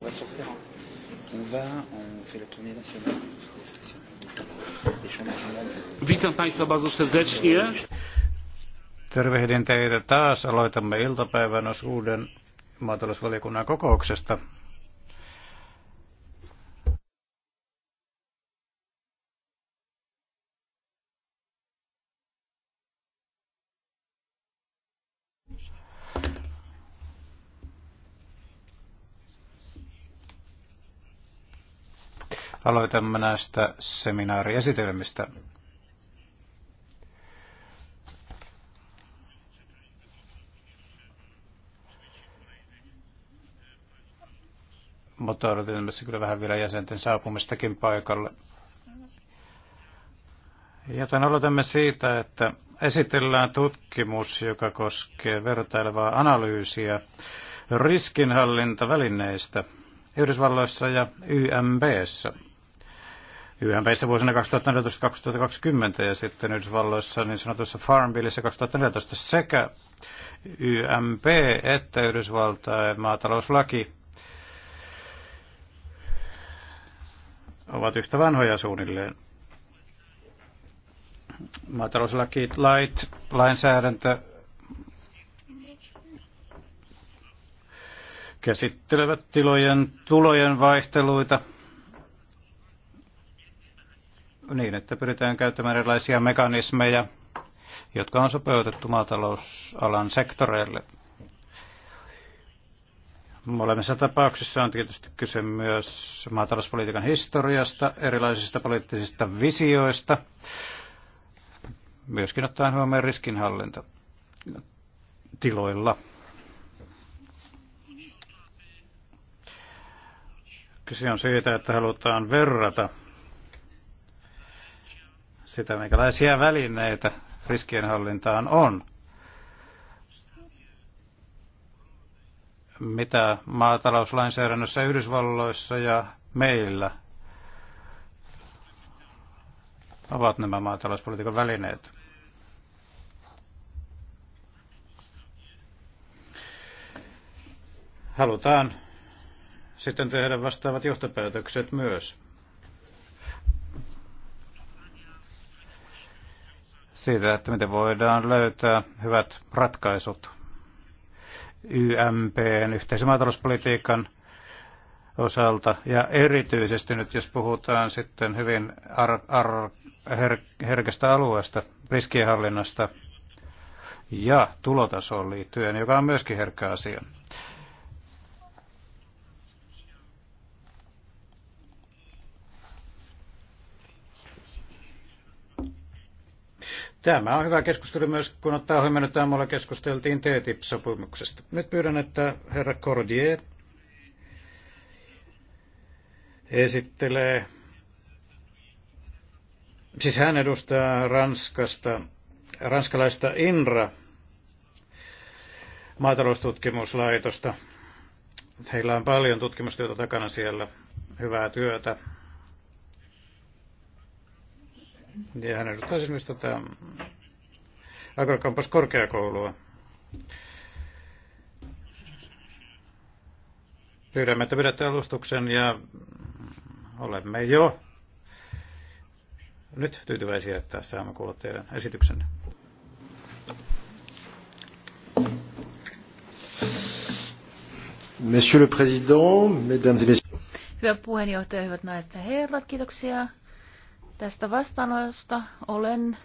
On va se refaire. On va, on fait la tournée nationale. Witam Państwa bardzo serdecznie. Tervehdin teitä taas. Aloitamme iltapäivän osuuden maatalousvaliokunnan kokouksesta. Aloitamme näistä seminaariesitelmistä. Mutta odotimme kyllä vähän vielä jäsenten saapumistakin paikalle. Joten aloitamme siitä, että esitellään tutkimus, joka koskee vertailevaa analyysiä riskinhallintavälineistä Yhdysvalloissa ja YMBssä. YMPissä vuosina 2014-2020 ja sitten Yhdysvalloissa niin sanotussa Farm Billissä 2014 sekä YMP että Yhdysvaltain maatalouslaki ovat yhtä vanhoja suunnilleen. Maatalouslaki, lait, lainsäädäntö käsittelevät tilojen tulojen vaihteluita – niin, että pyritään käyttämään erilaisia mekanismeja, jotka on sopeutettu maatalousalan sektoreille. Molemmissa tapauksissa on tietysti kyse myös maatalouspolitiikan historiasta, erilaisista poliittisista visioista, myöskin ottaen huomioon riskinhallinta tiloilla. Kyse on siitä, että halutaan verrata sitä, minkälaisia välineitä riskienhallintaan on. Mitä maatalouslainsäädännössä Yhdysvalloissa ja meillä ovat nämä maatalouspolitiikan välineet. Halutaan sitten tehdä vastaavat johtopäätökset myös. siitä, että miten voidaan löytää hyvät ratkaisut YMPn yhteisen maatalouspolitiikan osalta. Ja erityisesti nyt, jos puhutaan sitten hyvin ar- ar- her- herkästä alueesta, riskienhallinnasta ja tulotasoon liittyen, joka on myöskin herkkä asia. Tämä on hyvä keskustelu myös, kun ottaa huomioon, että aamulla keskusteltiin TTIP-sopimuksesta. Nyt pyydän, että herra Cordier esittelee, siis hän edustaa Ranskasta, ranskalaista INRA, maataloustutkimuslaitosta. Heillä on paljon tutkimustyötä takana siellä, hyvää työtä ja hän edustaa siis myös tätä Agrocampus korkeakoulua. Pyydämme, että pidätte alustuksen ja olemme jo nyt tyytyväisiä, että saamme kuulla teidän esityksenne. Monsieur le Président, Mesdames et Messieurs. Hyvä puheenjohtaja, hyvät naiset ja herrat, kiitoksia tästä vastaanotosta. Olen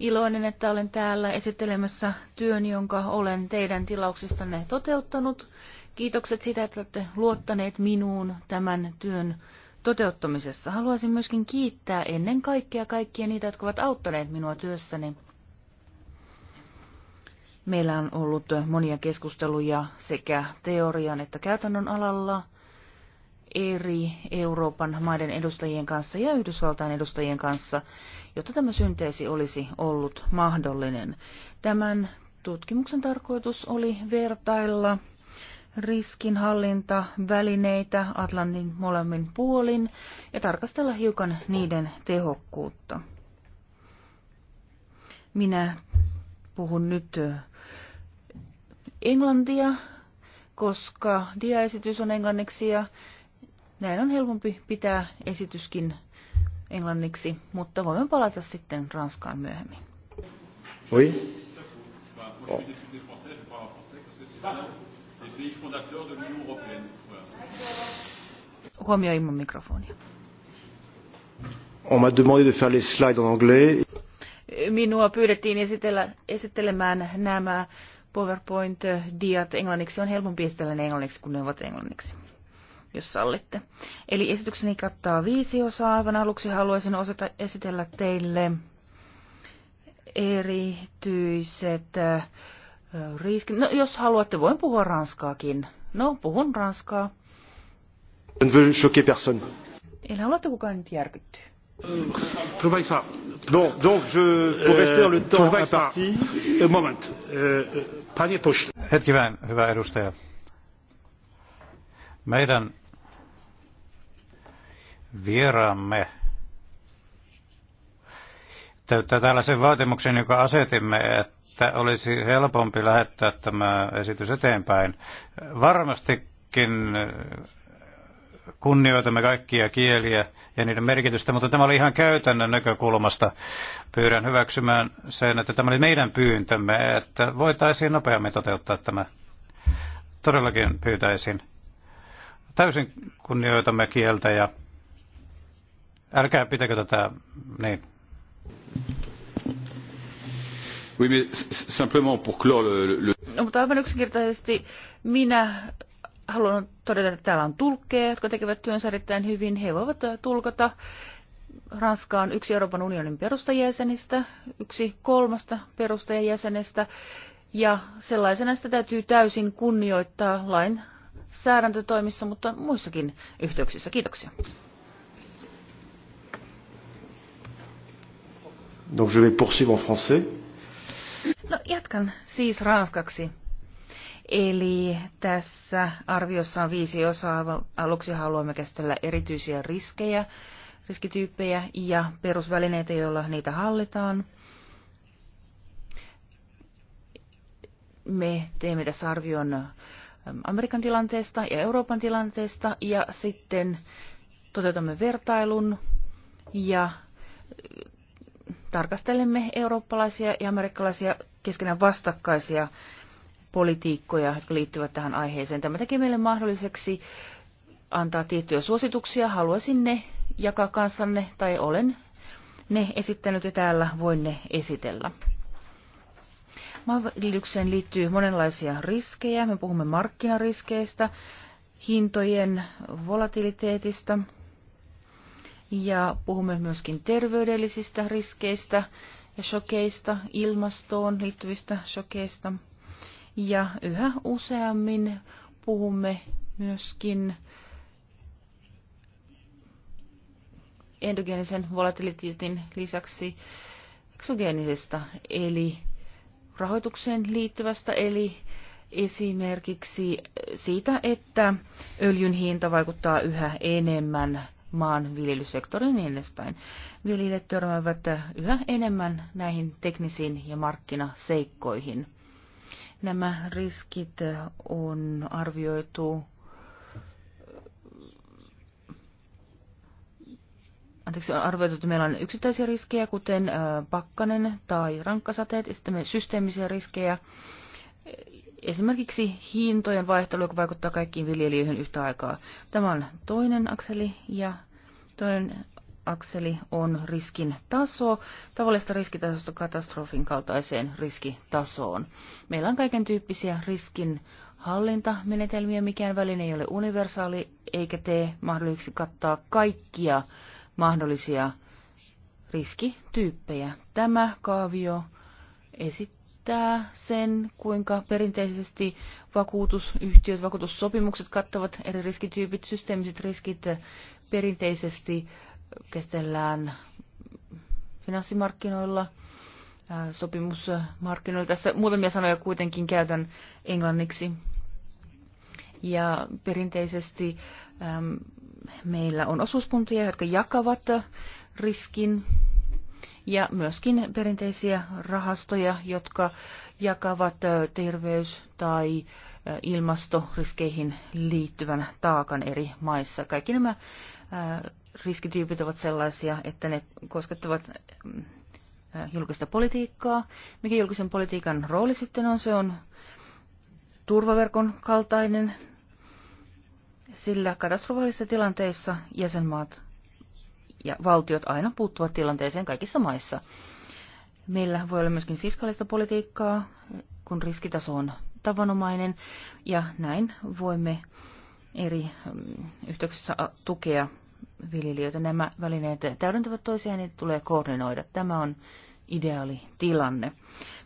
iloinen, että olen täällä esittelemässä työn, jonka olen teidän tilauksistanne toteuttanut. Kiitokset siitä, että olette luottaneet minuun tämän työn toteuttamisessa. Haluaisin myöskin kiittää ennen kaikkea kaikkia niitä, jotka ovat auttaneet minua työssäni. Meillä on ollut monia keskusteluja sekä teorian että käytännön alalla – eri Euroopan maiden edustajien kanssa ja Yhdysvaltain edustajien kanssa, jotta tämä synteesi olisi ollut mahdollinen. Tämän tutkimuksen tarkoitus oli vertailla riskinhallintavälineitä Atlantin molemmin puolin ja tarkastella hiukan niiden tehokkuutta. Minä puhun nyt englantia, koska diaesitys on englanniksi ja näin on helpompi pitää esityskin englanniksi, mutta voimme palata sitten Ranskaan myöhemmin. Oui. Huomioi mun mikrofonia. On m'a demandé de faire les slides en anglais. Minua pyydettiin esitellä, esittelemään nämä PowerPoint-diat englanniksi. On helpompi esitellä ne englanniksi kun ne ovat englanniksi jos sallitte. Eli esitykseni kattaa viisi osaa. Aivan aluksi haluaisin osata esitellä teille erityiset äh, riskit. No, jos haluatte, voin puhua ranskaakin. No, puhun ranskaa. En veux choquer personne. En halua, kukaan nyt järkyttyy. Proszę bon, donc je, pour e, rester le temps imparti... E, moment, e, Hetki vähän hyvä edustaja. Meidän vieraamme täyttää tällaisen vaatimuksen, joka asetimme, että olisi helpompi lähettää tämä esitys eteenpäin. Varmastikin kunnioitamme kaikkia kieliä ja niiden merkitystä, mutta tämä oli ihan käytännön näkökulmasta. Pyydän hyväksymään sen, että tämä oli meidän pyyntömme, että voitaisiin nopeammin toteuttaa tämä. Todellakin pyytäisin. Täysin kunnioitamme kieltä ja Älkää pitäkö tätä, niin. Oui, mais simplement pour clore le, le... No, mutta aivan yksinkertaisesti minä haluan todeta, että täällä on tulkkeja, jotka tekevät työnsä erittäin hyvin. He voivat tulkata. Ranska on yksi Euroopan unionin perustajäsenistä, yksi kolmasta perustajajäsenestä. Ja sellaisena sitä täytyy täysin kunnioittaa lain säädäntötoimissa, mutta muissakin yhteyksissä. Kiitoksia. Donc je vais poursuivre en français. No, jatkan siis ranskaksi. Eli tässä arviossa on viisi osaa. Aluksi haluamme käsitellä erityisiä riskejä, riskityyppejä ja perusvälineitä, joilla niitä hallitaan. Me teemme tässä arvion ähm, Amerikan tilanteesta ja Euroopan tilanteesta ja sitten toteutamme vertailun ja äh, tarkastelemme eurooppalaisia ja amerikkalaisia keskenään vastakkaisia politiikkoja, jotka liittyvät tähän aiheeseen. Tämä teki meille mahdolliseksi antaa tiettyjä suosituksia. Haluaisin ne jakaa kanssanne, tai olen ne esittänyt ja täällä voin ne esitellä. Maanviljelykseen liittyy monenlaisia riskejä. Me puhumme markkinariskeistä, hintojen volatiliteetista – ja puhumme myöskin terveydellisistä riskeistä ja shokeista, ilmastoon liittyvistä shokeista. Ja yhä useammin puhumme myöskin endogeenisen volatiliteetin lisäksi eksogeenisesta, eli rahoitukseen liittyvästä, eli esimerkiksi siitä, että öljyn hinta vaikuttaa yhä enemmän maanviljelysektorin ja niin edespäin. Viljelijät törmäävät yhä enemmän näihin teknisiin ja markkinaseikkoihin. Nämä riskit on arvioitu anteeksi, on arvioitu, että meillä on yksittäisiä riskejä, kuten pakkanen tai rankkasateet, ja sitten systeemisiä riskejä, esimerkiksi hintojen vaihtelu, joka vaikuttaa kaikkiin viljelijöihin yhtä aikaa. Tämä on toinen akseli ja toinen akseli on riskin taso, tavallista riskitasosta katastrofin kaltaiseen riskitasoon. Meillä on kaiken tyyppisiä riskin hallintamenetelmiä, mikään väline ei ole universaali eikä tee mahdolliseksi kattaa kaikkia mahdollisia riskityyppejä. Tämä kaavio esittää selittää sen, kuinka perinteisesti vakuutusyhtiöt, vakuutussopimukset kattavat eri riskityypit, systeemiset riskit perinteisesti kestellään finanssimarkkinoilla, sopimusmarkkinoilla. Tässä muutamia sanoja kuitenkin käytän englanniksi. Ja perinteisesti meillä on osuuskuntia, jotka jakavat riskin ja myöskin perinteisiä rahastoja, jotka jakavat terveys- tai ilmastoriskeihin liittyvän taakan eri maissa. Kaikki nämä riskityypit ovat sellaisia, että ne koskettavat julkista politiikkaa. Mikä julkisen politiikan rooli sitten on? Se on turvaverkon kaltainen, sillä katastrofaalisissa tilanteissa jäsenmaat ja valtiot aina puuttuvat tilanteeseen kaikissa maissa. Meillä voi olla myöskin fiskaalista politiikkaa, kun riskitaso on tavanomainen, ja näin voimme eri mm, yhteyksissä tukea viljelijöitä. Nämä välineet täydentävät toisiaan, niitä tulee koordinoida. Tämä on ideaali tilanne.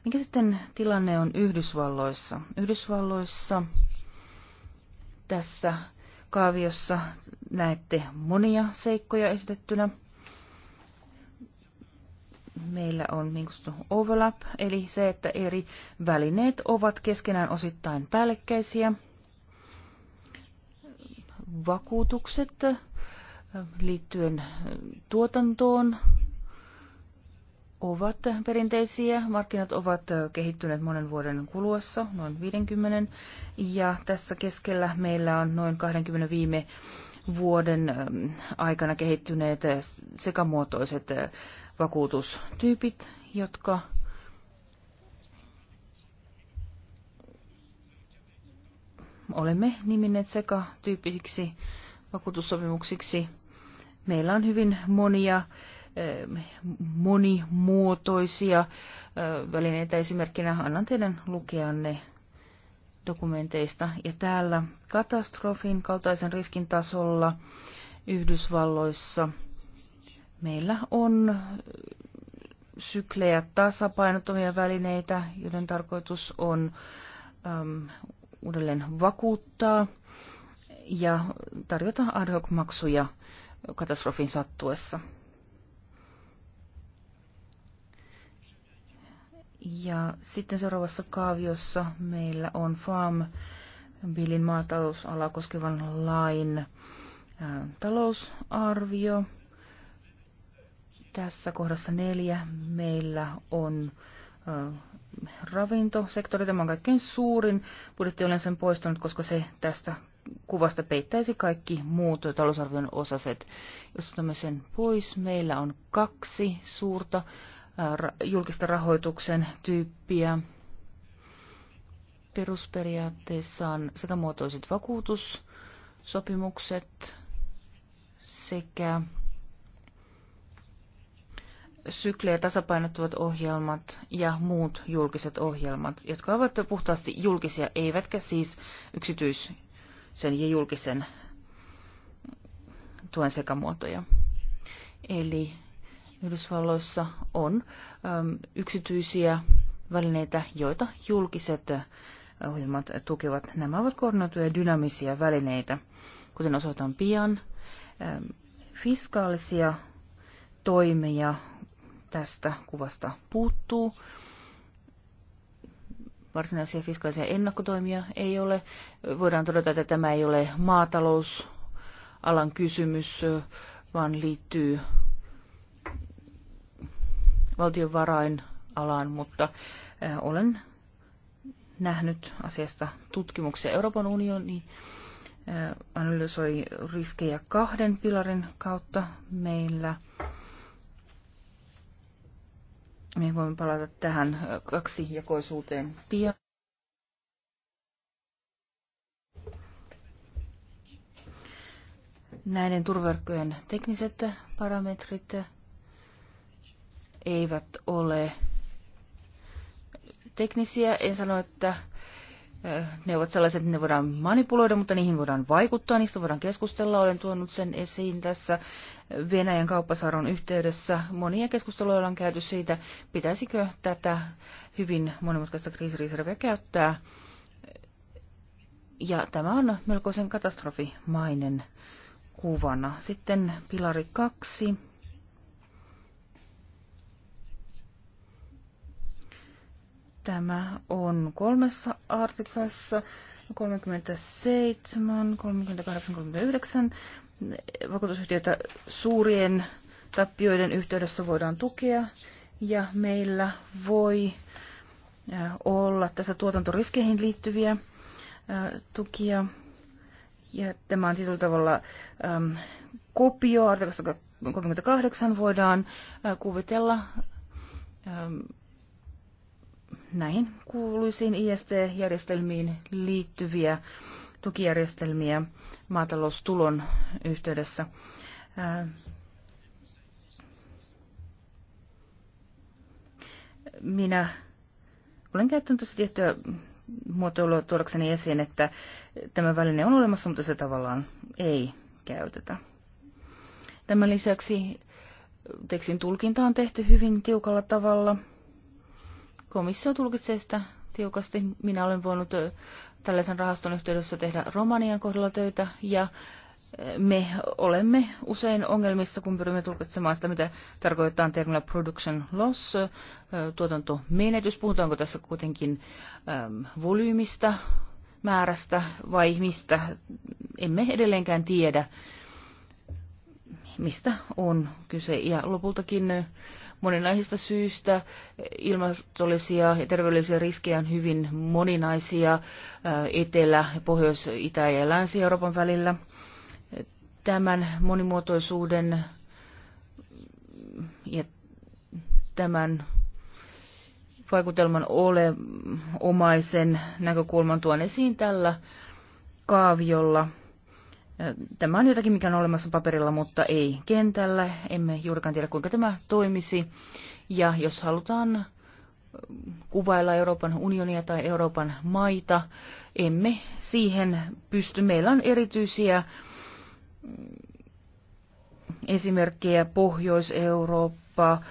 Mikä sitten tilanne on Yhdysvalloissa? Yhdysvalloissa tässä Kaaviossa näette monia seikkoja esitettynä. Meillä on niin kutsuttu overlap, eli se, että eri välineet ovat keskenään osittain päällekkäisiä. Vakuutukset liittyen tuotantoon, ovat perinteisiä. Markkinat ovat kehittyneet monen vuoden kuluessa, noin 50, ja tässä keskellä meillä on noin 20 viime vuoden ähm, aikana kehittyneet sekamuotoiset äh, vakuutustyypit, jotka olemme nimineet sekatyyppisiksi vakuutussopimuksiksi. Meillä on hyvin monia monimuotoisia välineitä. Esimerkkinä annan teidän lukea ne dokumenteista. Ja täällä katastrofin kaltaisen riskin tasolla Yhdysvalloissa meillä on syklejä tasapainottomia välineitä, joiden tarkoitus on äm, uudelleen vakuuttaa ja tarjota ad hoc maksuja katastrofin sattuessa. Ja sitten seuraavassa kaaviossa meillä on FAM, Billin maatalousalaa koskevan lain talousarvio. Tässä kohdassa neljä meillä on ravintosektori. Tämä on kaikkein suurin. Budjetti olen sen poistanut, koska se tästä kuvasta peittäisi kaikki muut talousarvion osaset. Jos otamme sen pois, meillä on kaksi suurta julkista rahoituksen tyyppiä. Perusperiaatteissa on sekä muotoiset vakuutussopimukset sekä syklejä tasapainottavat ohjelmat ja muut julkiset ohjelmat, jotka ovat puhtaasti julkisia, eivätkä siis yksityisen ja julkisen tuen sekamuotoja. Eli Yhdysvalloissa on ähm, yksityisiä välineitä, joita julkiset äh, ohjelmat tukevat. Nämä ovat koordinoituja dynaamisia välineitä, kuten osoitan pian. Ähm, fiskaalisia toimia tästä kuvasta puuttuu. Varsinaisia fiskaalisia ennakkotoimia ei ole. Voidaan todeta, että tämä ei ole maatalousalan kysymys, vaan liittyy valtiovarain alaan, mutta eh, olen nähnyt asiasta tutkimuksia. Euroopan unioni eh, analysoi riskejä kahden pilarin kautta meillä. Me voimme palata tähän eh, kaksijakoisuuteen pian. Näiden turverkkojen tekniset parametrit eivät ole teknisiä. En sano, että ne ovat sellaiset, että ne voidaan manipuloida, mutta niihin voidaan vaikuttaa, niistä voidaan keskustella. Olen tuonut sen esiin tässä Venäjän kauppasaron yhteydessä. Monia keskusteluja on käyty siitä, pitäisikö tätä hyvin monimutkaista kriisiriserviä käyttää. Ja tämä on melkoisen katastrofimainen kuvana. Sitten pilari kaksi. Tämä on kolmessa artiklassa 37, 38, 39. Vakuutusyhtiötä suurien tappioiden yhteydessä voidaan tukea ja meillä voi olla tässä tuotantoriskeihin liittyviä tukia. Ja tämä on tietyllä tavalla äm, kopio, artikasta 38 voidaan ä, kuvitella äm, näihin kuuluisiin IST-järjestelmiin liittyviä tukijärjestelmiä maataloustulon yhteydessä. Minä olen käyttänyt tässä tiettyä muotoilua tuodakseni esiin, että tämä väline on olemassa, mutta se tavallaan ei käytetä. Tämän lisäksi tekstin tulkinta on tehty hyvin tiukalla tavalla – Komissio tulkitsee sitä tiukasti. Minä olen voinut tällaisen rahaston yhteydessä tehdä Romanian kohdalla töitä ja me olemme usein ongelmissa, kun pyrimme tulkitsemaan sitä, mitä tarkoittaa termillä production loss, tuotantomenetys. Puhutaanko tässä kuitenkin äm, volyymista, määrästä vai mistä? Emme edelleenkään tiedä, mistä on kyse. Ja lopultakin moninaisista syistä. Ilmastollisia ja terveellisiä riskejä on hyvin moninaisia äh, Etelä-, Pohjois-, Itä- ja Länsi-Euroopan välillä. Tämän monimuotoisuuden ja tämän vaikutelman ole omaisen näkökulman tuon esiin tällä kaaviolla – Tämä on jotakin, mikä on olemassa paperilla, mutta ei kentällä. Emme juurikaan tiedä, kuinka tämä toimisi. Ja jos halutaan kuvailla Euroopan unionia tai Euroopan maita, emme siihen pysty. Meillä on erityisiä mm, esimerkkejä Pohjois-Eurooppa,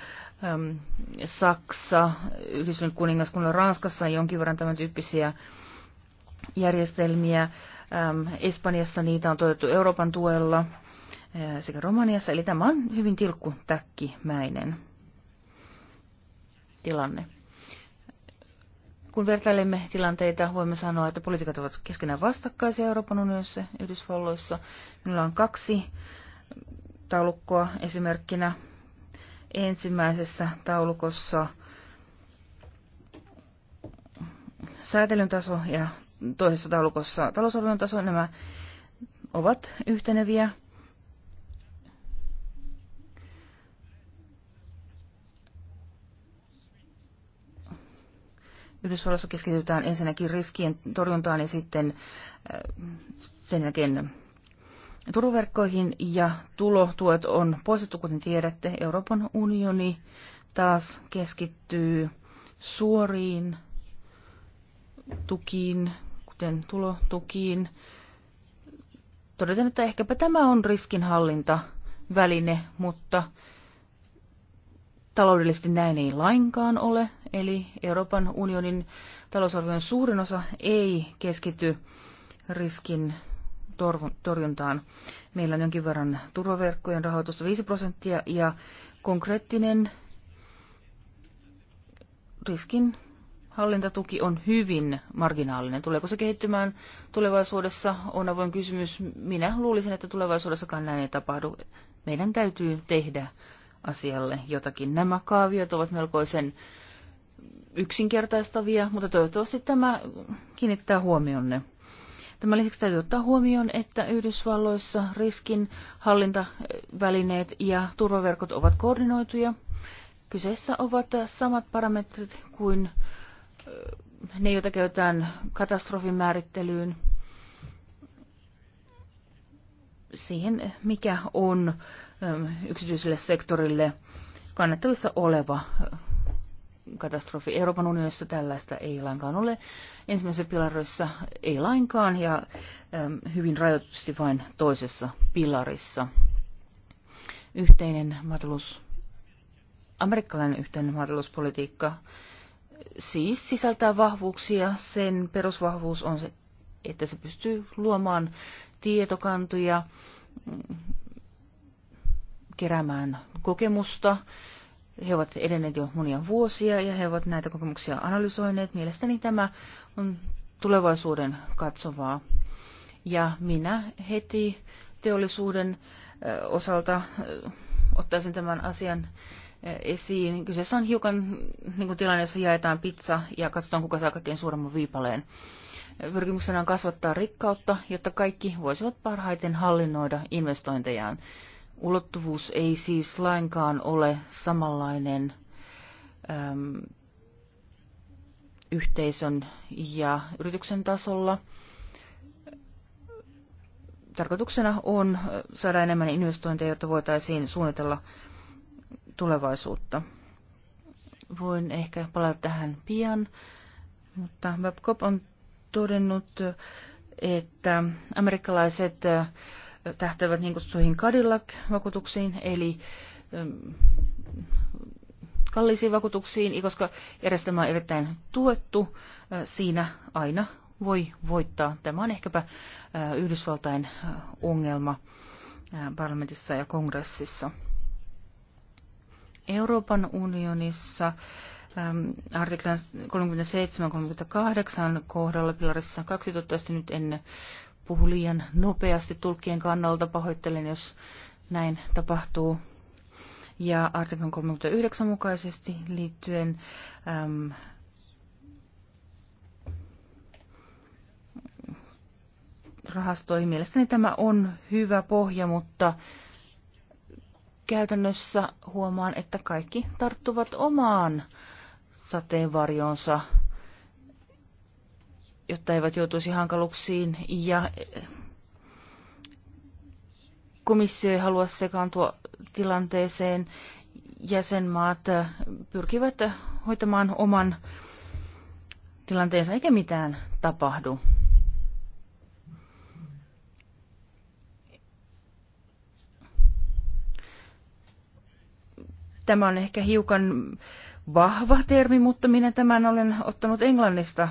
Saksa, Yhdistynyt kuningaskunnan Ranskassa jonkin verran tämän tyyppisiä järjestelmiä. Ähm, Espanjassa niitä on toivottu Euroopan tuella äh, sekä Romaniassa, eli tämä on hyvin tilkkutäkkimäinen tilanne. Kun vertailemme tilanteita, voimme sanoa, että poliitikat ovat keskenään vastakkaisia Euroopan unionissa ja Yhdysvalloissa. Minulla on kaksi taulukkoa esimerkkinä. Ensimmäisessä taulukossa säätelyn taso ja toisessa taulukossa talousarvion taso, nämä ovat yhteneviä. Yhdysvalloissa keskitytään ensinnäkin riskien torjuntaan ja sitten äh, sen jälkeen turvaverkkoihin ja tulotuet on poistettu, kuten tiedätte. Euroopan unioni taas keskittyy suoriin tukiin yritysten tulotukiin. Todetaan, että ehkäpä tämä on riskinhallintaväline, mutta taloudellisesti näin ei lainkaan ole. Eli Euroopan unionin talousarvion suurin osa ei keskity riskin torjuntaan. Meillä on jonkin verran turvaverkkojen rahoitusta 5 prosenttia ja konkreettinen riskin hallintatuki on hyvin marginaalinen. Tuleeko se kehittymään tulevaisuudessa, on avoin kysymys. Minä luulisin, että tulevaisuudessakaan näin ei tapahdu. Meidän täytyy tehdä asialle jotakin. Nämä kaaviot ovat melkoisen yksinkertaistavia, mutta toivottavasti tämä kiinnittää huomionne. Tämän lisäksi täytyy ottaa huomioon, että Yhdysvalloissa riskin hallintavälineet ja turvaverkot ovat koordinoituja. Kyseessä ovat samat parametrit kuin ne, joita käytetään katastrofin määrittelyyn, siihen, mikä on ähm, yksityiselle sektorille kannattavissa oleva äh, katastrofi. Euroopan unionissa tällaista ei lainkaan ole. Ensimmäisessä pilarissa ei lainkaan ja ähm, hyvin rajoitusti vain toisessa pilarissa. Yhteinen maatalous, amerikkalainen yhteinen maatalouspolitiikka siis sisältää vahvuuksia. Sen perusvahvuus on se, että se pystyy luomaan tietokantoja, mm, keräämään kokemusta. He ovat edenneet jo monia vuosia ja he ovat näitä kokemuksia analysoineet. Mielestäni tämä on tulevaisuuden katsovaa. Ja minä heti teollisuuden osalta ottaisin tämän asian esiin. Kyseessä on hiukan niin kuin tilanne, jossa jaetaan pizza ja katsotaan, kuka saa kaikkein suuremman viipaleen. Pyrkimyksenä on kasvattaa rikkautta, jotta kaikki voisivat parhaiten hallinnoida investointejaan. Ulottuvuus ei siis lainkaan ole samanlainen äm, yhteisön ja yrityksen tasolla. Tarkoituksena on saada enemmän investointeja, jotta voitaisiin suunnitella tulevaisuutta. Voin ehkä palata tähän pian, mutta Babcock on todennut, että amerikkalaiset tähtävät niin kutsuihin Cadillac-vakuutuksiin, eli kallisiin vakuutuksiin, koska järjestelmä on erittäin tuettu. Siinä aina voi voittaa. Tämä on ehkäpä Yhdysvaltain ongelma parlamentissa ja kongressissa. Euroopan unionissa artiklan 37-38 kohdalla pilarissa 12. Nyt en puhu liian nopeasti tulkkien kannalta, pahoittelen jos näin tapahtuu. Ja artiklan 39 mukaisesti liittyen äm, rahastoihin. Mielestäni tämä on hyvä pohja, mutta käytännössä huomaan, että kaikki tarttuvat omaan sateenvarjonsa, jotta eivät joutuisi hankaluksiin. Ja eh, komissio ei halua sekaantua tilanteeseen. Jäsenmaat eh, pyrkivät hoitamaan oman tilanteensa, eikä mitään tapahdu. Tämä on ehkä hiukan vahva termi, mutta minä tämän olen ottanut englannista.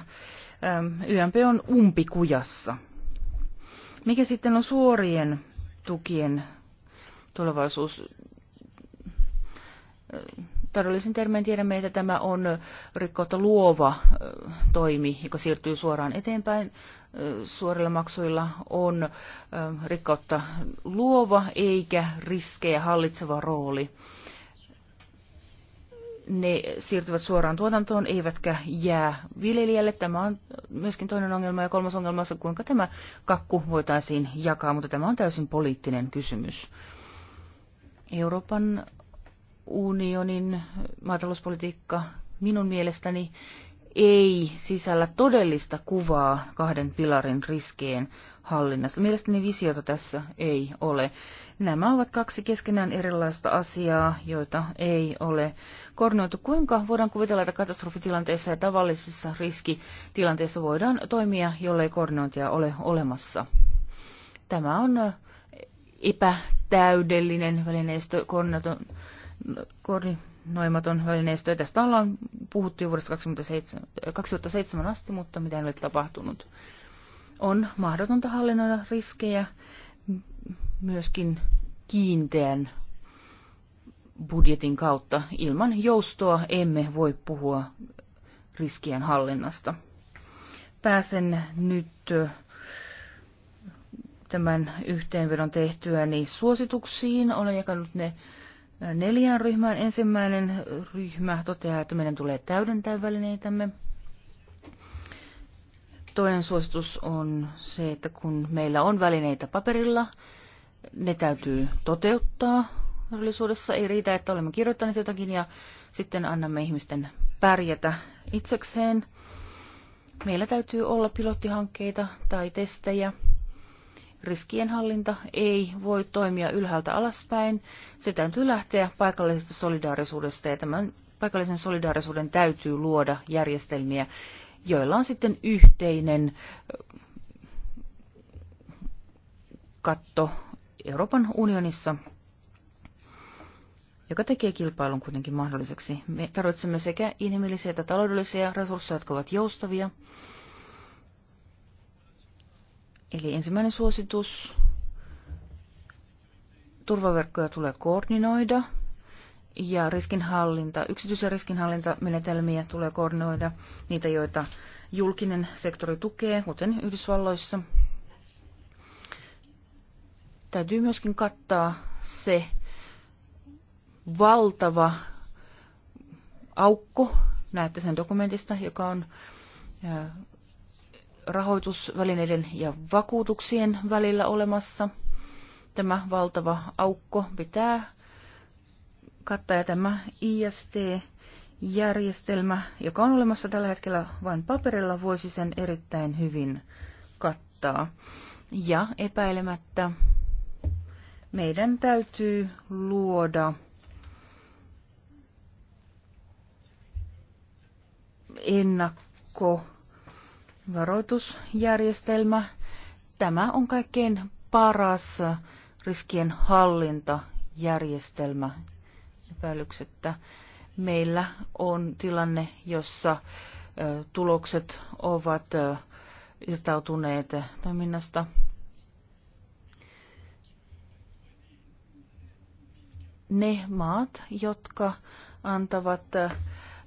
YMP on umpikujassa. Mikä sitten on suorien tukien tulevaisuus? Taloudellisin termein tiedämme, että tämä on rikkoutta luova äh, toimi, joka siirtyy suoraan eteenpäin. Äh, suorilla maksuilla on äh, rikkoutta luova eikä riskejä hallitseva rooli ne siirtyvät suoraan tuotantoon, eivätkä jää viljelijälle. Tämä on myöskin toinen ongelma ja kolmas ongelma on kuinka tämä kakku voitaisiin jakaa, mutta tämä on täysin poliittinen kysymys. Euroopan unionin maatalouspolitiikka minun mielestäni ei sisällä todellista kuvaa kahden pilarin riskeen hallinnasta. Mielestäni visiota tässä ei ole. Nämä ovat kaksi keskenään erilaista asiaa, joita ei ole koordinoitu. Kuinka voidaan kuvitella, että katastrofitilanteessa ja tavallisissa riskitilanteissa voidaan toimia, jollei koordinointia ole olemassa? Tämä on epätäydellinen välineistö Koordinoitu noimaton välineistö. Tästä ollaan puhuttu jo vuodesta 2007, 2007 asti, mutta mitä ei ole tapahtunut. On mahdotonta hallinnoida riskejä myöskin kiinteän budjetin kautta. Ilman joustoa emme voi puhua riskien hallinnasta. Pääsen nyt tämän yhteenvedon tehtyäni niin suosituksiin. Olen jakanut ne Neljän ryhmään. Ensimmäinen ryhmä toteaa, että meidän tulee täydentää välineitämme. Toinen suositus on se, että kun meillä on välineitä paperilla, ne täytyy toteuttaa. Todellisuudessa ei riitä, että olemme kirjoittaneet jotakin ja sitten annamme ihmisten pärjätä itsekseen. Meillä täytyy olla pilottihankkeita tai testejä, riskienhallinta ei voi toimia ylhäältä alaspäin. Se täytyy lähteä paikallisesta solidaarisuudesta ja tämän paikallisen solidaarisuuden täytyy luoda järjestelmiä, joilla on sitten yhteinen katto Euroopan unionissa, joka tekee kilpailun kuitenkin mahdolliseksi. Me tarvitsemme sekä inhimillisiä että taloudellisia resursseja, jotka ovat joustavia, Eli ensimmäinen suositus. Turvaverkkoja tulee koordinoida ja riskinhallinta, yksityisiä riskinhallintamenetelmiä tulee koordinoida, niitä joita julkinen sektori tukee, kuten Yhdysvalloissa. Täytyy myöskin kattaa se valtava aukko, näette sen dokumentista, joka on äh, rahoitusvälineiden ja vakuutuksien välillä olemassa. Tämä valtava aukko pitää kattaa ja tämä IST-järjestelmä, joka on olemassa tällä hetkellä vain paperilla, voisi sen erittäin hyvin kattaa. Ja epäilemättä meidän täytyy luoda ennakko varoitusjärjestelmä. Tämä on kaikkein paras riskien hallintajärjestelmä epäilyksettä. Meillä on tilanne, jossa tulokset ovat irtautuneet toiminnasta. Ne maat, jotka antavat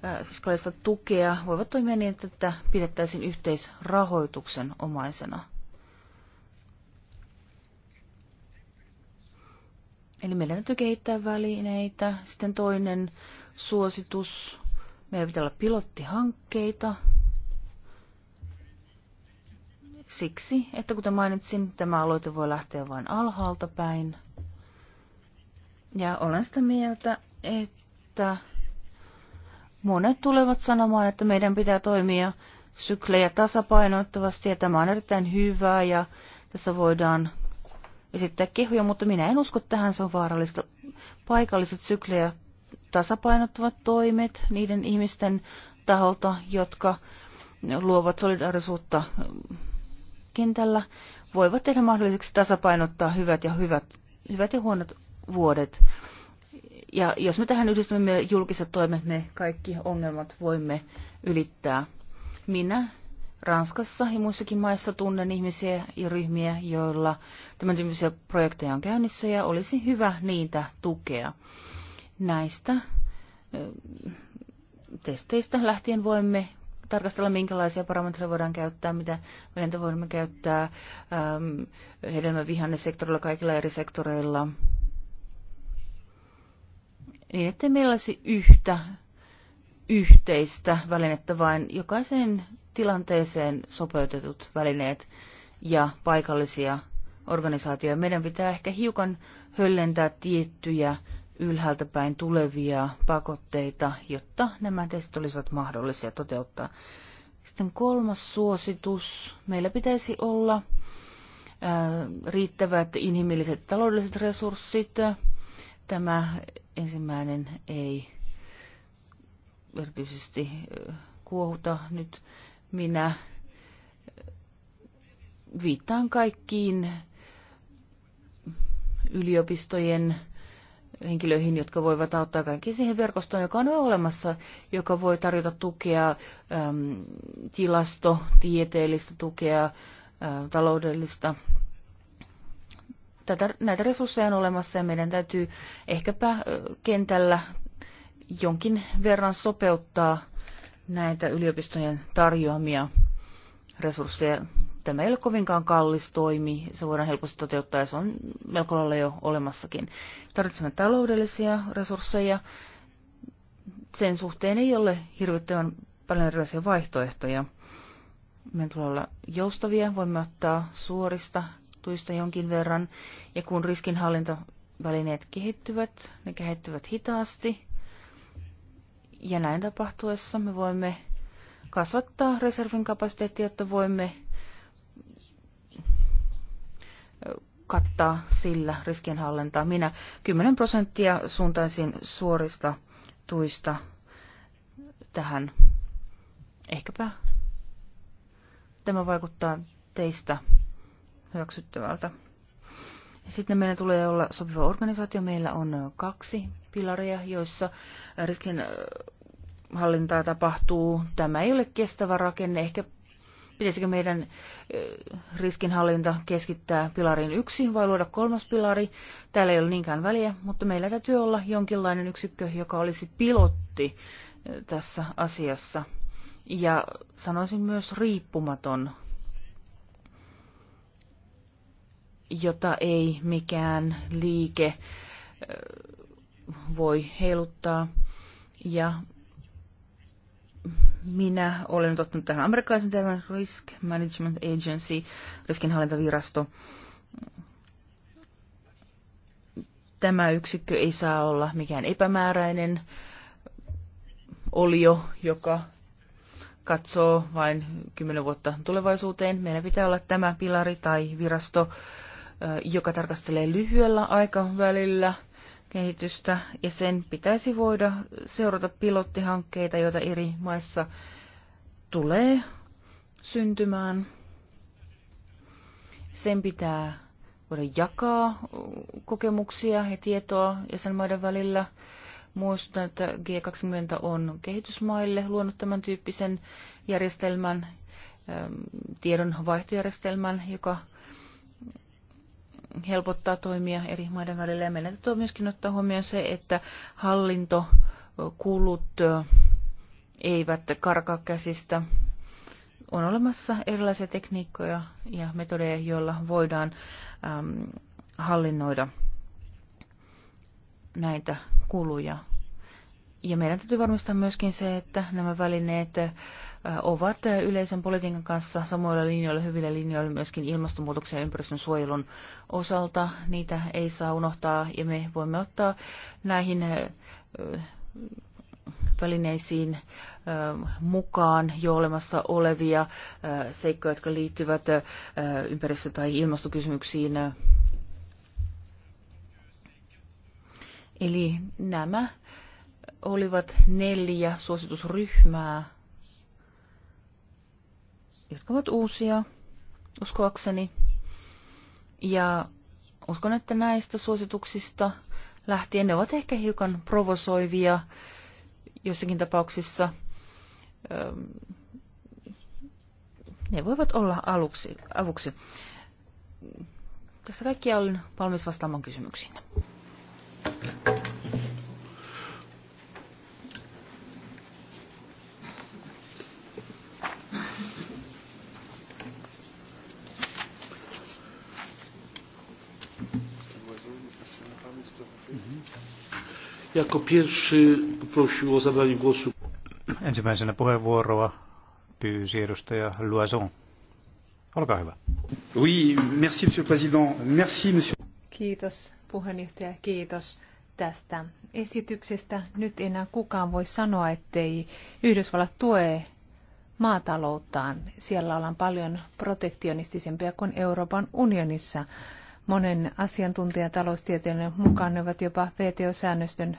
Äh, fiskaalista tukea voivat toimia niin, että tätä pidettäisiin yhteisrahoituksen omaisena. Eli meidän täytyy kehittää välineitä. Sitten toinen suositus. Meidän pitää olla pilottihankkeita. Siksi, että kuten mainitsin, tämä aloite voi lähteä vain alhaalta päin. Ja olen sitä mieltä, että Monet tulevat sanomaan, että meidän pitää toimia syklejä tasapainoittavasti ja tämä on erittäin hyvää ja tässä voidaan esittää kehuja, mutta minä en usko tähän, se on vaarallista. Paikalliset syklejä tasapainottavat toimet niiden ihmisten taholta, jotka luovat solidarisuutta kentällä, voivat tehdä mahdolliseksi tasapainottaa hyvät ja, hyvät, hyvät ja huonot vuodet. Ja jos me tähän yhdistämme julkiset toimet, ne kaikki ongelmat voimme ylittää. Minä Ranskassa ja muissakin maissa tunnen ihmisiä ja ryhmiä, joilla tämän tyyppisiä projekteja on käynnissä ja olisi hyvä niitä tukea. Näistä testeistä lähtien voimme tarkastella, minkälaisia parametreja voidaan käyttää, mitä meidän voimme käyttää ähm, hedelmävihannesektorilla, kaikilla eri sektoreilla, niin ettei meillä olisi yhtä yhteistä välinettä, vaan jokaiseen tilanteeseen sopeutetut välineet ja paikallisia organisaatioja. Meidän pitää ehkä hiukan höllentää tiettyjä ylhäältä päin tulevia pakotteita, jotta nämä testit olisivat mahdollisia toteuttaa. Sitten kolmas suositus. Meillä pitäisi olla äh, riittävät inhimilliset taloudelliset resurssit. Tämä ensimmäinen ei erityisesti kuohuta nyt minä viittaan kaikkiin yliopistojen henkilöihin, jotka voivat auttaa kaikkiin siihen verkostoon, joka on olemassa, joka voi tarjota tukea, äm, tilastotieteellistä tukea, ä, taloudellista tätä, näitä resursseja on olemassa ja meidän täytyy ehkäpä kentällä jonkin verran sopeuttaa näitä yliopistojen tarjoamia resursseja. Tämä ei ole kovinkaan kallis toimi, se voidaan helposti toteuttaa ja se on melko lailla jo olemassakin. Tarvitsemme taloudellisia resursseja. Sen suhteen ei ole hirvittävän paljon erilaisia vaihtoehtoja. Meidän tulee olla joustavia, voimme ottaa suorista tuista jonkin verran, ja kun riskinhallintavälineet kehittyvät, ne kehittyvät hitaasti, ja näin tapahtuessa me voimme kasvattaa reservin kapasiteettia, jotta voimme kattaa sillä riskienhallintaa. Minä 10 prosenttia suuntaisin suorista tuista tähän. Ehkäpä tämä vaikuttaa teistä hyväksyttävältä. Sitten meillä tulee olla sopiva organisaatio. Meillä on kaksi pilaria, joissa riskin hallintaa tapahtuu. Tämä ei ole kestävä rakenne. Ehkä pitäisikö meidän riskinhallinta keskittää pilariin yksi vai luoda kolmas pilari. Täällä ei ole niinkään väliä, mutta meillä täytyy olla jonkinlainen yksikkö, joka olisi pilotti tässä asiassa. Ja sanoisin myös riippumaton jota ei mikään liike voi heiluttaa. Ja minä olen nyt ottanut tähän amerikkalaisen termin Risk Management Agency, riskinhallintavirasto. Tämä yksikkö ei saa olla mikään epämääräinen olio, joka katsoo vain kymmenen vuotta tulevaisuuteen. meidän pitää olla tämä pilari tai virasto, joka tarkastelee lyhyellä aikavälillä kehitystä, ja sen pitäisi voida seurata pilottihankkeita, joita eri maissa tulee syntymään. Sen pitää voida jakaa kokemuksia ja tietoa jäsenmaiden välillä. Muistan, että G20 on kehitysmaille luonut tämän tyyppisen järjestelmän, tiedon vaihtojärjestelmän, joka helpottaa toimia eri maiden välillä. Ja meidän täytyy myöskin ottaa huomioon se, että hallintokulut eivät karkaa käsistä. On olemassa erilaisia tekniikkoja ja metodeja, joilla voidaan äm, hallinnoida näitä kuluja. Ja meidän täytyy varmistaa myöskin se, että nämä välineet ovat yleisen politiikan kanssa samoilla linjoilla, hyvillä linjoilla myöskin ilmastonmuutoksen ja ympäristön suojelun osalta. Niitä ei saa unohtaa ja me voimme ottaa näihin välineisiin mukaan jo olemassa olevia seikkoja, jotka liittyvät ympäristö- tai ilmastokysymyksiin. Eli nämä olivat neljä suositusryhmää jotka ovat uusia, uskoakseni. Ja uskon, että näistä suosituksista lähtien ne ovat ehkä hiukan provosoivia jossakin tapauksissa. Ne voivat olla aluksi, avuksi. Tässä kaikkia olen valmis vastaamaan kysymyksiin. Jako pierwszy prosił o zabranie głosu. Ensimmäisenä puheenvuoroa pyysi edustaja Luazon. Olkaa hyvä. Oui, merci monsieur président. Merci monsieur. Kiitos puheenjohtaja, kiitos tästä esityksestä. Nyt enää kukaan voi sanoa, ettei Yhdysvallat tue maatalouttaan. Siellä ollaan paljon protektionistisempia kuin Euroopan unionissa. Monen asiantuntijan taloustieteilijän mukaan ne ovat jopa VTO-säännösten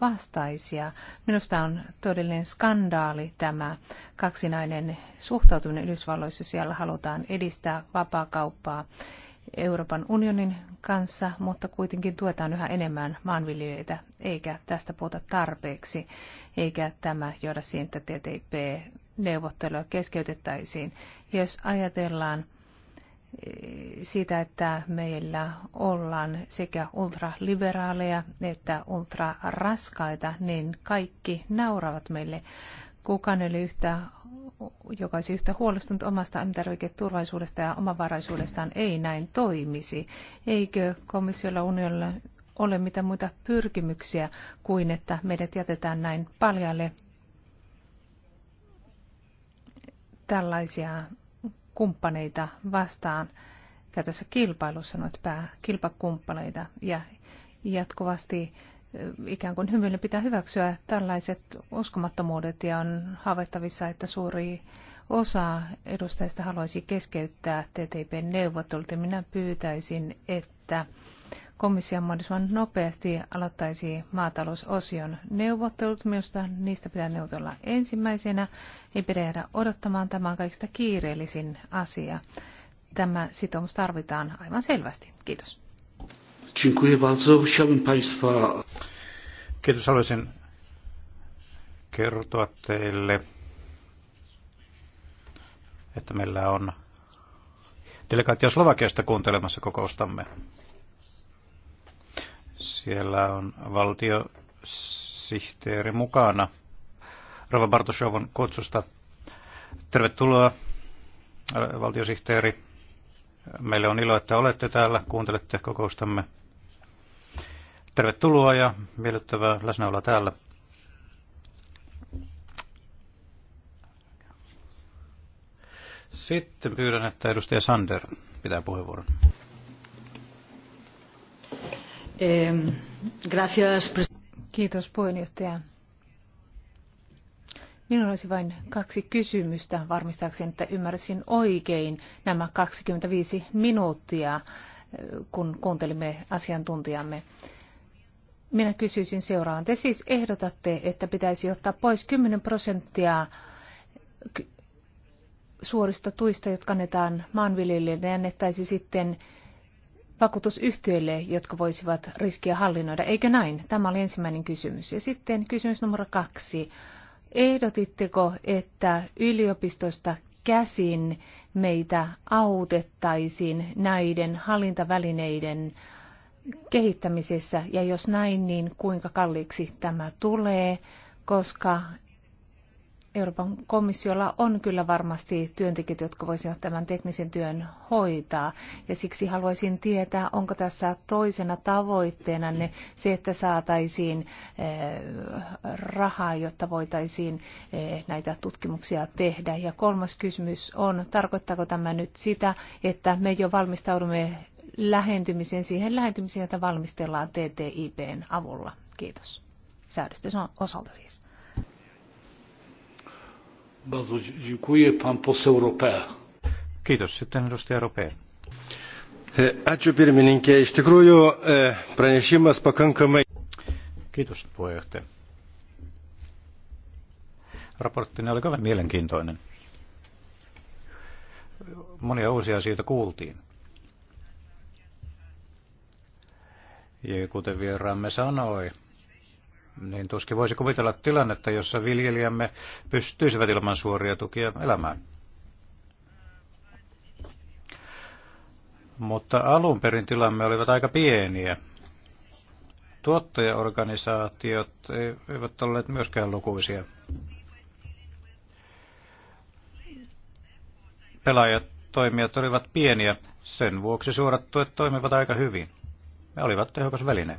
vastaisia. Minusta on todellinen skandaali tämä kaksinainen suhtautuminen Yhdysvalloissa. Siellä halutaan edistää vapaakauppaa Euroopan unionin kanssa, mutta kuitenkin tuetaan yhä enemmän maanviljelijöitä, eikä tästä puhuta tarpeeksi, eikä tämä johda siihen, että TTIP-neuvotteluja keskeytettäisiin. Jos ajatellaan siitä, että meillä ollaan sekä ultraliberaaleja että ultraraskaita, niin kaikki nauravat meille. Kukaan ei yhtä, joka olisi yhtä huolestunut omasta elintarviketurvallisuudesta ja omavaraisuudestaan, ei näin toimisi. Eikö komissiolla unionilla ole mitään muita pyrkimyksiä kuin, että meidät jätetään näin paljalle tällaisia kumppaneita vastaan käytössä kilpailussa, noita pääkilpakumppaneita. Ja jatkuvasti ikään kuin hymyille pitää hyväksyä tällaiset uskomattomuudet ja on havaittavissa, että suuri osa edustajista haluaisi keskeyttää TTIP-neuvottelut ja minä pyytäisin, että komissio mahdollisimman nopeasti aloittaisi maatalousosion neuvottelut. Minusta niistä pitää neuvotella ensimmäisenä. Ei pidä jäädä odottamaan. Tämä on kaikista kiireellisin asia. Tämä sitoumus tarvitaan aivan selvästi. Kiitos. Kiitos. Haluaisin kertoa teille, että meillä on delegaatio Slovakiasta kuuntelemassa kokoustamme. Siellä on valtiosihteeri mukana. Rova Bartoshovon kutsusta. Tervetuloa, valtiosihteeri. Meille on ilo, että olette täällä, kuuntelette kokoustamme. Tervetuloa ja miellyttävää läsnäoloa täällä. Sitten pyydän, että edustaja Sander pitää puheenvuoron. Kiitos puheenjohtaja. Minulla olisi vain kaksi kysymystä varmistaakseni, että ymmärsin oikein nämä 25 minuuttia, eh, kun kuuntelimme asiantuntijamme. Minä kysyisin seuraavan. Te siis ehdotatte, että pitäisi ottaa pois 10 prosenttia suorista tuista, jotka annetaan maanviljelijöille ja annettaisi sitten vakuutusyhtiöille, jotka voisivat riskiä hallinnoida, eikö näin? Tämä oli ensimmäinen kysymys. Ja sitten kysymys numero kaksi. Ehdotitteko, että yliopistosta käsin meitä autettaisiin näiden hallintavälineiden kehittämisessä, ja jos näin, niin kuinka kalliiksi tämä tulee, koska Euroopan komissiolla on kyllä varmasti työntekijät, jotka voisivat tämän teknisen työn hoitaa. Ja siksi haluaisin tietää, onko tässä toisena tavoitteena ne, se, että saataisiin eh, rahaa, jotta voitaisiin eh, näitä tutkimuksia tehdä. Ja kolmas kysymys on, tarkoittaako tämä nyt sitä, että me jo valmistaudumme lähentymiseen, siihen lähentymiseen, jota valmistellaan TTIPn avulla. Kiitos. Säädösten osalta siis. Bardzo dziękuję. Pan poseł Ropea. Kiitos. Sitten edustaja Ropea. E, ačiū pirmininkė. Iš tikrųjų, e, pranešimas pakankamai. Kiitos puheenjohtaja. Raporttini oli kovin mielenkiintoinen. Monia uusia asioita kuultiin. Ja kuten vieraamme sanoi, niin tuskin voisi kuvitella tilannetta, jossa viljelijämme pystyisivät ilman suoria tukia elämään. Mutta alun perin tilamme olivat aika pieniä. Tuottajaorganisaatiot eivät olleet myöskään lukuisia. Pelaajat, toimijat olivat pieniä, sen vuoksi suorat tuet toimivat aika hyvin. Ne olivat tehokas väline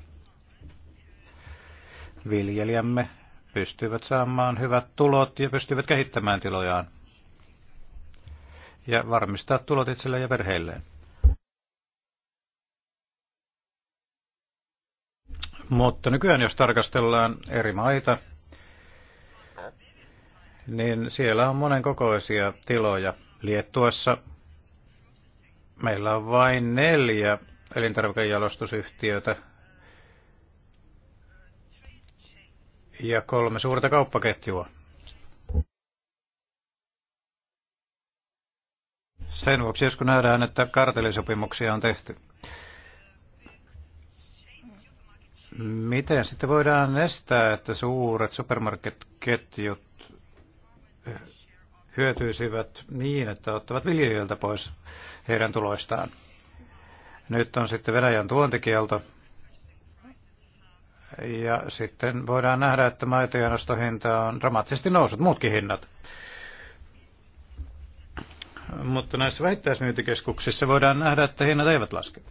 viljelijämme pystyvät saamaan hyvät tulot ja pystyvät kehittämään tilojaan ja varmistaa tulot itselleen ja perheilleen. Mutta nykyään, jos tarkastellaan eri maita, niin siellä on monen kokoisia tiloja. Liettuassa meillä on vain neljä elintarvikejalostusyhtiötä ja kolme suurta kauppaketjua. Sen vuoksi joskus nähdään, että kartelisopimuksia on tehty. Miten sitten voidaan estää, että suuret supermarketketjut hyötyisivät niin, että ottavat viljelijöiltä pois heidän tuloistaan? Nyt on sitten Venäjän tuontikielto, ja sitten voidaan nähdä, että maitojen ostohinta on dramaattisesti noussut, muutkin hinnat. Mutta näissä väittäismyyntikeskuksissa voidaan nähdä, että hinnat eivät laske.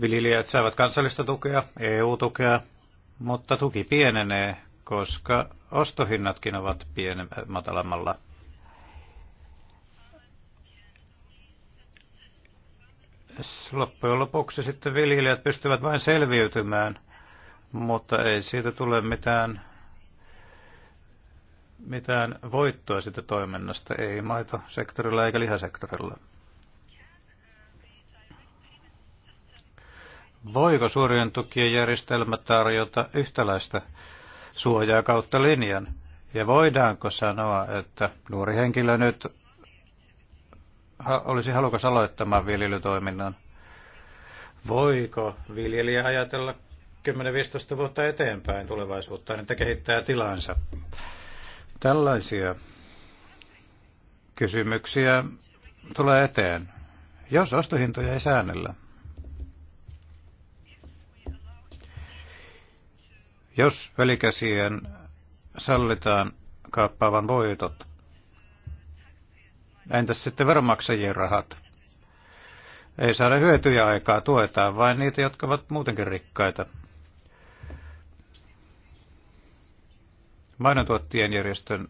Viljelijät saavat kansallista tukea, EU-tukea, mutta tuki pienenee, koska ostohinnatkin ovat pienemmät matalammalla loppujen lopuksi sitten viljelijät pystyvät vain selviytymään, mutta ei siitä tule mitään, mitään voittoa sitä toiminnasta, ei maitosektorilla eikä lihasektorilla. Voiko suurien tukien järjestelmä tarjota yhtäläistä suojaa kautta linjan? Ja voidaanko sanoa, että nuori henkilö nyt olisi halukas aloittamaan viljelytoiminnan. Voiko viljelijä ajatella 10-15 vuotta eteenpäin tulevaisuutta, että kehittää tilansa? Tällaisia kysymyksiä tulee eteen, jos ostohintoja ei säännellä. Jos välikäsien sallitaan kaappaavan voitot, Entäs sitten veronmaksajien rahat? Ei saada hyötyjä aikaa, tuetaan vain niitä, jotka ovat muutenkin rikkaita. Mainotuottien järjestön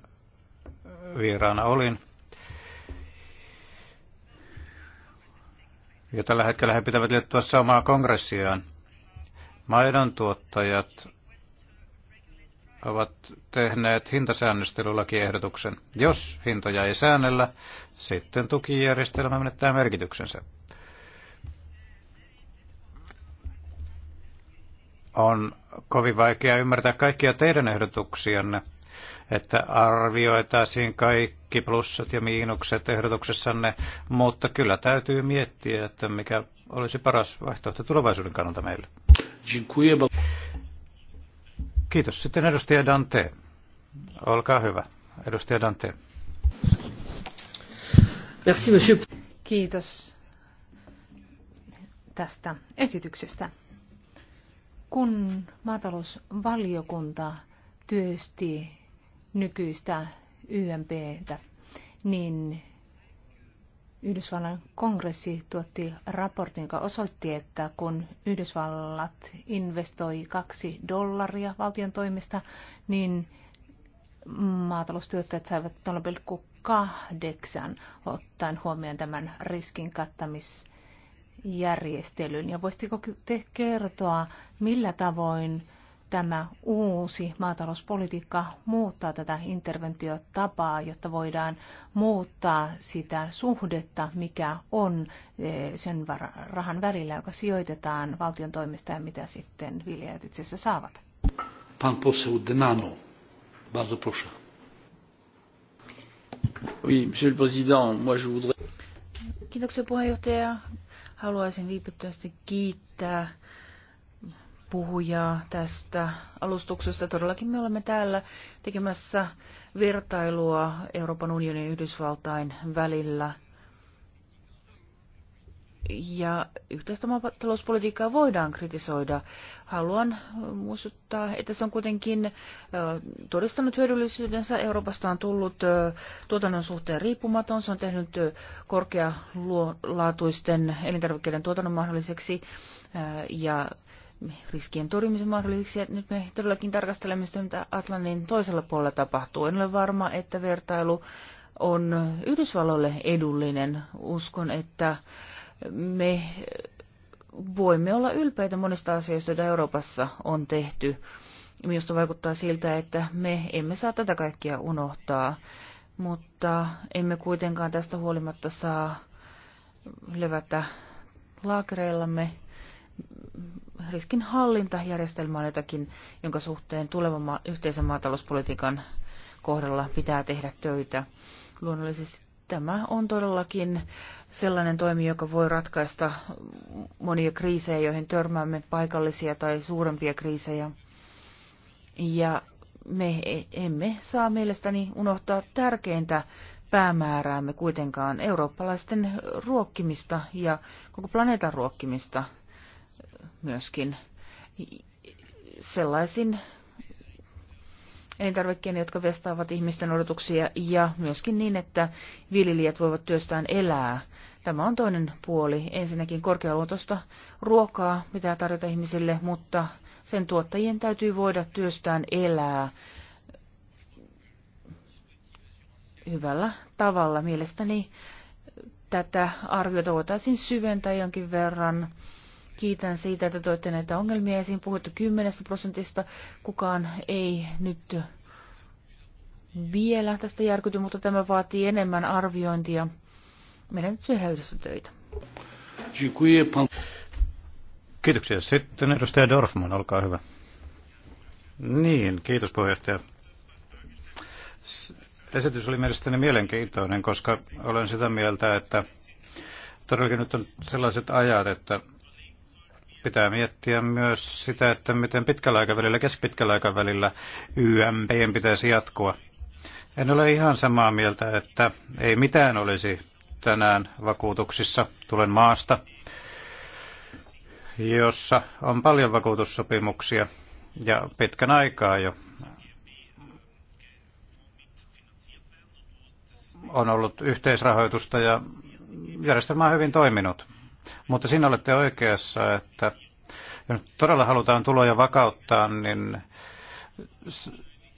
vieraana olin. Ja tällä hetkellä he pitävät liittyä omaa kongressiaan. Maidon tuottajat ovat tehneet hintasäännöstelylakiehdotuksen. Jos hintoja ei säännellä, sitten tukijärjestelmä menettää merkityksensä. On kovin vaikea ymmärtää kaikkia teidän ehdotuksianne, että arvioitaisiin kaikki plussat ja miinukset ehdotuksessanne, mutta kyllä täytyy miettiä, että mikä olisi paras vaihtoehto tulevaisuuden kannalta meille. Dziękuję. Kiitos. Sitten edustaja Dante. Olkaa hyvä. Edustaja Dante. Merci, monsieur. Kiitos tästä esityksestä. Kun maatalousvaliokunta työsti nykyistä YMPtä, niin Yhdysvallan kongressi tuotti raportin, joka osoitti, että kun Yhdysvallat investoi kaksi dollaria valtion toimesta, niin maataloustyöttäjät saivat 0,8 ottaen huomioon tämän riskin kattamisjärjestelyn. Ja voisitko te kertoa, millä tavoin tämä uusi maatalouspolitiikka muuttaa tätä interventiotapaa, jotta voidaan muuttaa sitä suhdetta, mikä on e, sen rahan välillä, joka sijoitetaan valtion toimesta ja mitä sitten viljelijät itse asiassa saavat. Pan poseł Denano, bardzo proszę. Oui, monsieur le président, moi je voudrais... Kiitoksia puheenjohtaja. Haluaisin viipyttävästi kiittää puhujaa tästä alustuksesta. Todellakin me olemme täällä tekemässä vertailua Euroopan unionin ja Yhdysvaltain välillä. Ja yhteistä maatalouspolitiikkaa voidaan kritisoida. Haluan muistuttaa, että se on kuitenkin todistanut hyödyllisyydensä. Euroopasta on tullut tuotannon suhteen riippumaton. Se on tehnyt korkealaatuisten elintarvikkeiden tuotannon mahdolliseksi ja riskien torjumisen mahdollisiksi. Ja nyt me todellakin tarkastelemme sitä, mitä Atlantin toisella puolella tapahtuu. En ole varma, että vertailu on Yhdysvalloille edullinen. Uskon, että me voimme olla ylpeitä monista asioista, joita Euroopassa on tehty. Minusta vaikuttaa siltä, että me emme saa tätä kaikkia unohtaa, mutta emme kuitenkaan tästä huolimatta saa levätä laakereillamme. Riskin hallintajärjestelmä on jotakin, jonka suhteen tulevan ma- yhteisen maatalouspolitiikan kohdalla pitää tehdä töitä. Luonnollisesti tämä on todellakin sellainen toimi, joka voi ratkaista monia kriisejä, joihin törmäämme paikallisia tai suurempia kriisejä. Ja me e- emme saa mielestäni unohtaa tärkeintä päämääräämme kuitenkaan eurooppalaisten ruokkimista ja koko planeetan ruokkimista myöskin sellaisin elintarvikkeen, jotka vastaavat ihmisten odotuksia ja myöskin niin, että viljelijät voivat työstään elää. Tämä on toinen puoli. Ensinnäkin korkealuotosta ruokaa pitää tarjota ihmisille, mutta sen tuottajien täytyy voida työstään elää hyvällä tavalla. Mielestäni tätä arviota voitaisiin syventää jonkin verran kiitän siitä, että toitte näitä ongelmia esiin. Puhuttu 10 prosentista. Kukaan ei nyt vielä tästä järkyty, mutta tämä vaatii enemmän arviointia. Meidän nyt tehdään yhdessä töitä. Kiitoksia. Sitten edustaja Dorfman, olkaa hyvä. Niin, kiitos puheenjohtaja. Esitys oli mielestäni mielenkiintoinen, koska olen sitä mieltä, että todellakin nyt on sellaiset ajat, että Pitää miettiä myös sitä, että miten pitkällä aikavälillä, keskipitkällä aikavälillä YMP pitäisi jatkua. En ole ihan samaa mieltä, että ei mitään olisi tänään vakuutuksissa. Tulen maasta, jossa on paljon vakuutussopimuksia ja pitkän aikaa jo. On ollut yhteisrahoitusta ja järjestelmä on hyvin toiminut. Mutta siinä olette oikeassa, että jos todella halutaan tuloja vakauttaa, niin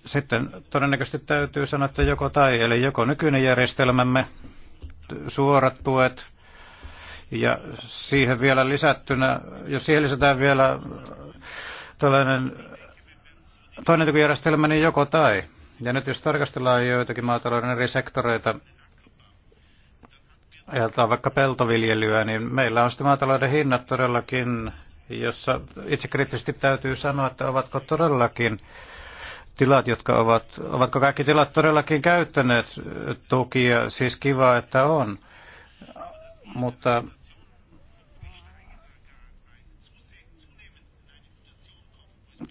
sitten todennäköisesti täytyy sanoa, että joko tai, eli joko nykyinen järjestelmämme, suorat tuet, ja siihen vielä lisättynä, jos siihen lisätään vielä tällainen toinen tukijärjestelmä, niin joko tai. Ja nyt jos tarkastellaan joitakin maatalouden eri sektoreita, ajatellaan vaikka peltoviljelyä, niin meillä on sitten maatalouden hinnat todellakin, jossa itse kriittisesti täytyy sanoa, että ovatko todellakin tilat, jotka ovat, ovatko kaikki tilat todellakin käyttäneet tukia, siis kiva, että on. Mutta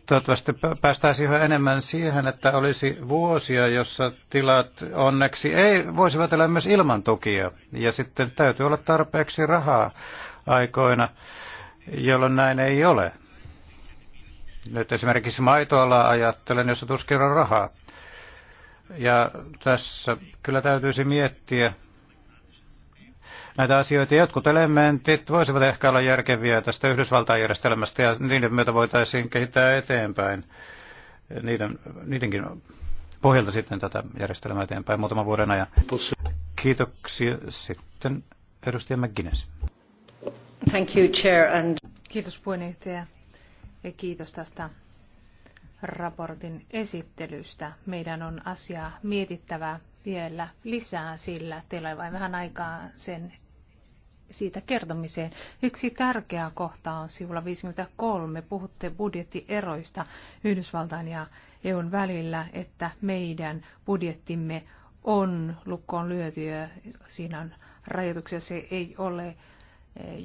Toivottavasti päästäisiin yhä enemmän siihen, että olisi vuosia, jossa tilat onneksi ei voisivat elää myös ilman tukia. Ja sitten täytyy olla tarpeeksi rahaa aikoina, jolloin näin ei ole. Nyt esimerkiksi maitoalaa ajattelen, jossa tuskin on rahaa. Ja tässä kyllä täytyisi miettiä, näitä asioita. Jotkut elementit voisivat ehkä olla järkeviä tästä Yhdysvaltain järjestelmästä ja niiden myötä voitaisiin kehittää eteenpäin niiden, niidenkin pohjalta sitten tätä järjestelmää eteenpäin muutaman vuoden ajan. Kiitoksia sitten edustaja McGuinness. Thank you, Chair, and... Kiitos puheenjohtaja ja kiitos tästä raportin esittelystä. Meidän on asiaa mietittävä vielä lisää, sillä teillä on vain vähän aikaa sen siitä kertomiseen. Yksi tärkeä kohta on sivulla 53. Puhutte budjettieroista Yhdysvaltain ja EUn välillä, että meidän budjettimme on lukkoon lyöty ja siinä on rajoituksia. Se ei ole eh,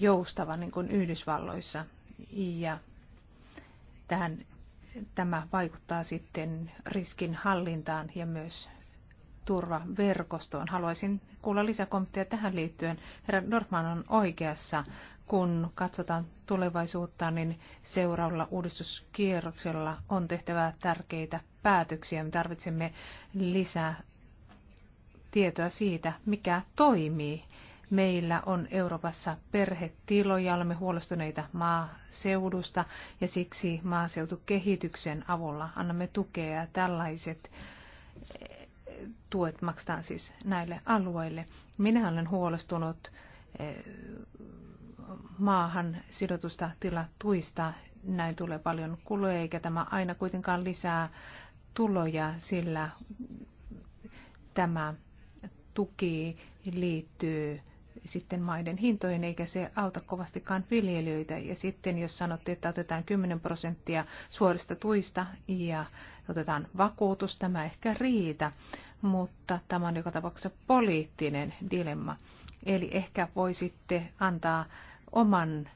joustava niin kuin Yhdysvalloissa. Ja tähän tämä vaikuttaa sitten riskin hallintaan ja myös turvaverkostoon. Haluaisin kuulla lisäkommentteja tähän liittyen. Herra Norman on oikeassa. Kun katsotaan tulevaisuutta, niin seuraavalla uudistuskierroksella on tehtävä tärkeitä päätöksiä. Me tarvitsemme lisää tietoa siitä, mikä toimii meillä on Euroopassa perhetiloja, olemme huolestuneita maaseudusta ja siksi maaseutukehityksen avulla annamme tukea ja tällaiset eh, tuet maksetaan siis näille alueille. Minä olen huolestunut eh, maahan sidotusta tilatuista. Näin tulee paljon kuluja, eikä tämä aina kuitenkaan lisää tuloja, sillä tämä tuki liittyy sitten maiden hintoihin, eikä se auta kovastikaan viljelijöitä. Ja sitten jos sanottiin, että otetaan 10 prosenttia suorista tuista ja otetaan vakuutus, tämä ehkä riitä, mutta tämä on joka tapauksessa poliittinen dilemma. Eli ehkä voisitte antaa oman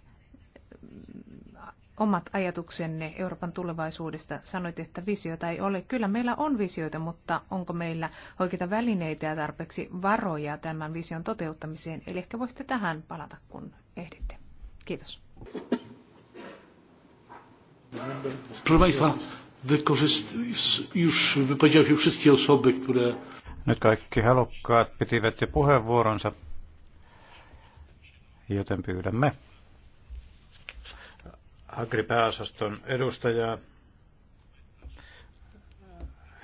omat ajatuksenne Euroopan tulevaisuudesta? Sanoit, että visioita ei ole. Kyllä meillä on visioita, mutta onko meillä oikeita välineitä ja tarpeeksi varoja tämän vision toteuttamiseen? Eli ehkä voisitte tähän palata, kun ehditte. Kiitos. Nyt kaikki halukkaat pitivät jo puheenvuoronsa, joten pyydämme Agri-pääosaston edustajaa,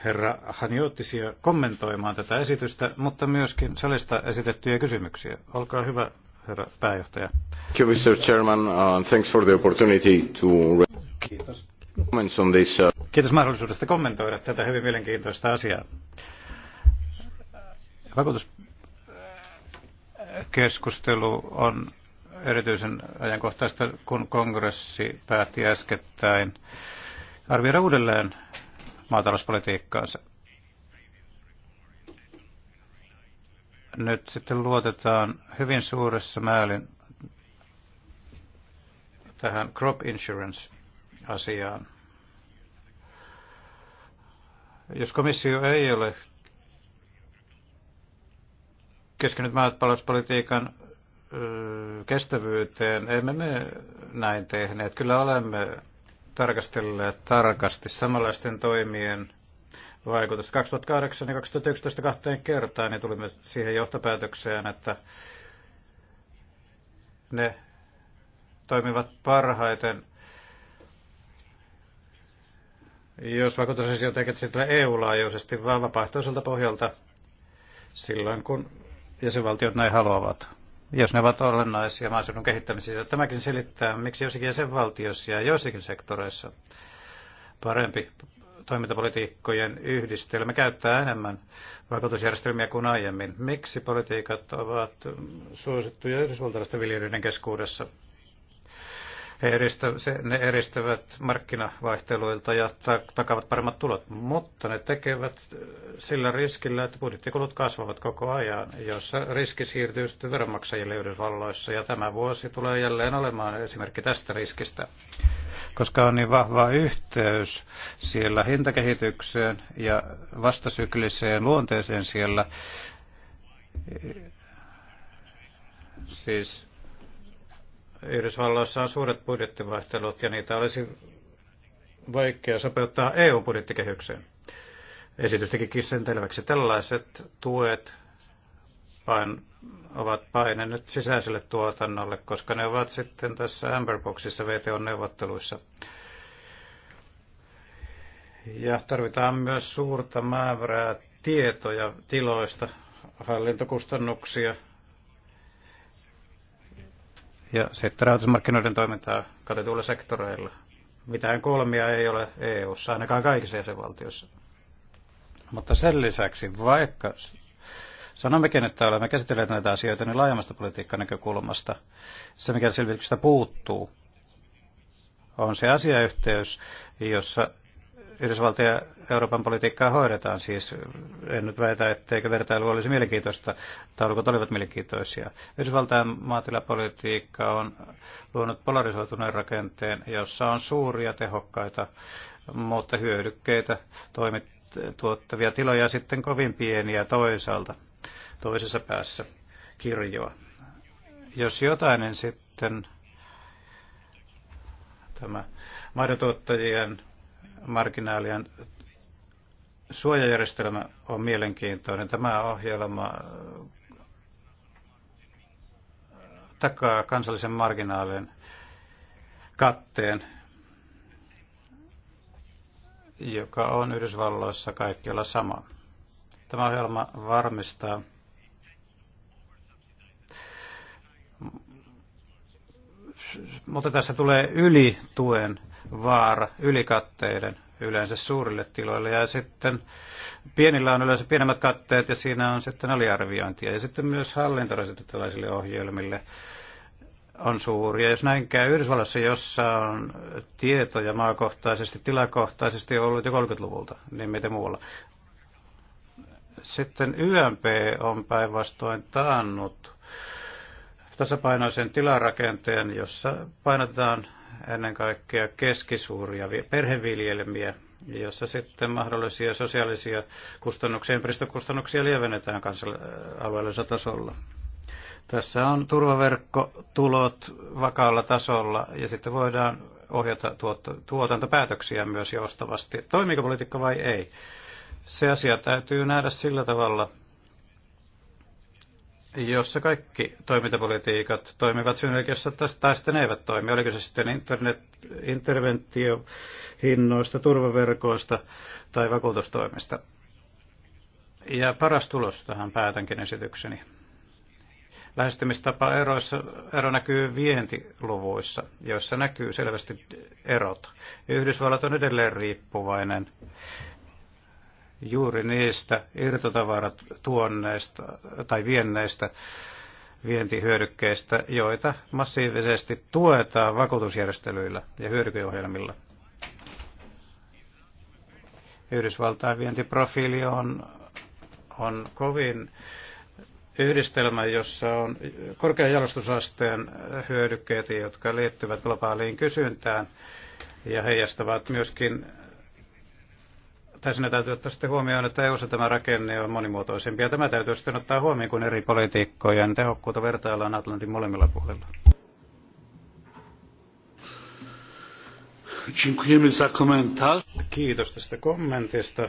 herra Haniottisia, kommentoimaan tätä esitystä, mutta myöskin salista esitettyjä kysymyksiä. Olkaa hyvä, herra pääjohtaja. Thank you, Mr. Chairman. Uh, thanks for the opportunity to... Kiitos. Comments on this, uh... Kiitos mahdollisuudesta kommentoida tätä hyvin mielenkiintoista asiaa. Vakuutuskeskustelu on erityisen ajankohtaista, kun kongressi päätti äskettäin arvioida uudelleen maatalouspolitiikkaansa. Nyt sitten luotetaan hyvin suuressa määrin tähän crop insurance-asiaan. Jos komissio ei ole keskinyt maatalouspolitiikan kestävyyteen, emme me näin tehneet. Kyllä olemme tarkastelleet tarkasti samanlaisten toimien vaikutusta. 2008 ja 2011 kahteen kertaan niin tulimme siihen johtopäätökseen, että ne toimivat parhaiten, jos vakuutusasioita ei sitä EU-laajuisesti, vaan vapaaehtoiselta pohjalta silloin, kun jäsenvaltiot näin haluavat jos ne ovat olennaisia maaseudun kehittämisessä. Tämäkin selittää, miksi jossakin jäsenvaltiossa ja joissakin sektoreissa parempi toimintapolitiikkojen yhdistelmä käyttää enemmän vaikutusjärjestelmiä kuin aiemmin. Miksi politiikat ovat suosittuja yhdysvaltalaisten viljelijöiden keskuudessa? He eristä, se, ne eristävät markkinavaihteluilta ja ta, takavat paremmat tulot, mutta ne tekevät sillä riskillä, että budjettikulut kasvavat koko ajan, jossa riski siirtyy sitten veronmaksajille Yhdysvalloissa. Ja tämä vuosi tulee jälleen olemaan esimerkki tästä riskistä, koska on niin vahva yhteys siellä hintakehitykseen ja vastasykliseen luonteeseen siellä. Siis Yhdysvalloissa on suuret budjettivaihtelut ja niitä olisi vaikea sopeuttaa EU-budjettikehykseen. Esitys tekikin sen selväksi. Tällaiset tuet pain, ovat paine nyt sisäiselle tuotannolle, koska ne ovat sitten tässä Amberboxissa VTO-neuvotteluissa. Ja tarvitaan myös suurta määrää tietoja tiloista, hallintokustannuksia ja sitten rahoitusmarkkinoiden toimintaa katetuilla sektoreilla. Mitään kolmia ei ole EU-ssa, ainakaan kaikissa jäsenvaltioissa. Mutta sen lisäksi, vaikka sanommekin, että olemme käsitelleet näitä asioita niin laajemmasta politiikan näkökulmasta, se mikä selvityksestä puuttuu, on se asiayhteys, jossa Yhdysvaltojen ja Euroopan politiikkaa hoidetaan. Siis en nyt väitä, etteikö vertailu olisi mielenkiintoista. Taulukot olivat mielenkiintoisia. Yhdysvaltain maatilapolitiikka on luonut polarisoituneen rakenteen, jossa on suuria tehokkaita, mutta hyödykkeitä toimit, tuottavia tiloja sitten kovin pieniä toisaalta, toisessa päässä kirjoa. Jos niin sitten tämä maidotuottajien marginaalien suojajärjestelmä on mielenkiintoinen. Tämä ohjelma äh, takaa kansallisen marginaalien katteen, joka on Yhdysvalloissa kaikkialla sama. Tämä ohjelma varmistaa mutta tässä tulee yli tuen vaara ylikatteiden yleensä suurille tiloille. Ja sitten pienillä on yleensä pienemmät katteet ja siinä on sitten aliarviointia. Ja sitten myös hallintorasite tällaisille ohjelmille on suuri. Ja jos näin käy Yhdysvallassa, jossa on tietoja maakohtaisesti, tilakohtaisesti ollut jo 30-luvulta, niin miten muualla. Sitten YMP on päinvastoin taannut tasapainoisen tilarakenteen, jossa painotetaan ennen kaikkea keskisuuria perheviljelmiä, jossa sitten mahdollisia sosiaalisia kustannuksia, ympäristökustannuksia lievennetään alueellisella äh, tasolla. Tässä on turvaverkkotulot vakaalla tasolla ja sitten voidaan ohjata tuotantopäätöksiä myös joustavasti. Toimiiko politiikka vai ei? Se asia täytyy nähdä sillä tavalla, jossa kaikki toimintapolitiikat toimivat synergiassa tai sitten eivät toimi. Oliko se sitten internet, hinnoista, turvaverkoista tai vakuutustoimista. Ja paras tulos tähän päätänkin esitykseni. Lähestymistapa eroissa, ero näkyy vientiluvuissa, joissa näkyy selvästi erot. Yhdysvallat on edelleen riippuvainen juuri niistä irtotavarat tuonneista tai vienneistä vientihyödykkeistä, joita massiivisesti tuetaan vakuutusjärjestelyillä ja hyödykeohjelmilla. Yhdysvaltain vientiprofiili on, on kovin yhdistelmä, jossa on korkean jalostusasteen hyödykkeet, jotka liittyvät globaaliin kysyntään ja heijastavat myöskin tai siinä täytyy ottaa sitten huomioon, että eu tämä rakenne on monimuotoisempi. Ja tämä täytyy sitten ottaa huomioon, kun eri politiikkojen tehokkuutta vertaillaan Atlantin molemmilla puolilla. Kiitos tästä kommentista.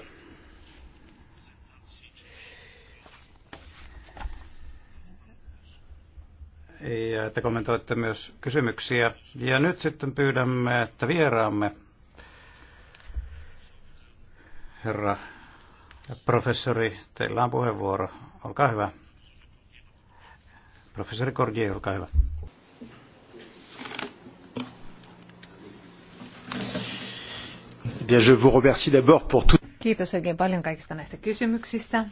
Ja että kommentoitte myös kysymyksiä. Ja nyt sitten pyydämme, että vieraamme Herra professori, teillä on puheenvuoro. Olkaa hyvä. Professori Cordier, olkaa hyvä. Bien, je vous remercie d'abord pour tout... Kiitos oikein paljon kaikista näistä kysymyksistä.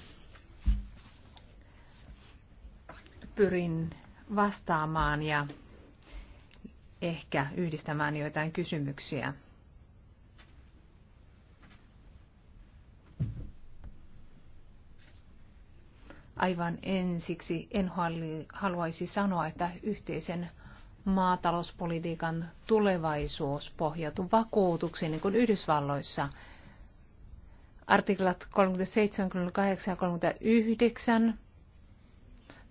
Pyrin vastaamaan ja ehkä yhdistämään joitain kysymyksiä Aivan ensiksi en haluaisi sanoa, että yhteisen maatalouspolitiikan tulevaisuus pohjautuu vakuutuksiin, niin kuin Yhdysvalloissa. Artiklat 37, 38 ja 39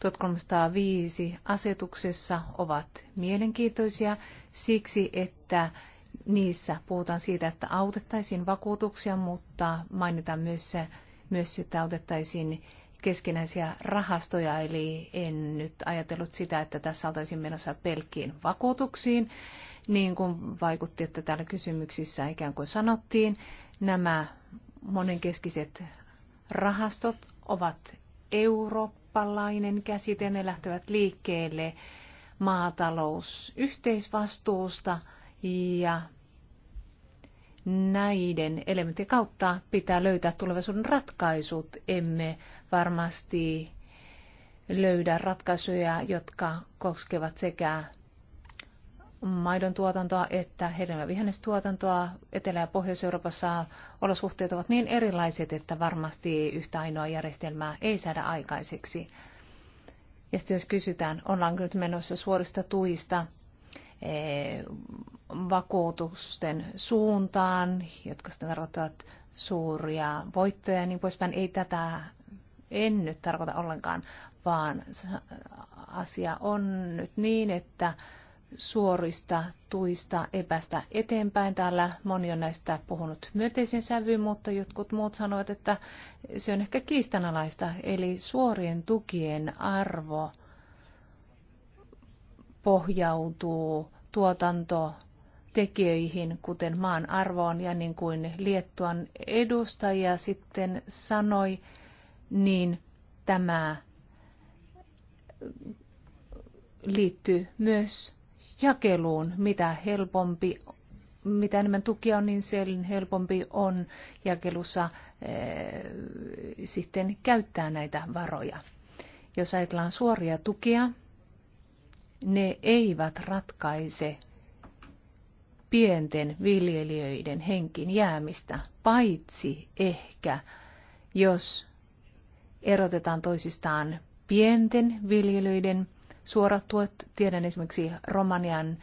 1305 asetuksessa ovat mielenkiintoisia siksi, että niissä puhutaan siitä, että autettaisiin vakuutuksia, mutta mainitaan myös, se, myös että autettaisiin keskinäisiä rahastoja, eli en nyt ajatellut sitä, että tässä oltaisiin menossa pelkkiin vakuutuksiin, niin kuin vaikutti, että täällä kysymyksissä ikään kuin sanottiin. Nämä monenkeskiset rahastot ovat eurooppalainen käsite, ne lähtevät liikkeelle maatalousyhteisvastuusta ja näiden elementin kautta pitää löytää tulevaisuuden ratkaisut. Emme varmasti löydä ratkaisuja, jotka koskevat sekä maidon tuotantoa että hedelmävihannestuotantoa. Etelä- ja Pohjois-Euroopassa olosuhteet ovat niin erilaiset, että varmasti yhtä ainoa järjestelmää ei saada aikaiseksi. Ja sitten jos kysytään, ollaanko nyt menossa suorista tuista eh, vakuutusten suuntaan, jotka sitten tarkoittavat suuria voittoja ja niin poispäin, ei tätä en nyt tarkoita ollenkaan, vaan asia on nyt niin, että suorista tuista epästä eteenpäin. Täällä moni on näistä puhunut myönteisen sävyyn, mutta jotkut muut sanoivat, että se on ehkä kiistanalaista. Eli suorien tukien arvo pohjautuu tuotanto tekijöihin, kuten maan arvoon ja niin kuin Liettuan edustaja sitten sanoi, niin tämä liittyy myös jakeluun. Mitä helpompi, mitä enemmän tukia on, niin sen helpompi on jakelussa eh, sitten käyttää näitä varoja. Jos ajatellaan suoria tukia, ne eivät ratkaise pienten viljelijöiden henkin jäämistä, paitsi ehkä jos erotetaan toisistaan pienten viljelyiden suorat tuet. Tiedän esimerkiksi Romanian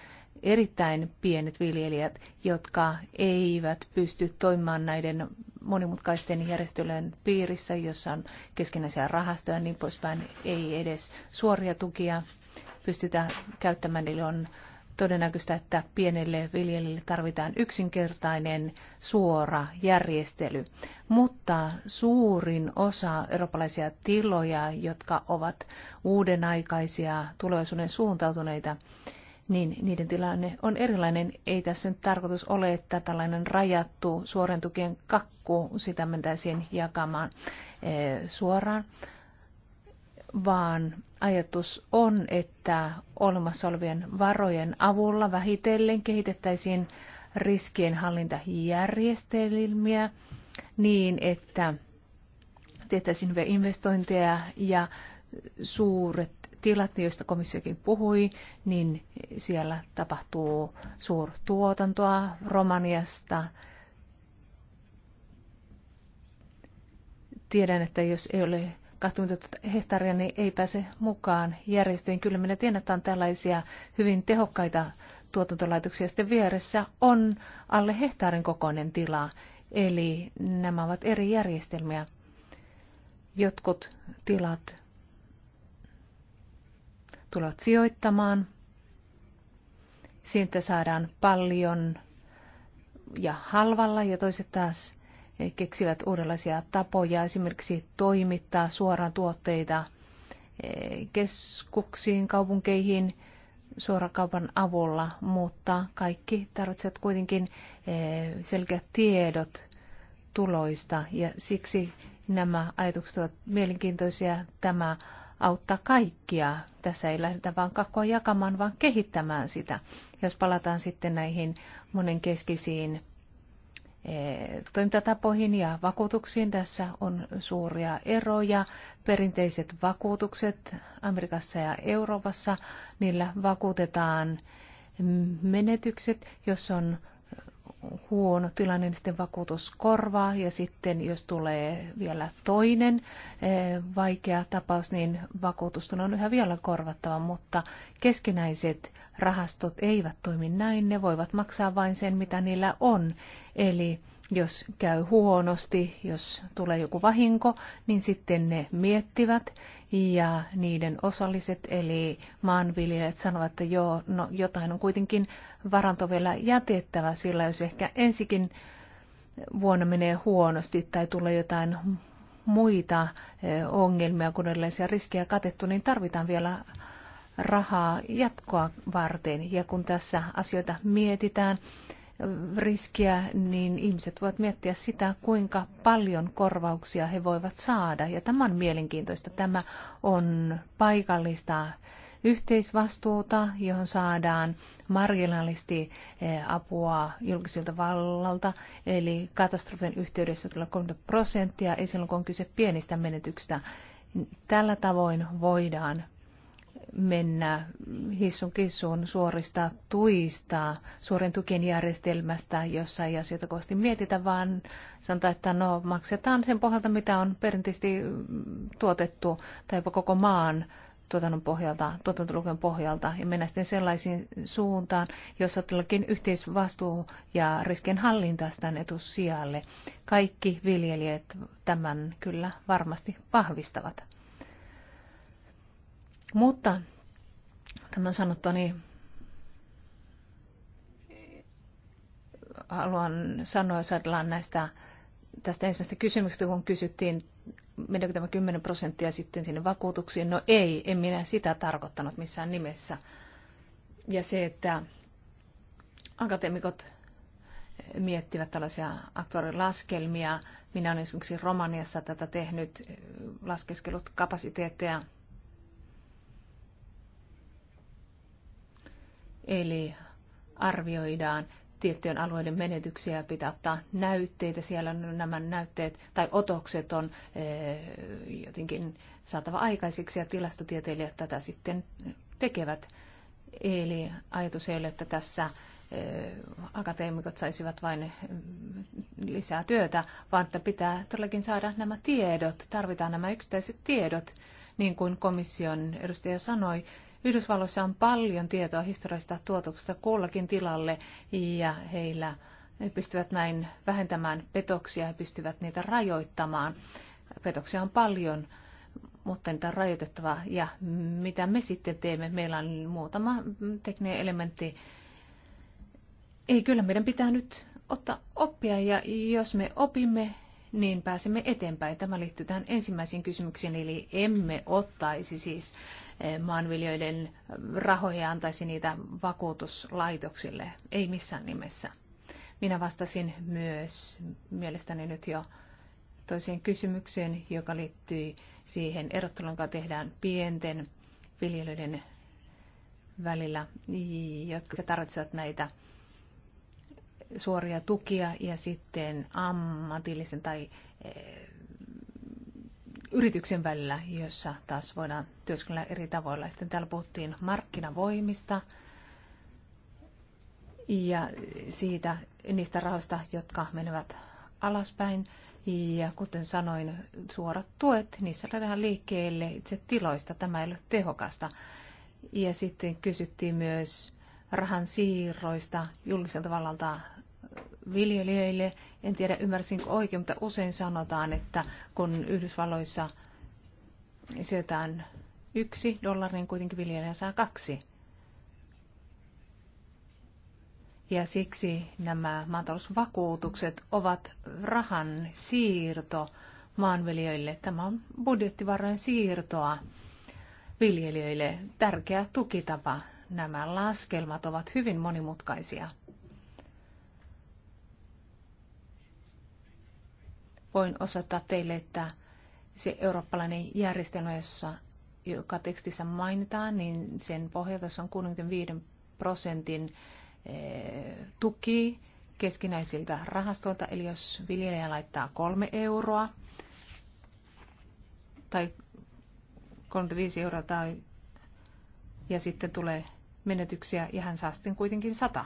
erittäin pienet viljelijät, jotka eivät pysty toimimaan näiden monimutkaisten järjestelyjen piirissä, jossa on keskinäisiä rahastoja ja niin poispäin, ei edes suoria tukia pystytä käyttämään, eli on todennäköistä, että pienelle viljelijälle tarvitaan yksinkertainen suora järjestely. Mutta suurin osa eurooppalaisia tiloja, jotka ovat uudenaikaisia, tulevaisuuden suuntautuneita, niin niiden tilanne on erilainen. Ei tässä nyt tarkoitus ole, että tällainen rajattu suoren tukien kakku, sitä mentäisiin jakamaan eh, suoraan, vaan ajatus on, että olemassa olevien varojen avulla vähitellen kehitettäisiin riskienhallintajärjestelmiä niin, että tehtäisiin hyviä investointeja ja suuret tilat, joista komissiokin puhui, niin siellä tapahtuu suurtuotantoa Romaniasta. Tiedän, että jos ei ole 20 hehtaaria, niin ei pääse mukaan järjestöön. Kyllä minä tiedän, että on tällaisia hyvin tehokkaita tuotantolaitoksia. Sitten vieressä on alle hehtaarin kokoinen tila, eli nämä ovat eri järjestelmiä. Jotkut tilat tulevat sijoittamaan. Siitä saadaan paljon ja halvalla ja toiset taas keksivät uudenlaisia tapoja esimerkiksi toimittaa suoraan tuotteita eh, keskuksiin, kaupunkeihin suorakaupan avulla, mutta kaikki tarvitsevat kuitenkin eh, selkeät tiedot tuloista ja siksi nämä ajatukset ovat mielenkiintoisia. Tämä auttaa kaikkia. Tässä ei lähdetä vain kakkoa jakamaan, vaan kehittämään sitä. Jos palataan sitten näihin monenkeskisiin toimintatapoihin ja vakuutuksiin. Tässä on suuria eroja. Perinteiset vakuutukset Amerikassa ja Euroopassa, niillä vakuutetaan menetykset, jos on huono tilanne, niin sitten vakuutus korvaa ja sitten jos tulee vielä toinen eh, vaikea tapaus, niin vakuutus on yhä vielä korvattava, mutta keskinäiset rahastot eivät toimi näin, ne voivat maksaa vain sen, mitä niillä on. Eli jos käy huonosti, jos tulee joku vahinko, niin sitten ne miettivät ja niiden osalliset eli maanviljelijät sanovat, että joo, no jotain on kuitenkin varanto vielä jätettävä, sillä jos ehkä ensikin vuonna menee huonosti tai tulee jotain muita e, ongelmia, kun erilaisia riskejä katettu, niin tarvitaan vielä rahaa jatkoa varten. Ja kun tässä asioita mietitään, riskiä, niin ihmiset voivat miettiä sitä, kuinka paljon korvauksia he voivat saada. Ja tämä on mielenkiintoista. Tämä on paikallista yhteisvastuuta, johon saadaan marginaalisti eh, apua julkiselta vallalta, eli katastrofin yhteydessä tulee 30 prosenttia, ei silloin kun on kyse pienistä menetyksistä. Tällä tavoin voidaan mennä hissun kissuun suorista tuista, suuren tukien järjestelmästä, jossa ei asioita kovasti mietitä, vaan sanotaan, että no maksetaan sen pohjalta, mitä on perinteisesti mm, tuotettu tai jopa koko maan tuotannon pohjalta, tuotantolukujen pohjalta ja mennä sitten sellaisiin suuntaan, jossa todellakin yhteisvastuu ja riskien hallinta tämän etusijalle. Kaikki viljelijät tämän kyllä varmasti vahvistavat. Mutta tämän sanottani haluan sanoa, jos ajatellaan näistä, tästä ensimmäisestä kysymyksestä, kun kysyttiin, meneekö tämä 10 prosenttia sitten sinne vakuutuksiin. No ei, en minä sitä tarkoittanut missään nimessä. Ja se, että akateemikot miettivät tällaisia aktuaarilaskelmia. Minä olen esimerkiksi Romaniassa tätä tehnyt, laskeskellut kapasiteetteja Eli arvioidaan tiettyjen alueiden menetyksiä, pitää ottaa näytteitä, siellä nämä näytteet tai otokset on eh, jotenkin saatava aikaiseksi ja tilastotieteilijät tätä sitten tekevät. Eli ajatus ei ole, että tässä eh, akateemikot saisivat vain mm, lisää työtä, vaan että pitää todellakin saada nämä tiedot, tarvitaan nämä yksittäiset tiedot, niin kuin komission edustaja sanoi, Yhdysvalloissa on paljon tietoa historiasta tuotoksesta kullakin tilalle ja heillä he pystyvät näin vähentämään petoksia ja pystyvät niitä rajoittamaan. Petoksia on paljon, mutta niitä on rajoitettava. Ja mitä me sitten teemme? Meillä on muutama tekninen elementti. Ei, kyllä meidän pitää nyt ottaa oppia ja jos me opimme, niin pääsemme eteenpäin. Tämä liittyy tähän ensimmäisiin kysymyksiin, eli emme ottaisi siis maanviljoiden rahoja ja antaisi niitä vakuutuslaitoksille. Ei missään nimessä. Minä vastasin myös mielestäni nyt jo toiseen kysymykseen, joka liittyy siihen erotteluun, joka tehdään pienten viljelyiden välillä, jotka tarvitsevat näitä suoria tukia ja sitten ammatillisen tai eh, yrityksen välillä, jossa taas voidaan työskennellä eri tavoilla. Sitten täällä puhuttiin markkinavoimista ja siitä, niistä rahoista, jotka menevät alaspäin. Ja kuten sanoin, suorat tuet, niissä lähdetään liikkeelle itse tiloista. Tämä ei ole tehokasta. Ja sitten kysyttiin myös rahan siirroista julkiselta vallalta viljelijöille. En tiedä, ymmärsinkö oikein, mutta usein sanotaan, että kun Yhdysvalloissa syötään yksi dollari, niin kuitenkin viljelijä saa kaksi. Ja siksi nämä maatalousvakuutukset ovat rahan siirto maanviljelijöille. Tämä on budjettivarojen siirtoa viljelijöille. Tärkeä tukitapa. Nämä laskelmat ovat hyvin monimutkaisia. voin osoittaa teille, että se eurooppalainen järjestelmä, jossa, joka tekstissä mainitaan, niin sen pohjalta se on 65 prosentin eh, tuki keskinäisiltä rahastoilta. Eli jos viljelijä laittaa kolme euroa tai 35 euroa tai, ja sitten tulee menetyksiä ja hän saa sitten kuitenkin 100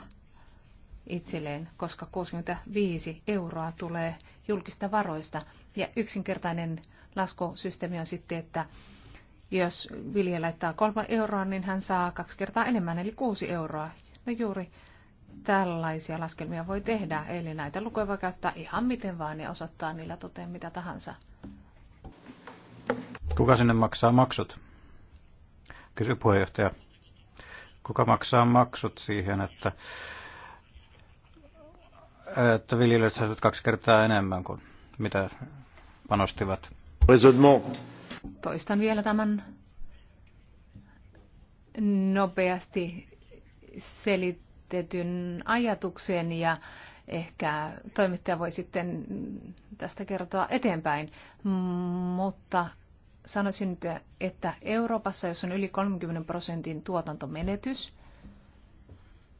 itselleen, koska 65 euroa tulee julkista varoista. Ja yksinkertainen laskusysteemi on sitten, että jos vilje laittaa kolme euroa, niin hän saa kaksi kertaa enemmän, eli kuusi euroa. No juuri tällaisia laskelmia voi tehdä, eli näitä lukuja voi käyttää ihan miten vaan ja osoittaa niillä toteen mitä tahansa. Kuka sinne maksaa maksut? Kysy puheenjohtaja. Kuka maksaa maksut siihen, että että viljelijät saivat kaksi kertaa enemmän kuin mitä panostivat. Toistan vielä tämän nopeasti selitetyn ajatuksen ja ehkä toimittaja voi sitten tästä kertoa eteenpäin. Mutta sanoisin, että Euroopassa, jos on yli 30 prosentin tuotantomenetys,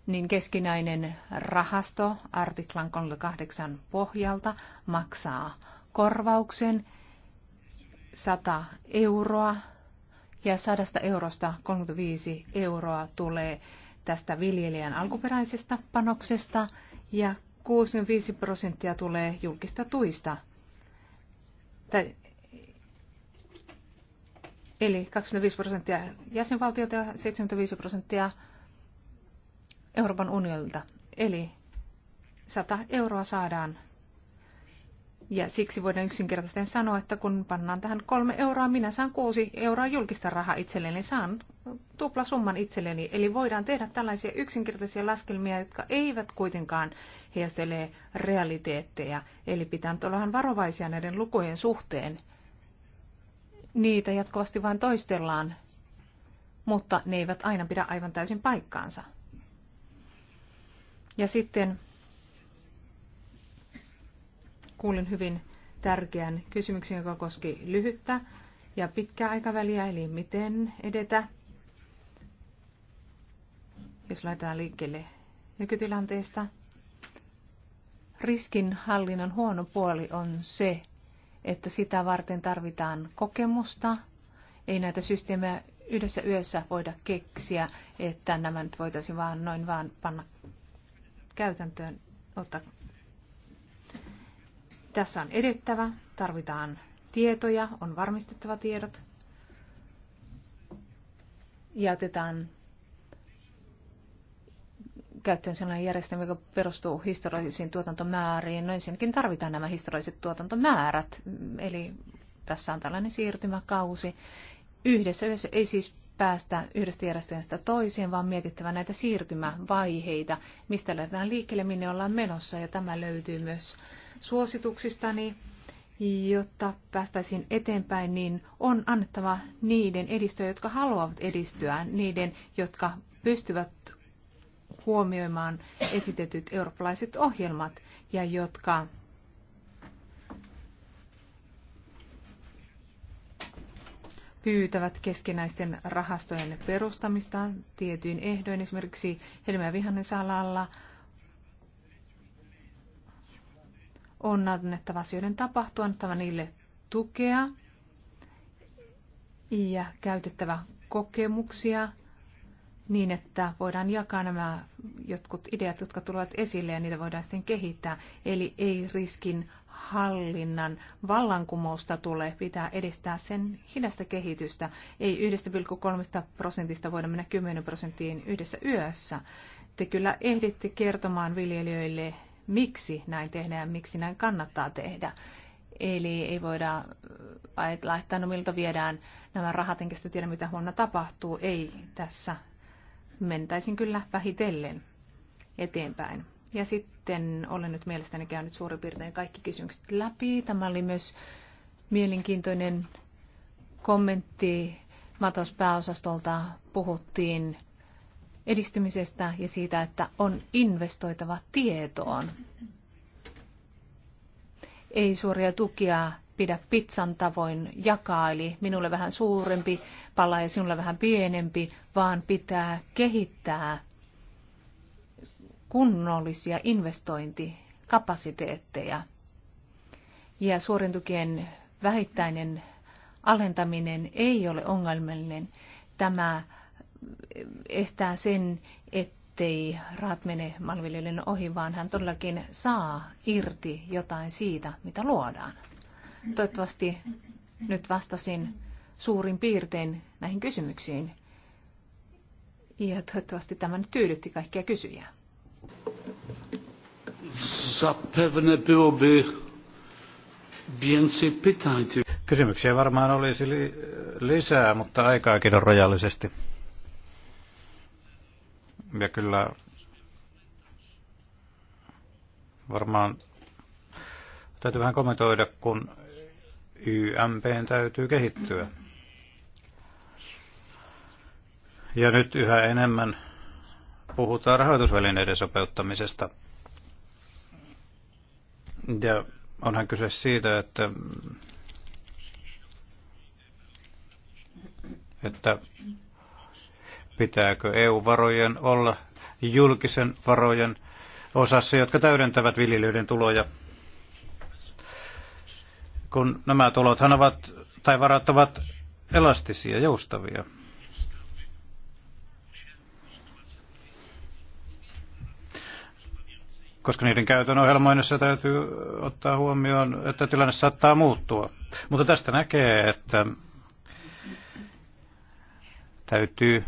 niin keskinäinen rahasto artiklan 38 pohjalta maksaa korvauksen 100 euroa ja 100 eurosta 35 euroa tulee tästä viljelijän alkuperäisestä panoksesta ja 65 prosenttia tulee julkista tuista. Eli 25 prosenttia jäsenvaltiota ja 75 prosenttia Euroopan unionilta. Eli 100 euroa saadaan. Ja siksi voidaan yksinkertaisesti sanoa, että kun pannaan tähän kolme euroa, minä saan kuusi euroa julkista rahaa itselleni, saan tuplasumman itselleni. Eli voidaan tehdä tällaisia yksinkertaisia laskelmia, jotka eivät kuitenkaan heijastele realiteetteja. Eli pitää olla varovaisia näiden lukujen suhteen. Niitä jatkuvasti vain toistellaan, mutta ne eivät aina pidä aivan täysin paikkaansa. Ja sitten kuulin hyvin tärkeän kysymyksen, joka koski lyhyttä ja pitkää aikaväliä, eli miten edetä, jos laitetaan liikkeelle nykytilanteesta. Riskinhallinnan huono puoli on se, että sitä varten tarvitaan kokemusta. Ei näitä systeemejä yhdessä yössä voida keksiä, että nämä nyt voitaisiin vaan noin vaan panna käytäntöön ottaa. Tässä on edettävä, tarvitaan tietoja, on varmistettava tiedot ja otetaan käyttöön sellainen järjestelmä, joka perustuu historiallisiin tuotantomääriin. No ensinnäkin tarvitaan nämä historialliset tuotantomäärät, eli tässä on tällainen siirtymäkausi. Yhdessä yhdessä ei siis päästä yhdestä järjestelmästä toiseen, vaan mietittävä näitä siirtymävaiheita, mistä lähdetään liikkeelle, minne ollaan menossa. Ja tämä löytyy myös suosituksistani, jotta päästäisiin eteenpäin, niin on annettava niiden edistöjä, jotka haluavat edistyä, niiden, jotka pystyvät huomioimaan esitetyt eurooppalaiset ohjelmat ja jotka pyytävät keskinäisten rahastojen perustamista tietyin ehdoin, esimerkiksi Helmiä Vihannesalalla on annettava asioiden tapahtua, annettava niille tukea ja käytettävä kokemuksia niin, että voidaan jakaa nämä jotkut ideat, jotka tulevat esille ja niitä voidaan sitten kehittää. Eli ei riskin hallinnan vallankumousta tule, pitää edistää sen hidasta kehitystä. Ei 1,3 prosentista voida mennä 10 prosenttiin yhdessä yössä. Te kyllä ehditte kertomaan viljelijöille, miksi näin tehdään ja miksi näin kannattaa tehdä. Eli ei voida äh, laittaa, no miltä viedään nämä rahat, enkä sitä tiedä mitä huonna tapahtuu. Ei tässä mentäisin kyllä vähitellen eteenpäin. Ja sitten olen nyt mielestäni käynyt suurin piirtein kaikki kysymykset läpi. Tämä oli myös mielenkiintoinen kommentti Matos Pääosastolta Puhuttiin edistymisestä ja siitä, että on investoitava tietoon. Ei suoria tukia pidä pizzan tavoin jakaa, eli minulle vähän suurempi pala ja sinulle vähän pienempi, vaan pitää kehittää kunnollisia investointikapasiteetteja. Ja suorintukien vähittäinen alentaminen ei ole ongelmallinen. Tämä estää sen, ettei rahat mene malviljelijän ohi, vaan hän todellakin saa irti jotain siitä, mitä luodaan. Toivottavasti nyt vastasin suurin piirtein näihin kysymyksiin. Ja toivottavasti tämä nyt tyydytti kaikkia kysyjiä. Zapewne byłoby więcej pytań. Kysymyksiä varmaan olisi li- lisää, mutta aikaakin on rajallisesti. Ja kyllä varmaan täytyy vähän kommentoida, kun YMP täytyy kehittyä. Ja nyt yhä enemmän puhutaan rahoitusvälineiden sopeuttamisesta. Ja onhan kyse siitä, että, että pitääkö EU-varojen olla julkisen varojen osassa, jotka täydentävät viljelijöiden tuloja kun nämä tulothan ovat, tai varat ovat elastisia, joustavia. koska niiden käytön ohjelmoinnissa täytyy ottaa huomioon, että tilanne saattaa muuttua. Mutta tästä näkee, että täytyy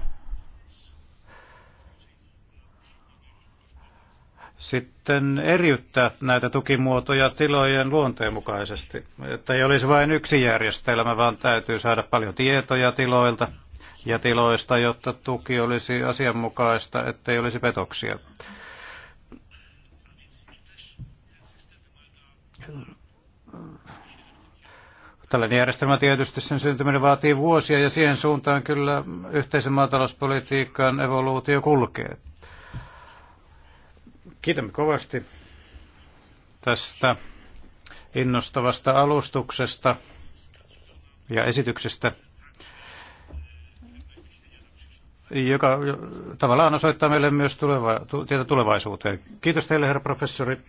sitten eriyttää näitä tukimuotoja tilojen luonteen mukaisesti. Että ei olisi vain yksi järjestelmä, vaan täytyy saada paljon tietoja tiloilta ja tiloista, jotta tuki olisi asianmukaista, ettei olisi petoksia. Tällainen järjestelmä tietysti sen syntyminen vaatii vuosia ja siihen suuntaan kyllä yhteisen maatalouspolitiikan evoluutio kulkee. Kiitämme kovasti tästä innostavasta alustuksesta ja esityksestä, joka tavallaan osoittaa meille myös tuleva, tietä tulevaisuuteen. Kiitos teille, herra professori.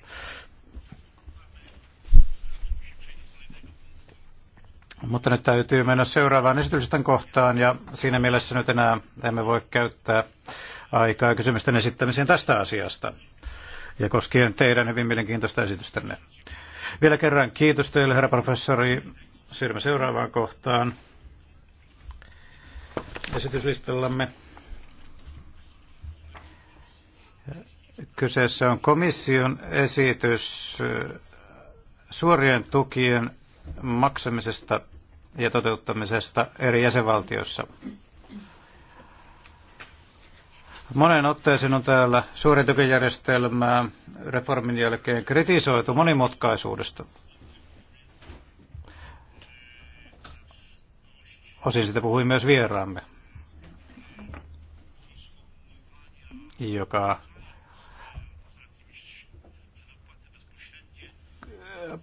Mutta nyt täytyy mennä seuraavaan esitysten kohtaan ja siinä mielessä nyt enää emme voi käyttää aikaa kysymysten esittämiseen tästä asiasta ja koskien teidän hyvin mielenkiintoista esitystänne. Vielä kerran kiitos teille, herra professori. Siirrymme seuraavaan kohtaan esityslistallamme. Kyseessä on komission esitys äh, suorien tukien maksamisesta ja toteuttamisesta eri jäsenvaltioissa. Monen otteeseen on täällä suuri tukijärjestelmää reformin jälkeen kritisoitu monimutkaisuudesta. Osin sitä puhui myös vieraamme, joka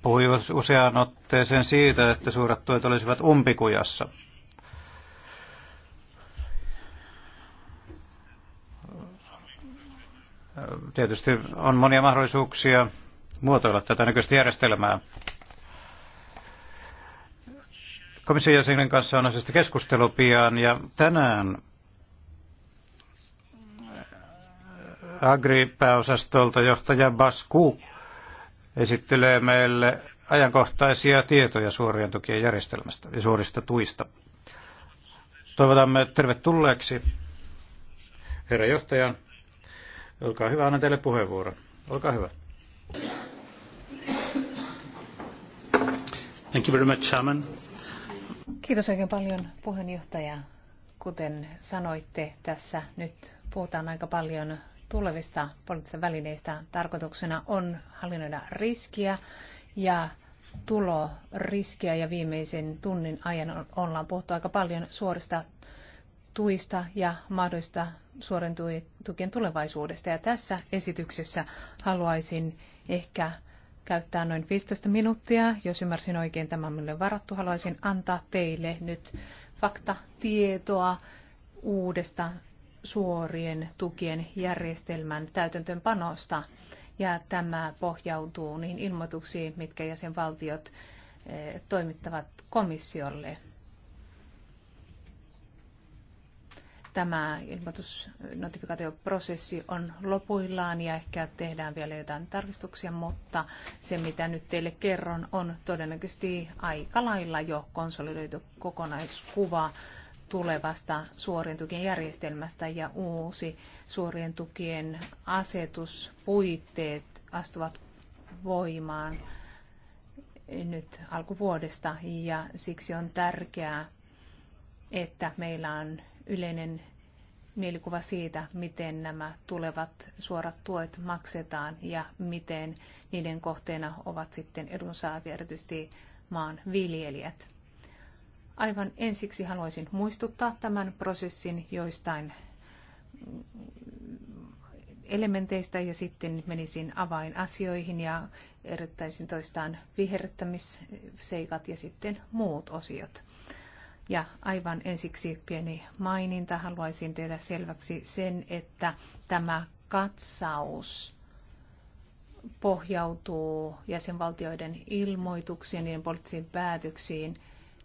puhui useaan otteeseen siitä, että suuret tuet olisivat umpikujassa – tietysti on monia mahdollisuuksia muotoilla tätä nykyistä järjestelmää. Komission jäsenen kanssa on asiasta keskustelu pian ja tänään Agri-pääosastolta johtaja Basku esittelee meille ajankohtaisia tietoja suorien tukien järjestelmästä ja suorista tuista. Toivotamme tervetulleeksi herra johtajan. Olkaa hyvä, annan teille puheenvuoro. Olkaa hyvä. Thank you very much, Chairman. Kiitos oikein paljon puheenjohtaja. Kuten sanoitte, tässä nyt puhutaan aika paljon tulevista poliittisista välineistä. Tarkoituksena on hallinnoida riskiä ja tuloriskiä ja viimeisen tunnin ajan ollaan puhuttu aika paljon suorista tuista ja mahdollista suoren tukien tulevaisuudesta. Ja tässä esityksessä haluaisin ehkä käyttää noin 15 minuuttia. Jos ymmärsin oikein tämä minulle varattu, haluaisin antaa teille nyt faktatietoa uudesta suorien tukien järjestelmän täytäntöönpanosta. Ja tämä pohjautuu niihin ilmoituksiin, mitkä jäsenvaltiot eh, toimittavat komissiolle tämä ilmoitusnotifikaatioprosessi on lopuillaan ja ehkä tehdään vielä jotain tarkistuksia, mutta se mitä nyt teille kerron on todennäköisesti aika lailla jo konsolidoitu kokonaiskuva tulevasta suorien tukien järjestelmästä ja uusi suorien tukien asetuspuitteet astuvat voimaan nyt alkuvuodesta ja siksi on tärkeää, että meillä on yleinen mielikuva siitä, miten nämä tulevat suorat tuet maksetaan ja miten niiden kohteena ovat sitten edunsaajat ja erityisesti maan viljelijät. Aivan ensiksi haluaisin muistuttaa tämän prosessin joistain elementeistä ja sitten menisin avainasioihin ja erittäisin toistaan viherryttämisseikat ja sitten muut osiot. Ja aivan ensiksi pieni maininta. Haluaisin tehdä selväksi sen, että tämä katsaus pohjautuu jäsenvaltioiden ilmoituksiin, niiden poliittisiin päätöksiin,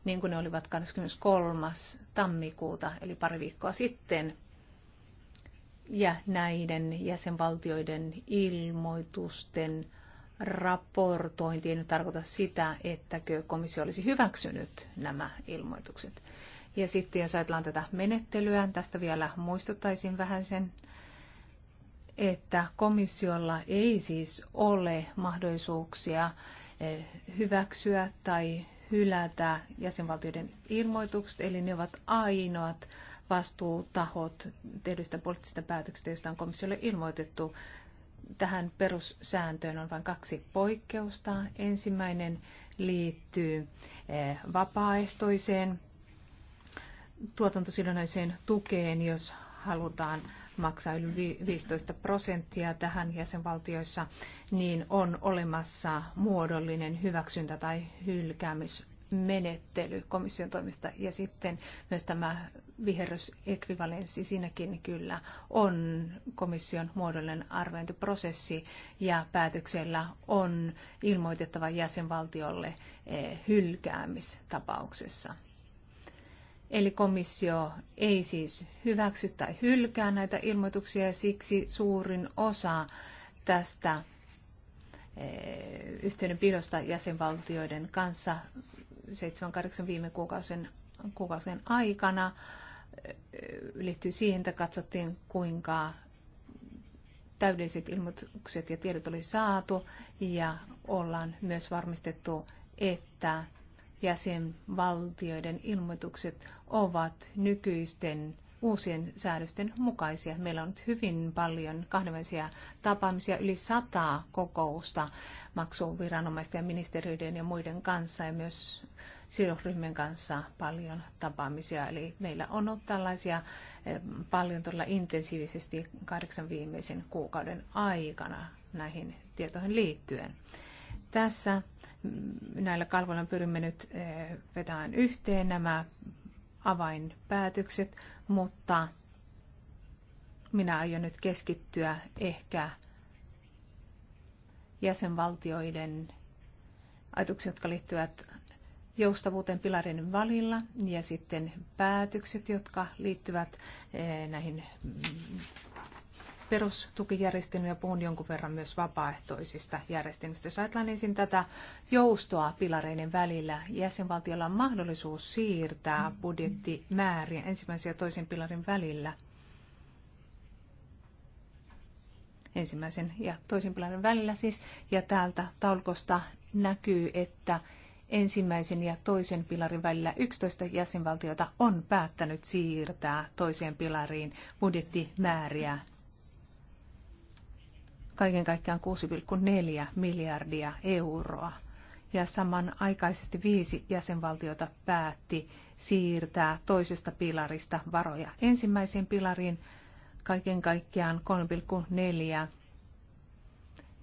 niin kuin ne olivat 23. tammikuuta, eli pari viikkoa sitten. Ja näiden jäsenvaltioiden ilmoitusten raportointi ei nyt tarkoita sitä, että komissio olisi hyväksynyt nämä ilmoitukset. Ja sitten jos ajatellaan tätä menettelyä, tästä vielä muistuttaisin vähän sen, että komissiolla ei siis ole mahdollisuuksia eh, hyväksyä tai hylätä jäsenvaltioiden ilmoitukset, eli ne ovat ainoat vastuutahot tehdyistä poliittisista päätöksistä, joista on komissiolle ilmoitettu tähän perussääntöön on vain kaksi poikkeusta. Ensimmäinen liittyy eh, vapaaehtoiseen tuotantosidonnaiseen tukeen, jos halutaan maksaa yli 15 prosenttia tähän jäsenvaltioissa, niin on olemassa muodollinen hyväksyntä- tai hylkäämis menettely komission toimesta ja sitten myös tämä viherrysekvivalenssi, siinäkin kyllä on komission muodollinen arviointiprosessi ja päätöksellä on ilmoitettava jäsenvaltiolle eh, hylkäämistapauksessa. Eli komissio ei siis hyväksy tai hylkää näitä ilmoituksia ja siksi suurin osa tästä eh, yhteydenpidosta jäsenvaltioiden kanssa seitsemän, kahdeksan viime kuukausien, kuukausien aikana liittyy siihen, että katsottiin kuinka täydelliset ilmoitukset ja tiedot oli saatu ja ollaan myös varmistettu, että jäsenvaltioiden ilmoitukset ovat nykyisten uusien säädösten mukaisia. Meillä on nyt hyvin paljon kahdenvälisiä tapaamisia, yli sataa kokousta maksuviranomaisten ja ministeriöiden ja muiden kanssa ja myös sidosryhmien kanssa paljon tapaamisia. Eli meillä on ollut tällaisia eh, paljon todella intensiivisesti kahdeksan viimeisen kuukauden aikana näihin tietoihin liittyen. Tässä mm, näillä kalvoilla pyrimme nyt eh, vetämään yhteen nämä avainpäätökset, mutta minä aion nyt keskittyä ehkä jäsenvaltioiden ajatuksia, jotka liittyvät joustavuuteen pilarin valilla ja sitten päätökset, jotka liittyvät eh, näihin mm, perustukijärjestelmiä, puhun jonkun verran myös vapaaehtoisista järjestelmistä. Jos ajatellaan ensin tätä joustoa pilareiden välillä, jäsenvaltiolla on mahdollisuus siirtää budjettimääriä ensimmäisen ja toisen pilarin välillä. Ensimmäisen ja toisen pilarin välillä siis, ja täältä taulukosta näkyy, että ensimmäisen ja toisen pilarin välillä 11 jäsenvaltiota on päättänyt siirtää toiseen pilariin budjettimääriä kaiken kaikkiaan 6,4 miljardia euroa. Ja samanaikaisesti viisi jäsenvaltiota päätti siirtää toisesta pilarista varoja ensimmäiseen pilariin kaiken kaikkiaan 3,4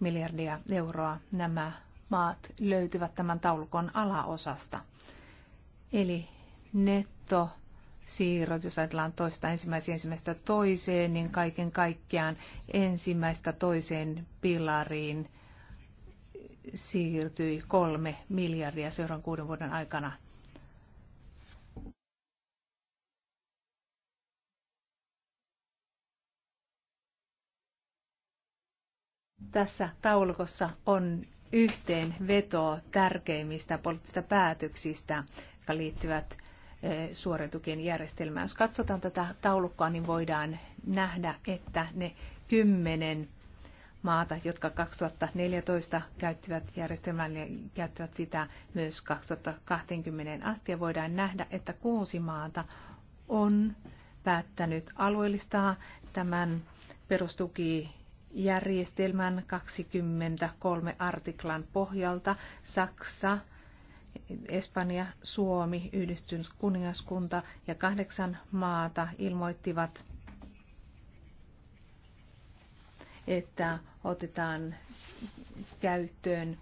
miljardia euroa. Nämä maat löytyvät tämän taulukon alaosasta. Eli netto siirrot, jos ajatellaan toista ensimmäisiä ensimmäistä toiseen, niin kaiken kaikkiaan ensimmäistä toiseen pilariin siirtyi kolme miljardia seuraavan kuuden vuoden aikana. Tässä taulukossa on yhteenveto tärkeimmistä poliittisista päätöksistä, jotka liittyvät Eh, suorien tukien järjestelmää. Jos katsotaan tätä taulukkoa, niin voidaan nähdä, että ne kymmenen maata, jotka 2014 käyttivät järjestelmän ja käyttivät sitä myös 2020 asti. Ja voidaan nähdä, että kuusi maata on päättänyt alueellistaa tämän järjestelmän 23 artiklan pohjalta. Saksa, Espanja, Suomi, Yhdistynyt kuningaskunta ja kahdeksan maata ilmoittivat, että otetaan käyttöön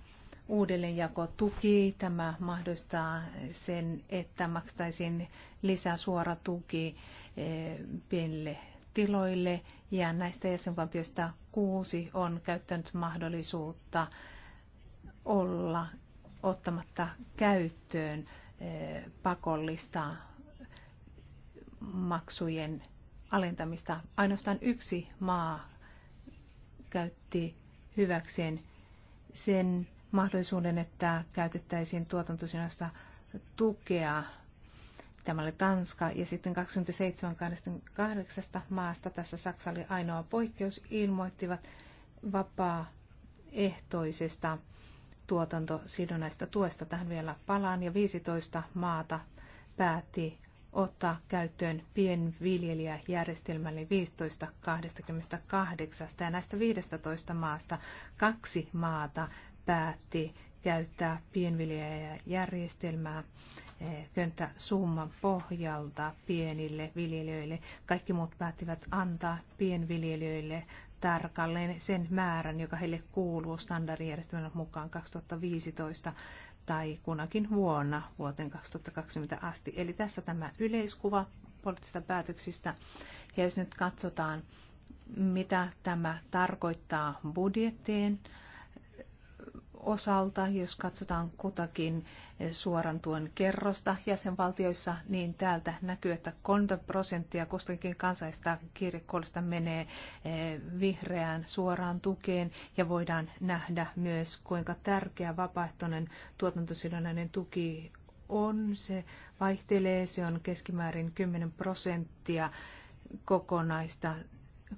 uudelleenjakotuki. Tämä mahdollistaa sen, että maksaisin lisäsuora tuki eh, pienille tiloille ja näistä jäsenvaltioista kuusi on käyttänyt mahdollisuutta olla ottamatta käyttöön eh, pakollista maksujen alentamista. Ainoastaan yksi maa käytti hyväkseen sen mahdollisuuden, että käytettäisiin tuotantosinasta tukea. Tämä oli Tanska ja sitten 27-28 maasta, tässä Saksa oli ainoa poikkeus, ilmoittivat vapaaehtoisesta ehtoisesta tuotantosidonnaista tuesta. Tähän vielä palaan. Ja 15 maata päätti ottaa käyttöön pienviljelijäjärjestelmä eli 15.28. Ja näistä 15 maasta kaksi maata päätti käyttää pienviljelijäjärjestelmää eh, summan pohjalta pienille viljelijöille. Kaikki muut päättivät antaa pienviljelijöille tarkalleen sen määrän, joka heille kuuluu standardijärjestelmän mukaan 2015 tai kunakin vuonna vuoteen 2020 asti. Eli tässä tämä yleiskuva poliittisista päätöksistä. Ja jos nyt katsotaan, mitä tämä tarkoittaa budjettiin, osalta, jos katsotaan kutakin suoran tuen kerrosta jäsenvaltioissa, niin täältä näkyy, että 3 prosenttia kustakin kansaista kirjekoulusta menee eh, vihreään suoraan tukeen ja voidaan nähdä myös, kuinka tärkeä vapaaehtoinen tuotantosidonnainen tuki on. Se vaihtelee, se on keskimäärin 10 prosenttia kokonaista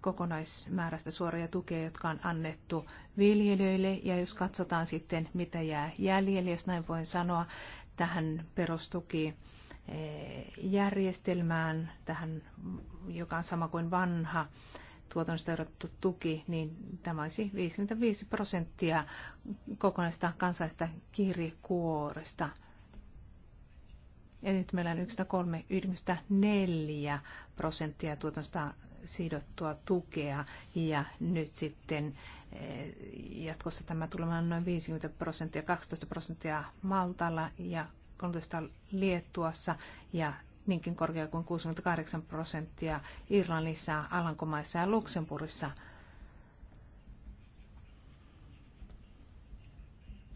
kokonaismäärästä suoria tukea, jotka on annettu viljelijöille. Ja jos katsotaan sitten, mitä jää jäljelle, jos näin voin sanoa, tähän perustuki eh, järjestelmään, tähän, joka on sama kuin vanha tuotannosta erottu tuki, niin tämä olisi 55 prosenttia kokonaista kansaista kirikuoresta. Ja nyt meillä on 1,3-1,4 prosenttia tuotannosta sidottua tukea ja nyt sitten eh, jatkossa tämä tulee noin 50 prosenttia, 12 prosenttia Maltalla ja 13 Liettuassa ja niinkin korkea kuin 68 prosenttia Irlannissa, Alankomaissa ja Luxemburgissa.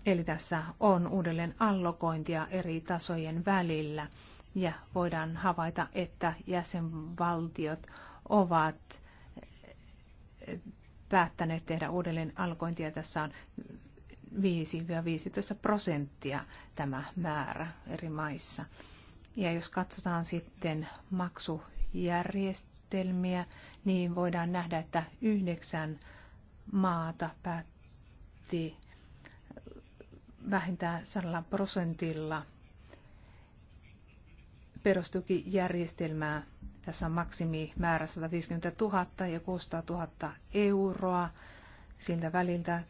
Eli tässä on uudelleen allokointia eri tasojen välillä ja voidaan havaita, että jäsenvaltiot ovat päättäneet tehdä uudelleen alkointia. Tässä on 5-15 prosenttia tämä määrä eri maissa. Ja jos katsotaan sitten maksujärjestelmiä, niin voidaan nähdä, että yhdeksän maata päätti vähintään 100 prosentilla perustukijärjestelmää tässä on maksimimäärä 150 000 ja 600 000 euroa. Siltä väliltä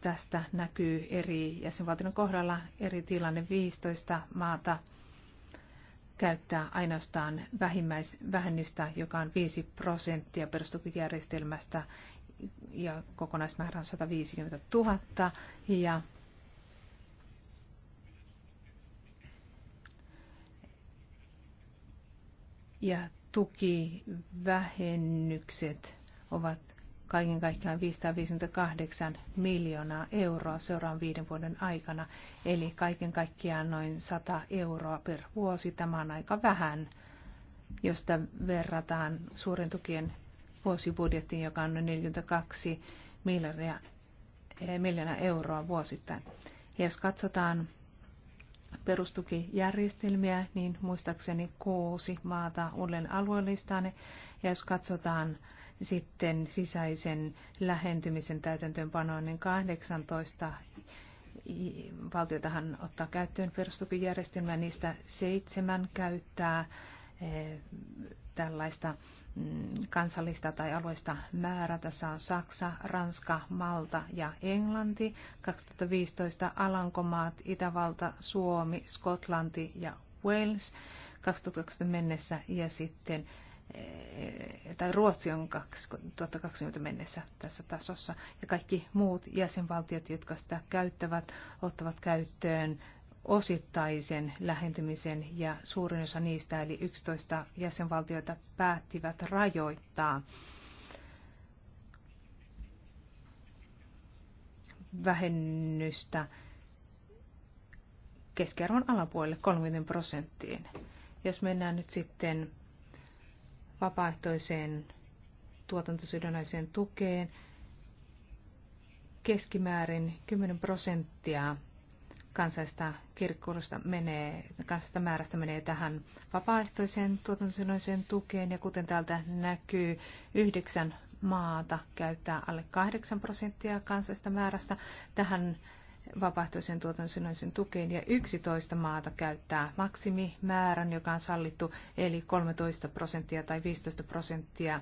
tästä näkyy eri jäsenvaltioiden kohdalla eri tilanne 15 maata käyttää ainoastaan vähimmäisvähennystä, joka on 5 prosenttia perustukijärjestelmästä ja kokonaismäärä on 150 000. Ja ja tukivähennykset ovat kaiken kaikkiaan 558 miljoonaa euroa seuraavan viiden vuoden aikana, eli kaiken kaikkiaan noin 100 euroa per vuosi. Tämä on aika vähän, josta verrataan suuren tukien vuosibudjettiin, joka on noin 42 miljardia, eh, miljoonaa euroa vuosittain. Ja jos katsotaan perustukijärjestelmiä, niin muistaakseni kuusi maata uuden alueellistaan. Ja jos katsotaan sitten sisäisen lähentymisen täytäntöönpanoa, niin 18 valtiotahan ottaa käyttöön perustukijärjestelmää, niistä seitsemän käyttää eh, tällaista mm, kansallista tai alueista määrä. Tässä on Saksa, Ranska, Malta ja Englanti. 2015 Alankomaat, Itävalta, Suomi, Skotlanti ja Wales 2020 mennessä ja sitten eh, tai Ruotsi on 2020 mennessä tässä tasossa. Ja kaikki muut jäsenvaltiot, jotka sitä käyttävät, ottavat käyttöön osittaisen lähentymisen ja suurin osa niistä eli 11 jäsenvaltiota päättivät rajoittaa vähennystä keskiarvon alapuolelle 30 prosenttiin. Jos mennään nyt sitten vapaaehtoiseen tuotantosidonnaiseen tukeen, keskimäärin 10 prosenttia kansaista kirkkoudesta menee, kansaista määrästä menee tähän vapaaehtoiseen tuotantosidonnaiseen tukeen. Ja kuten täältä näkyy, yhdeksän maata käyttää alle 8 prosenttia kansaista määrästä tähän vapaaehtoisen tuotantosidonnaisen tukeen ja 11 maata käyttää maksimimäärän, joka on sallittu, eli 13 prosenttia tai 15 prosenttia,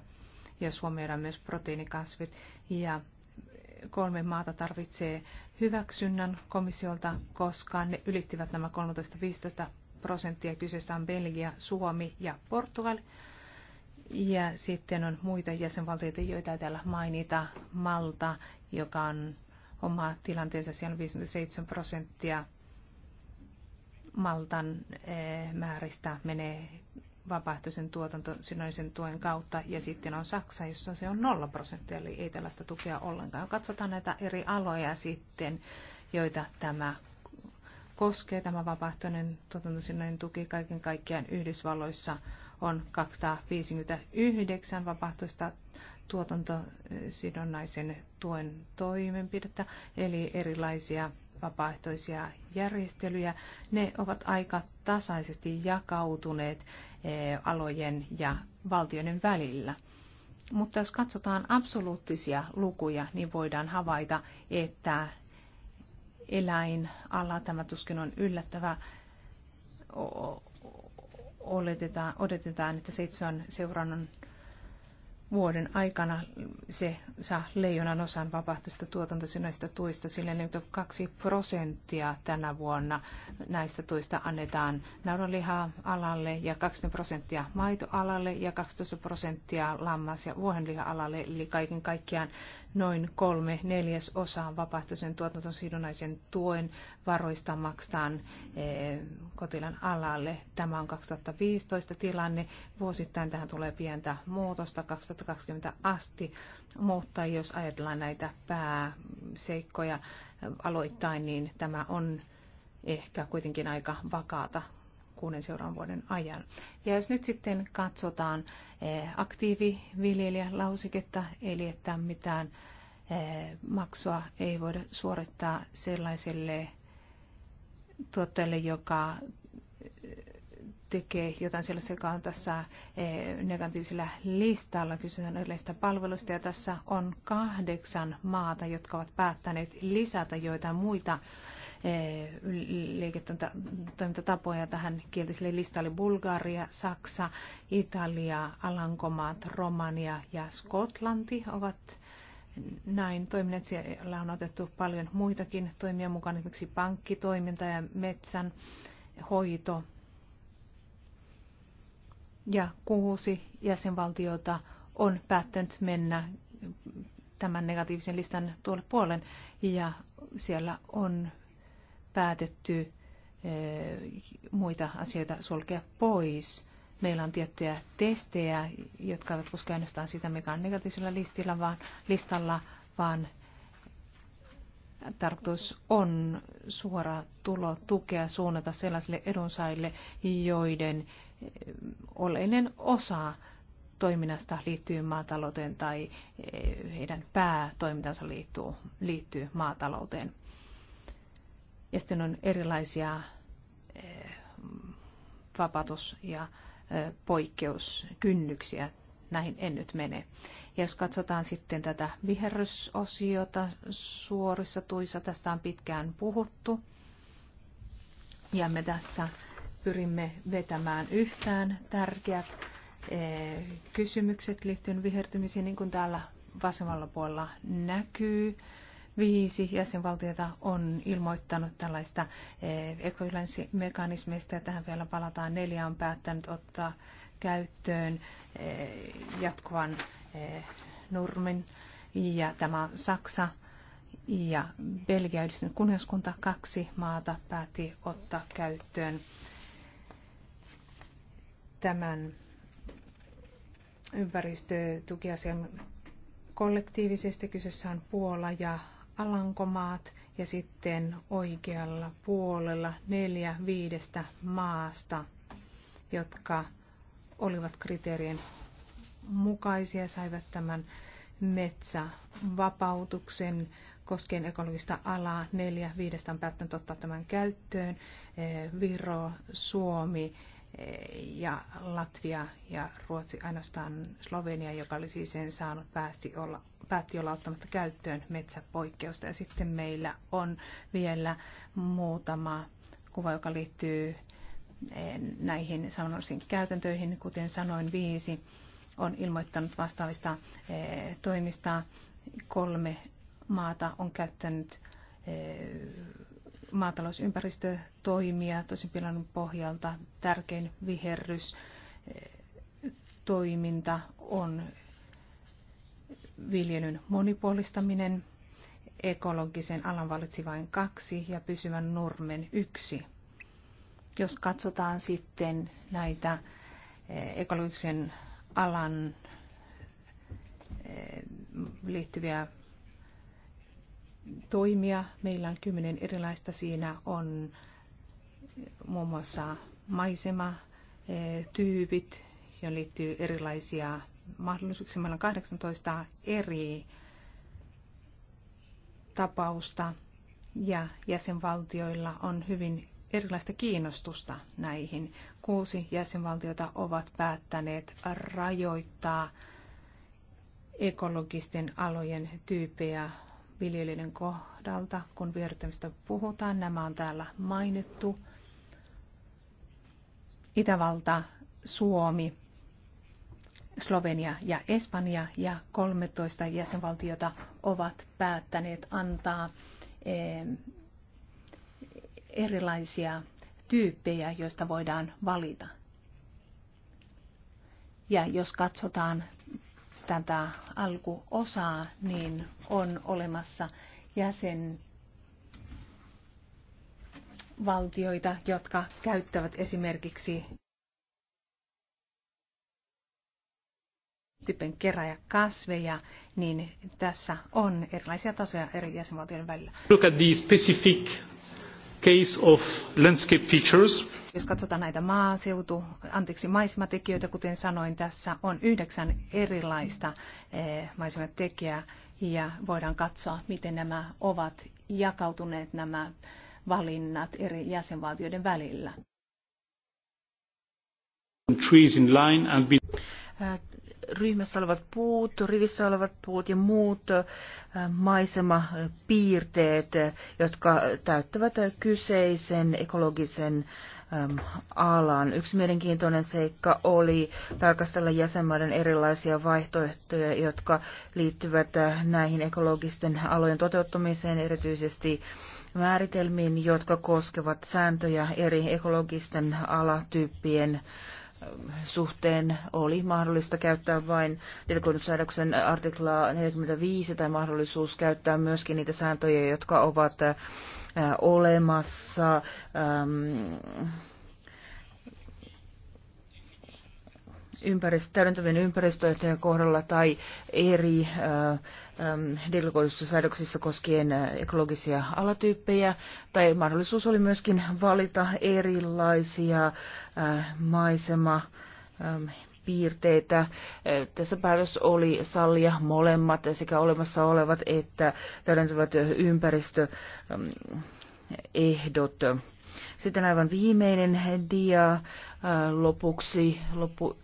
jos huomioidaan myös proteiinikasvit. Ja kolme maata tarvitsee hyväksynnän komissiolta, koska ne ylittivät nämä 13-15 prosenttia. Kyseessä on Belgia, Suomi ja Portugal. Ja sitten on muita jäsenvaltioita, joita ei täällä mainita. Malta, joka on oma tilanteensa, siellä on 57 prosenttia Maltan eh, määristä menee vapaaehtoisen tuotantosidonnaisen tuen kautta, ja sitten on Saksa, jossa se on 0 prosenttia, eli ei tällaista tukea ollenkaan. Katsotaan näitä eri aloja sitten, joita tämä koskee, tämä vapaaehtoinen tuotantosidonnainen tuki kaiken kaikkiaan Yhdysvalloissa on 259 vapaaehtoista tuotantosidonnaisen tuen toimenpidettä, eli erilaisia vapaaehtoisia järjestelyjä. Ne ovat aika tasaisesti jakautuneet eh, alojen ja valtioiden välillä. Mutta jos katsotaan absoluuttisia lukuja, niin voidaan havaita, että eläinala, tämä tuskin on yllättävä, oletetaan, odotetaan, että seitsemän seurannan vuoden aikana se saa leijonan osan vapaaehtoisista tuotantosynäistä tuista, sillä 42 prosenttia tänä vuonna näistä tuista annetaan naudanlihaa alalle ja 20 prosenttia maitoalalle ja 12 prosenttia lammas- ja vuohenliha-alalle, eli kaiken kaikkiaan noin kolme neljäsosaa vapaaehtoisen tuotantosidonnaisen tuen varoista maksetaan eh, kotilan alalle. Tämä on 2015 tilanne. Vuosittain tähän tulee pientä muutosta 2020 asti, mutta jos ajatellaan näitä pääseikkoja aloittain, niin tämä on ehkä kuitenkin aika vakaata kuuden seuraavan vuoden ajan. Ja jos nyt sitten katsotaan eh, aktiiviviljelijälausiketta, eli että mitään eh, maksua ei voida suorittaa sellaiselle tuotteelle, joka eh, tekee jotain sellaista, joka on tässä negatiivisella listalla. Kysytään yleistä palveluista ja tässä on kahdeksan maata, jotka ovat päättäneet lisätä joitain muita liiketoimintatapoja tähän kielteiselle listalle Bulgaria, Saksa, Italia, Alankomaat, Romania ja Skotlanti ovat näin toimineet. Siellä on otettu paljon muitakin toimia mukaan, esimerkiksi pankkitoiminta ja metsän hoito. Ja kuusi jäsenvaltiota on päättänyt mennä tämän negatiivisen listan tuolle puolen ja siellä on päätetty eh, muita asioita sulkea pois. Meillä on tiettyjä testejä, jotka eivät koske ainoastaan sitä, mikä on negatiivisella listillä, vaan, listalla, vaan tarkoitus on suora tulo tukea suunnata sellaisille edunsaille, joiden eh, oleinen osa toiminnasta liittyy maatalouteen tai eh, heidän päätoimintansa liittyy, liittyy maatalouteen. Ja sitten on erilaisia eh, vapautus- ja eh, poikkeuskynnyksiä. Näihin en nyt mene. Ja jos katsotaan sitten tätä viherrysosiota suorissa tuissa, tästä on pitkään puhuttu. Ja me tässä pyrimme vetämään yhtään tärkeät eh, kysymykset liittyen vihertymiseen, niin kuin täällä vasemmalla puolella näkyy. Viisi jäsenvaltiota on ilmoittanut tällaista eh, ekoyleismekanismeista ja tähän vielä palataan. Neljä on päättänyt ottaa käyttöön eh, jatkuvan eh, nurmin ja tämä on Saksa ja Belgia yhdistynyt kunnioskunta. kaksi maata päätti ottaa käyttöön tämän ympäristötukiasian kollektiivisesti. Kyseessä on Puola ja Alankomaat ja sitten oikealla puolella neljä viidestä maasta, jotka olivat kriteerien mukaisia, saivat tämän metsävapautuksen koskien ekologista alaa. Neljä viidestä on päättänyt ottaa tämän käyttöön. Eh, Viro, Suomi, ja Latvia ja Ruotsi ainoastaan Slovenia, joka oli siis sen saanut päästi olla, päätti olla ottamatta käyttöön metsäpoikkeusta. Ja sitten meillä on vielä muutama kuva, joka liittyy eh, näihin sanoisin käytäntöihin, kuten sanoin viisi on ilmoittanut vastaavista eh, toimista. Kolme maata on käyttänyt eh, maatalousympäristötoimia tosin pilannut pohjalta. Tärkein viherrystoiminta eh, toiminta on viljelyn monipuolistaminen, ekologisen alan valitsi vain kaksi ja pysyvän nurmen yksi. Jos katsotaan sitten näitä eh, ekologisen alan eh, liittyviä toimia. Meillä on kymmenen erilaista. Siinä on muun muassa maisema, e, tyypit, joihin liittyy erilaisia mahdollisuuksia. Meillä on 18 eri tapausta ja jäsenvaltioilla on hyvin erilaista kiinnostusta näihin. Kuusi jäsenvaltiota ovat päättäneet rajoittaa ekologisten alojen tyyppejä viljelijöiden kohdalta, kun viherryttämistä puhutaan. Nämä on täällä mainittu. Itävalta, Suomi, Slovenia ja Espanja ja 13 jäsenvaltiota ovat päättäneet antaa erilaisia tyyppejä, joista voidaan valita. Ja jos katsotaan tätä alkuosaa, niin on olemassa jäsen valtioita, jotka käyttävät esimerkiksi typen kasveja, niin tässä on erilaisia tasoja eri jäsenvaltioiden välillä. Look at the specific case of landscape features. Jos katsotaan näitä maaseutu, anteeksi, maisematekijöitä, kuten sanoin, tässä on yhdeksän erilaista eh, maisematekijää ja voidaan katsoa, miten nämä ovat jakautuneet nämä valinnat eri jäsenvaltioiden välillä. Trees in line and be ryhmässä olevat puut, rivissä olevat puut ja muut maisemapiirteet, jotka täyttävät kyseisen ekologisen alan. Yksi mielenkiintoinen seikka oli tarkastella jäsenmaiden erilaisia vaihtoehtoja, jotka liittyvät äh, näihin ekologisten alojen toteuttamiseen, erityisesti määritelmiin, jotka koskevat sääntöjä eri ekologisten alatyyppien suhteen oli mahdollista käyttää vain delegoidussäädöksen artiklaa 45 tai mahdollisuus käyttää myöskin niitä sääntöjä, jotka ovat äh, olemassa ähm, ympäristö, täydentävien ympäristöehtojen kohdalla tai eri delegoidussa säädöksissä koskien ekologisia alatyyppejä, tai mahdollisuus oli myöskin valita erilaisia maisema piirteitä. Tässä päätös oli sallia molemmat, sekä olemassa olevat että täydentävät ympäristöehdot. Sitten aivan viimeinen dia lopuksi, loppu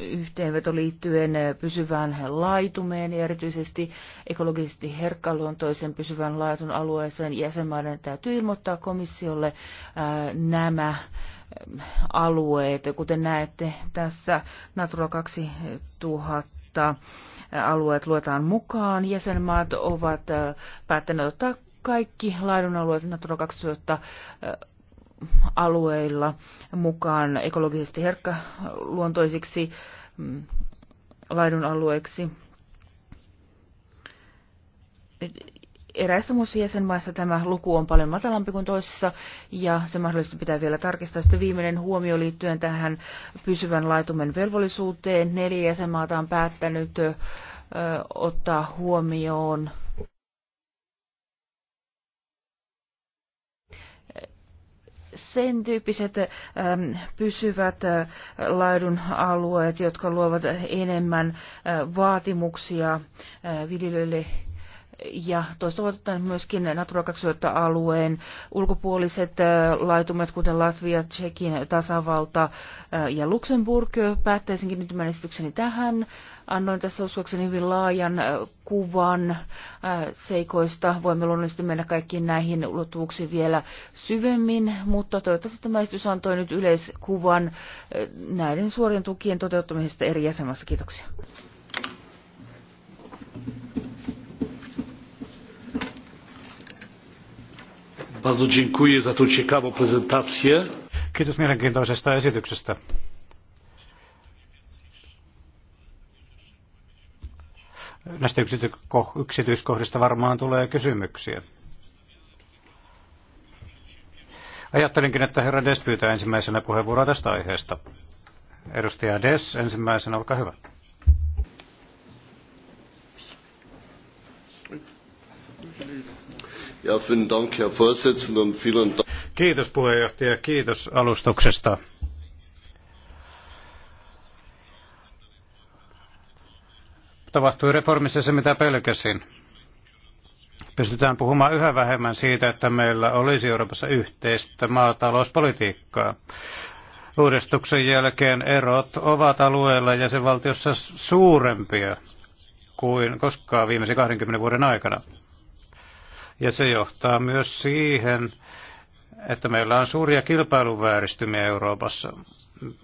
yhteenveto liittyen pysyvään laitumeen ja erityisesti ekologisesti herkkaluontoisen pysyvän laitun alueeseen jäsenmaiden täytyy ilmoittaa komissiolle nämä alueet. Kuten näette tässä Natura 2000 alueet luetaan mukaan. Jäsenmaat ovat päättäneet ottaa kaikki alueet Natura 2000 alueilla mukaan ekologisesti herkkäluontoisiksi mm, laidun alueiksi. Eräissä muissa jäsenmaissa tämä luku on paljon matalampi kuin toisissa, ja se mahdollisesti pitää vielä tarkistaa. Sitten viimeinen huomio liittyen tähän pysyvän laitumen velvollisuuteen. Neljä jäsenmaata on päättänyt ö, ottaa huomioon sen tyyppiset ähm, pysyvät äh, laidun alueet, jotka luovat enemmän äh, vaatimuksia ä, äh, viljelijöille ja toista myöskin Natura 2000-alueen ulkopuoliset äh, laitumet, kuten Latvia, Tsekin tasavalta äh, ja Luxemburg. Päättäisinkin nyt tämän esitykseni tähän. Annoin tässä uskoakseni hyvin laajan äh, kuvan seikoista. Voimme luonnollisesti mennä kaikkiin näihin ulottuvuuksiin vielä syvemmin, mutta toivottavasti tämä esitys antoi nyt yleiskuvan näiden suorien tukien toteuttamisesta eri jäsenmaissa. Kiitoksia. Bardzo dziękuję za tą ciekawą prezentację. Kiitos mielenkiintoisesta esityksestä. Näistä yksityiskohdista varmaan tulee kysymyksiä. Ajattelinkin, että herra Des pyytää ensimmäisenä puheenvuoroa tästä aiheesta. Edustaja Des, ensimmäisenä, olkaa hyvä. Kiitos puheenjohtaja, kiitos alustuksesta. Tapahtui reformissa se, mitä pelkäsin. Pystytään puhumaan yhä vähemmän siitä, että meillä olisi Euroopassa yhteistä maatalouspolitiikkaa. Uudistuksen jälkeen erot ovat alueella jäsenvaltiossa suurempia kuin koskaan viimeisen 20 vuoden aikana. Ja se johtaa myös siihen, että meillä on suuria kilpailuvääristymiä Euroopassa.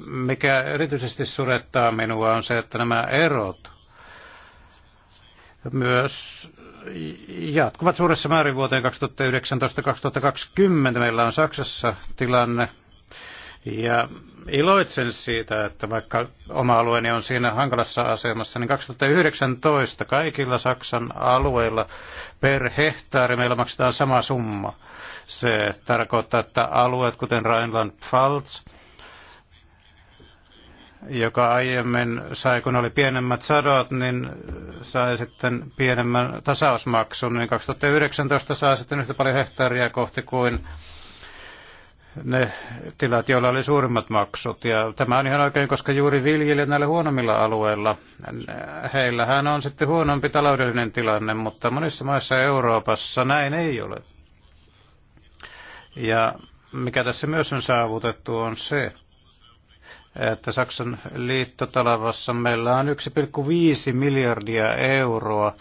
Mikä erityisesti surettaa minua on se, että nämä erot myös jatkuvat suuressa määrin vuoteen 2019-2020. Meillä on Saksassa tilanne, ja iloitsen siitä, että vaikka oma alueeni on siinä hankalassa asemassa, niin 2019 kaikilla Saksan alueilla per hehtaari meillä maksetaan sama summa. Se tarkoittaa, että alueet kuten Rheinland-Pfalz, joka aiemmin sai, kun oli pienemmät sadot, niin sai sitten pienemmän tasausmaksun, niin 2019 saa sitten yhtä paljon hehtaaria kohti kuin ne tilat, joilla oli suurimmat maksut. Ja tämä on ihan oikein, koska juuri viljelijät näillä huonommilla alueilla, heillähän on sitten huonompi taloudellinen tilanne, mutta monissa maissa Euroopassa näin ei ole. Ja mikä tässä myös on saavutettu on se, että Saksan liittotalavassa meillä on 1,5 miljardia euroa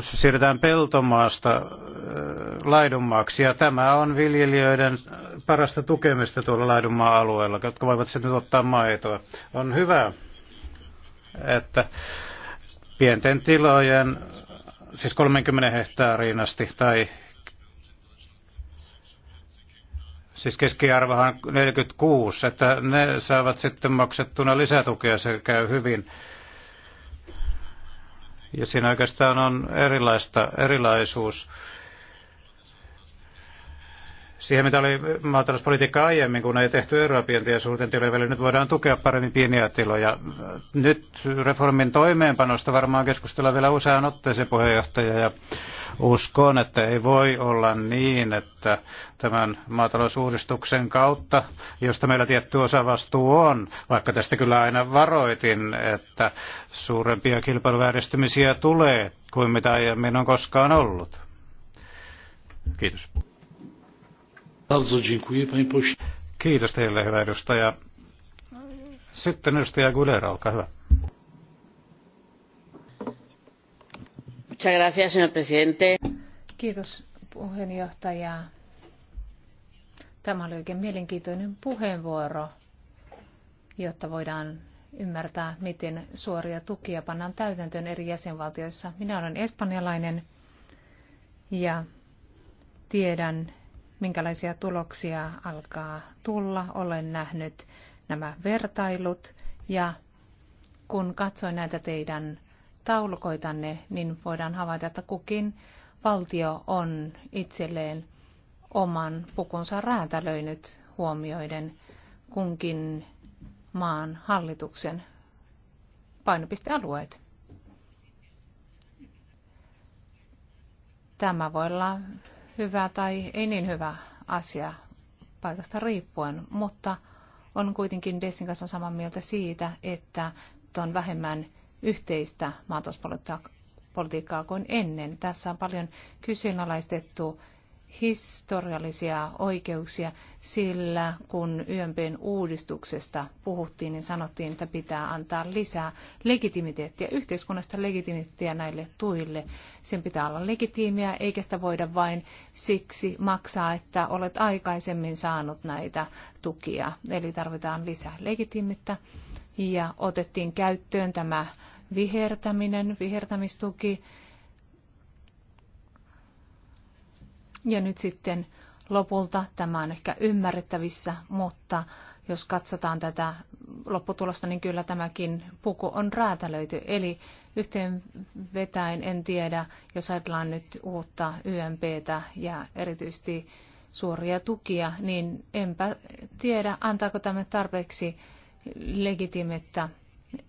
siirretään peltomaasta äh, laidunmaaksi. Ja tämä on viljelijöiden parasta tukemista tuolla laidunmaa-alueella, jotka voivat sitten ottaa maitoa. On hyvä, että pienten tilojen, siis 30 hehtaariin asti tai siis keskiarvohan 46, että ne saavat sitten maksettuna lisätukea, se käy hyvin. Ja siinä oikeastaan on erilaista, erilaisuus siihen, mitä oli maatalouspolitiikka aiemmin, kun ei tehty eroa pienten suurten tilojen välillä. Nyt voidaan tukea paremmin pieniä tiloja. Nyt reformin toimeenpanosta varmaan keskustellaan vielä useaan otteeseen puheenjohtaja ja uskon, että ei voi olla niin, että tämän maatalousuudistuksen kautta, josta meillä tietty vastuu on, vaikka tästä kyllä aina varoitin, että suurempia kilpailuvääristymisiä tulee kuin mitä aiemmin on koskaan ollut. Kiitos. Bardzo dziękuję, panie pośle. Kiitos teille, hyvä edustaja. Sitten edustaja Gulera, olkaa hyvä. Kiitos puheenjohtaja. Tämä oli oikein mielenkiintoinen puheenvuoro, jotta voidaan ymmärtää, miten suoria tukia pannaan täytäntöön eri jäsenvaltioissa. Minä olen espanjalainen ja tiedän, minkälaisia tuloksia alkaa tulla. Olen nähnyt nämä vertailut ja kun katsoin näitä teidän taulukoitanne, niin voidaan havaita, että kukin valtio on itselleen oman pukunsa räätälöinyt huomioiden kunkin maan hallituksen painopistealueet. Tämä voi olla hyvä tai ei niin hyvä asia paikasta riippuen, mutta on kuitenkin Dessin kanssa samaa mieltä siitä, että on vähemmän yhteistä maatalouspolitiikkaa kuin ennen. Tässä on paljon kyseenalaistettu historiallisia oikeuksia, sillä kun YMPn uudistuksesta puhuttiin, niin sanottiin, että pitää antaa lisää legitimiteettiä, yhteiskunnasta legitimiteettiä näille tuille. Sen pitää olla legitiimiä, eikä sitä voida vain siksi maksaa, että olet aikaisemmin saanut näitä tukia. Eli tarvitaan lisää legitiimittä. Ja otettiin käyttöön tämä vihertäminen, vihertämistuki, Ja nyt sitten lopulta tämä on ehkä ymmärrettävissä, mutta jos katsotaan tätä lopputulosta, niin kyllä tämäkin puku on räätälöity. Eli yhteenvetäen en tiedä, jos ajatellaan nyt uutta YMPtä ja erityisesti suoria tukia, niin enpä tiedä, antaako tämä tarpeeksi legitimettä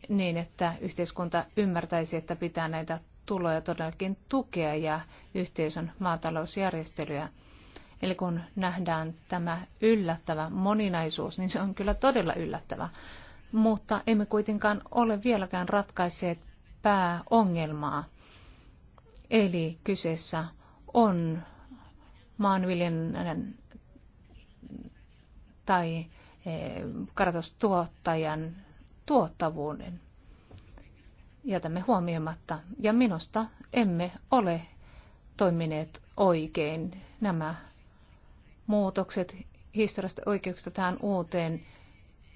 niin, että yhteiskunta ymmärtäisi, että pitää näitä tuloja todellakin tukea ja yhteisön maatalousjärjestelyä. Eli kun nähdään tämä yllättävä moninaisuus, niin se on kyllä todella yllättävä. Mutta emme kuitenkaan ole vieläkään ratkaisseet pääongelmaa. Eli kyseessä on maanviljelijän tai eh, kartostuottajan tuottavuuden jätämme huomioimatta. Ja minusta emme ole toimineet oikein nämä muutokset historiasta oikeuksista tähän uuteen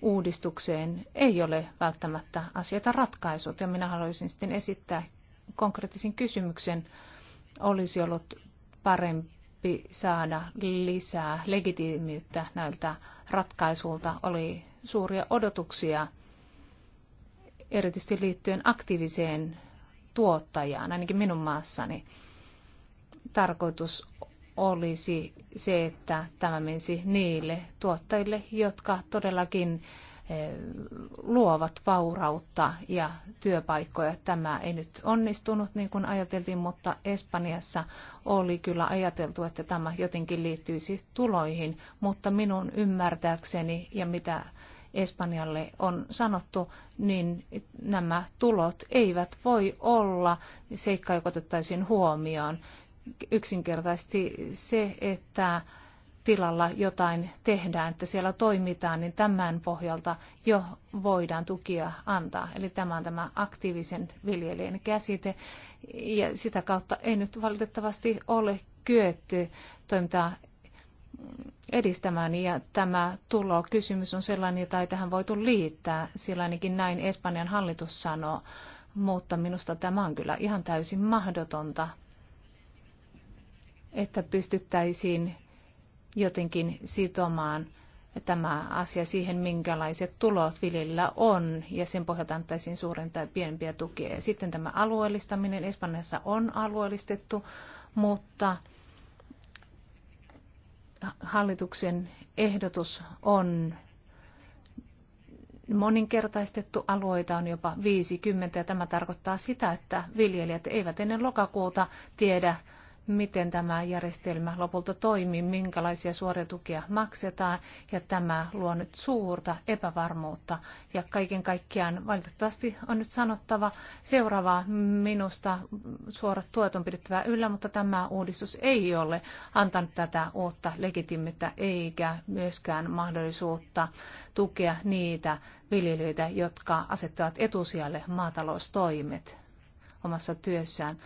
uudistukseen ei ole välttämättä asioita ratkaisut. Ja minä haluaisin sitten esittää konkreettisen kysymyksen. Olisi ollut parempi saada lisää legitiimiyttä näiltä ratkaisuilta. Oli suuria odotuksia erityisesti liittyen aktiiviseen tuottajaan, ainakin minun maassani. Tarkoitus olisi se, että tämä menisi niille tuottajille, jotka todellakin eh, luovat vaurautta ja työpaikkoja. Tämä ei nyt onnistunut niin kuin ajateltiin, mutta Espanjassa oli kyllä ajateltu, että tämä jotenkin liittyisi tuloihin, mutta minun ymmärtääkseni ja mitä Espanjalle on sanottu, niin nämä tulot eivät voi olla seikka, joka otettaisiin huomioon. Yksinkertaisesti se, että tilalla jotain tehdään, että siellä toimitaan, niin tämän pohjalta jo voidaan tukia antaa. Eli tämä on tämä aktiivisen viljelijän käsite, ja sitä kautta ei nyt valitettavasti ole kyetty toimintaa edistämään. Ja tämä tulokysymys on sellainen, jota ei tähän voitu liittää, sillä ainakin näin Espanjan hallitus sanoo. Mutta minusta tämä on kyllä ihan täysin mahdotonta, että pystyttäisiin jotenkin sitomaan tämä asia siihen, minkälaiset tulot viljellä on, ja sen pohjalta antaisiin suuren tai pienempiä tukia. Ja sitten tämä alueellistaminen Espanjassa on alueellistettu, mutta hallituksen ehdotus on moninkertaistettu alueita on jopa 50 ja tämä tarkoittaa sitä, että viljelijät eivät ennen lokakuuta tiedä miten tämä järjestelmä lopulta toimii, minkälaisia suoria tukia maksetaan, ja tämä luo nyt suurta epävarmuutta. Ja kaiken kaikkiaan valitettavasti on nyt sanottava seuraavaa minusta suorat tuet on pidettävä yllä, mutta tämä uudistus ei ole antanut tätä uutta legitimittä eikä myöskään mahdollisuutta tukea niitä viljelyitä, jotka asettavat etusijalle maataloustoimet omassa työssään.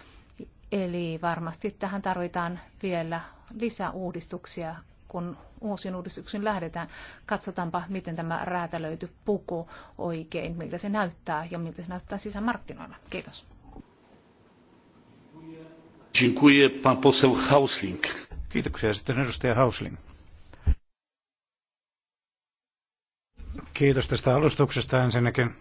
Eli varmasti tähän tarvitaan vielä lisää uudistuksia, kun uusiin uudistuksiin lähdetään. Katsotaanpa, miten tämä räätälöity puku oikein, miltä se näyttää ja miltä se näyttää sisämarkkinoilla. Kiitos. Hausling. Kiitoksia. Sitten edustaja Hausling. Kiitos tästä alustuksesta ensinnäkin.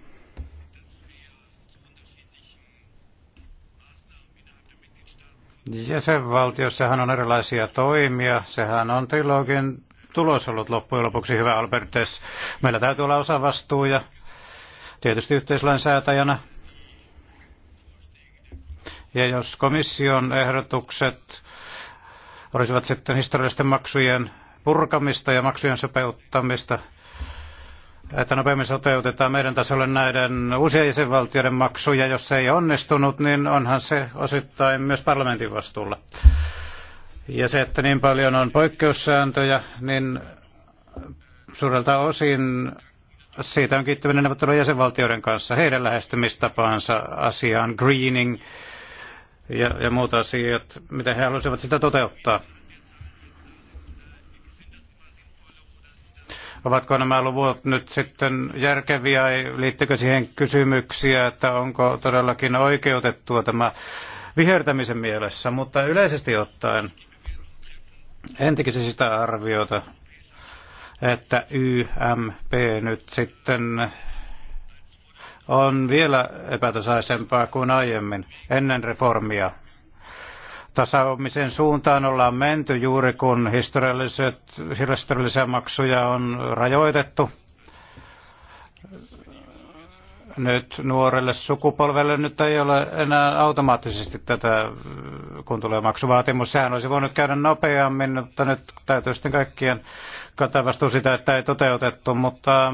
Jäsenvaltiossahan on erilaisia toimia. Sehän on trilogin tulos ollut loppujen lopuksi hyvä Albertes. Meillä täytyy olla osa vastuuja, tietysti yhteislainsäätäjänä. Ja jos komission ehdotukset olisivat sitten historiallisten maksujen purkamista ja maksujen sopeuttamista, että nopeammin sopeutetaan meidän tasolle näiden uusien jäsenvaltioiden maksuja. Jos se ei onnistunut, niin onhan se osittain myös parlamentin vastuulla. Ja se, että niin paljon on poikkeussääntöjä, niin suurelta osin siitä on kiittäminen neuvottelujen jäsenvaltioiden kanssa, heidän lähestymistapaansa asiaan, greening ja, ja muut asiat, miten he haluaisivat sitä toteuttaa. Ovatko nämä luvut nyt sitten järkeviä, liittyykö siihen kysymyksiä, että onko todellakin oikeutettua tämä vihertämisen mielessä, mutta yleisesti ottaen en tekisi sitä arviota, että YMP nyt sitten on vielä epätasaisempaa kuin aiemmin ennen reformia tasaamisen suuntaan ollaan menty juuri kun historiallisia maksuja on rajoitettu. Nyt nuorelle sukupolvelle nyt ei ole enää automaattisesti tätä, kun tulee maksuvaatimus. Sehän olisi voinut käydä nopeammin, mutta nyt täytyy sitten kaikkien kantaa vastuu sitä, että ei toteutettu, mutta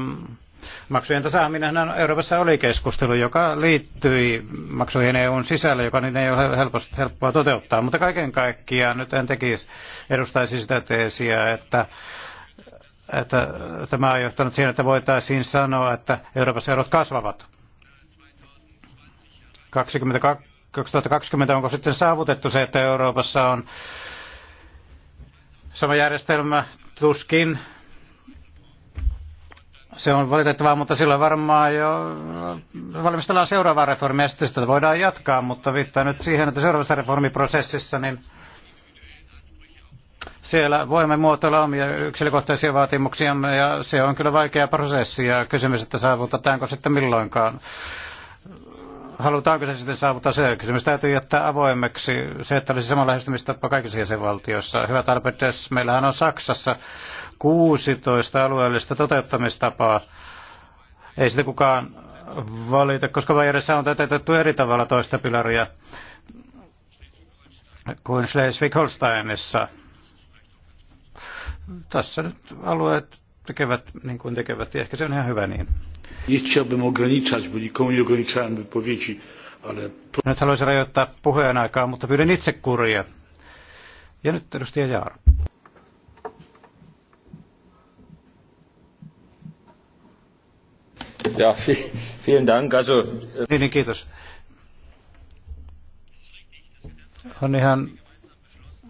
Maksujen tasaaminen Euroopassa oli keskustelu, joka liittyi maksuihin EUn sisällä, joka niin ei ole helposti, helppoa toteuttaa. Mutta kaiken kaikkiaan nyt en tekisi, edustaisi sitä teesiä, että että tämä on johtanut siihen, että voitaisiin sanoa, että Euroopassa erot kasvavat. 20, 2020 onko sitten saavutettu se, että Euroopassa on sama järjestelmä tuskin se on valitettavaa, mutta silloin varmaan jo valmistellaan seuraavaa reformia, ja sitä voidaan jatkaa, mutta viittaa nyt siihen, että seuraavassa reformiprosessissa niin siellä voimme muotoilla omia yksilökohtaisia vaatimuksiamme ja se on kyllä vaikea prosessi ja kysymys, että saavutetaanko sitten milloinkaan. Halutaanko se sitten saavuttaa se? Kysymys täytyy jättää avoimeksi. Se, että olisi sama lähestymistapa kaikissa jäsenvaltioissa. Hyvä tarpeet, Meillähän on Saksassa 16 alueellista toteuttamistapaa. Ei sitä kukaan valita, koska Bayerissa on toteutettu eri tavalla toista pilaria kuin Schleswig-Holsteinissa. Tässä nyt alueet tekevät niin kuin tekevät, ja ehkä se on ihan hyvä niin. ale... Nyt haluaisin rajoittaa puheen aikaa, mutta pyydän itse kuria. Ja nyt edustaja Jaaro. Ja, vielen Dank. Also, äh, niin, niin, kiitos. On ihan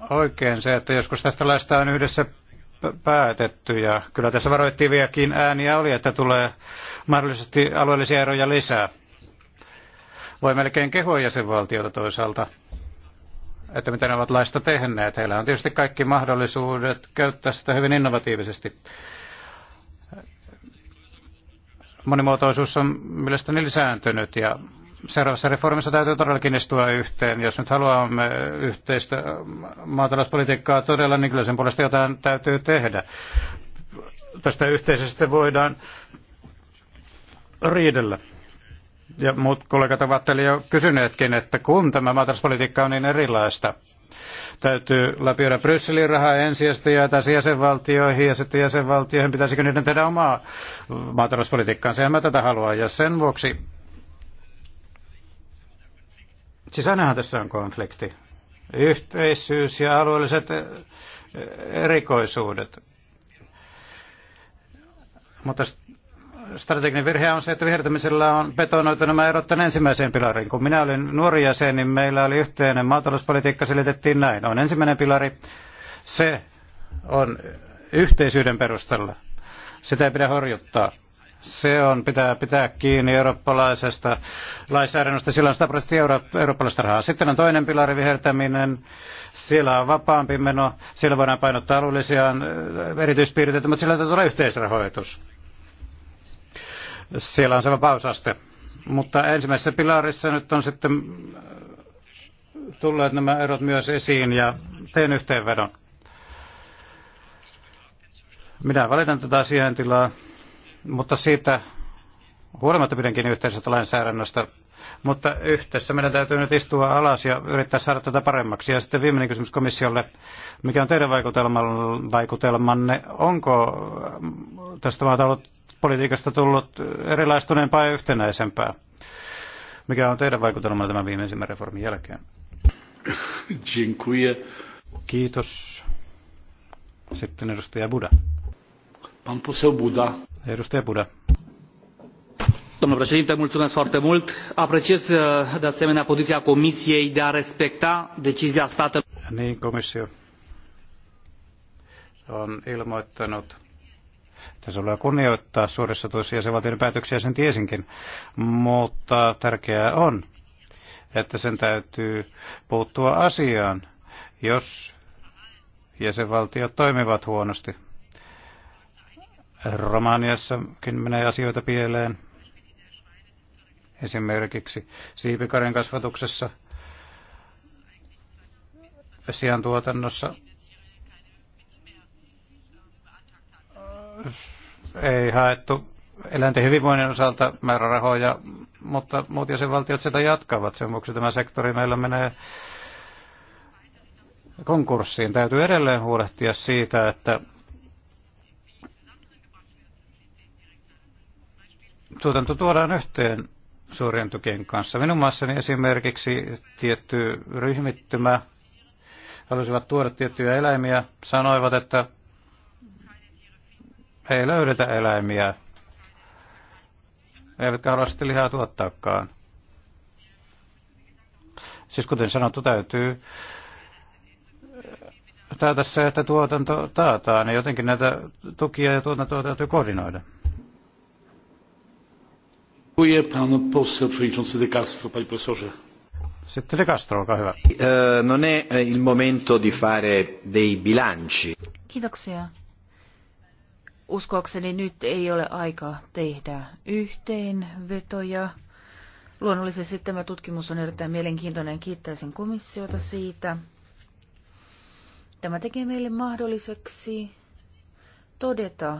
oikein se, että joskus tästä laista on yhdessä päätetty ja kyllä tässä varoittiviakin ääniä oli, että tulee mahdollisesti alueellisia eroja lisää. Voi melkein kehua jäsenvaltiota toisaalta, että mitä ne ovat laista tehneet. Heillä on tietysti kaikki mahdollisuudet käyttää sitä hyvin innovatiivisesti monimuotoisuus on mielestäni lisääntynyt ja seuraavassa reformissa täytyy todellakin istua yhteen. Jos nyt haluamme yhteistä maatalouspolitiikkaa todella, niin kyllä sen puolesta jotain täytyy tehdä. Tästä yhteisestä voidaan riidellä. Ja muut kollegat ovat jo kysyneetkin, että kun tämä maatalouspolitiikka on niin erilaista, Täytyy läpiöidä Brysselin rahaa ensijasta ja tässä jäsenvaltioihin ja sitten jäsenvaltioihin. Pitäisikö niiden tehdä omaa maatalouspolitiikkaansa? En mä tätä halua Ja sen vuoksi... Siis ainahan tässä on konflikti. Yhteisyys ja alueelliset eh, erikoisuudet. Mutta strateginen virhe on se, että vihertämisellä on betonoitu nämä erot tämän ensimmäiseen pilariin. Kun minä olin nuori jäsen, niin meillä oli yhteinen maatalouspolitiikka, selitettiin näin. On ensimmäinen pilari, se on yhteisyyden perustalla. Sitä ei pidä horjuttaa. Se on, pitää pitää kiinni eurooppalaisesta lainsäädännöstä. Sillä on 100 prosenttia euro, eurooppalaista rahaa. Sitten on toinen pilari, vihertäminen. Siellä on vapaampi meno. Siellä voidaan painottaa alueellisia äh, erityispiirteitä, mutta sillä täytyy olla yhteisrahoitus siellä on se vapausaste. Mutta ensimmäisessä pilarissa nyt on sitten äh, tulleet nämä erot myös esiin ja teen yhteenvedon. Minä valitan tätä sijaintilaa, mutta siitä huolimatta pidänkin yhteisestä lainsäädännöstä. Mutta yhdessä meidän täytyy nyt istua alas ja yrittää saada tätä paremmaksi. Ja sitten viimeinen kysymys komissiolle. Mikä on teidän vaikutelmanne? Onko äh, tästä maata ollut politiikasta tullut erilaistuneempaa ja yhtenäisempää. Mikä on teidän vaikutelma tämän viimeisimmän reformin jälkeen? Dziękuję. Kiitos. Sitten edustaja Buda. Pan poseł Buda. Edustaja Buda. Domnul președinte, mulțumesc foarte mult. Apreciez eh, de asemenea poziția Comisiei de a respecta decizia statelor. Niin, komissio on ilmoittanut tasolla kunnioittaa suuressa jäsenvaltioiden päätöksiä, sen tiesinkin. Mutta tärkeää on, että sen täytyy puuttua asiaan, jos jäsenvaltiot toimivat huonosti. Romaniassakin menee asioita pieleen. Esimerkiksi siipikarjan kasvatuksessa, siantuotannossa ei haettu eläinten hyvinvoinnin osalta määrärahoja, mutta muut jäsenvaltiot sitä jatkavat. Sen vuoksi tämä sektori meillä menee konkurssiin. Täytyy edelleen huolehtia siitä, että tuotanto tuodaan yhteen suurien tukien kanssa. Minun maassani esimerkiksi tietty ryhmittymä halusivat tuoda tiettyjä eläimiä, sanoivat, että ei löydetä eläimiä, eivätkä halua sitten lihaa tuottaakaan. Siis kuten sanottu, täytyy äh, taata se, että tuotanto taataan, ja jotenkin näitä tukia ja tuotantoa täytyy koordinoida. Sitten De Castro, olkaa hyvä. Non è e, il momento di fare dei bilanci. Kiitoksia. Uskoakseni nyt ei ole aika tehdä yhteenvetoja. Luonnollisesti tämä tutkimus on erittäin mielenkiintoinen. Kiittäisin komissiota siitä. Tämä tekee meille mahdolliseksi todeta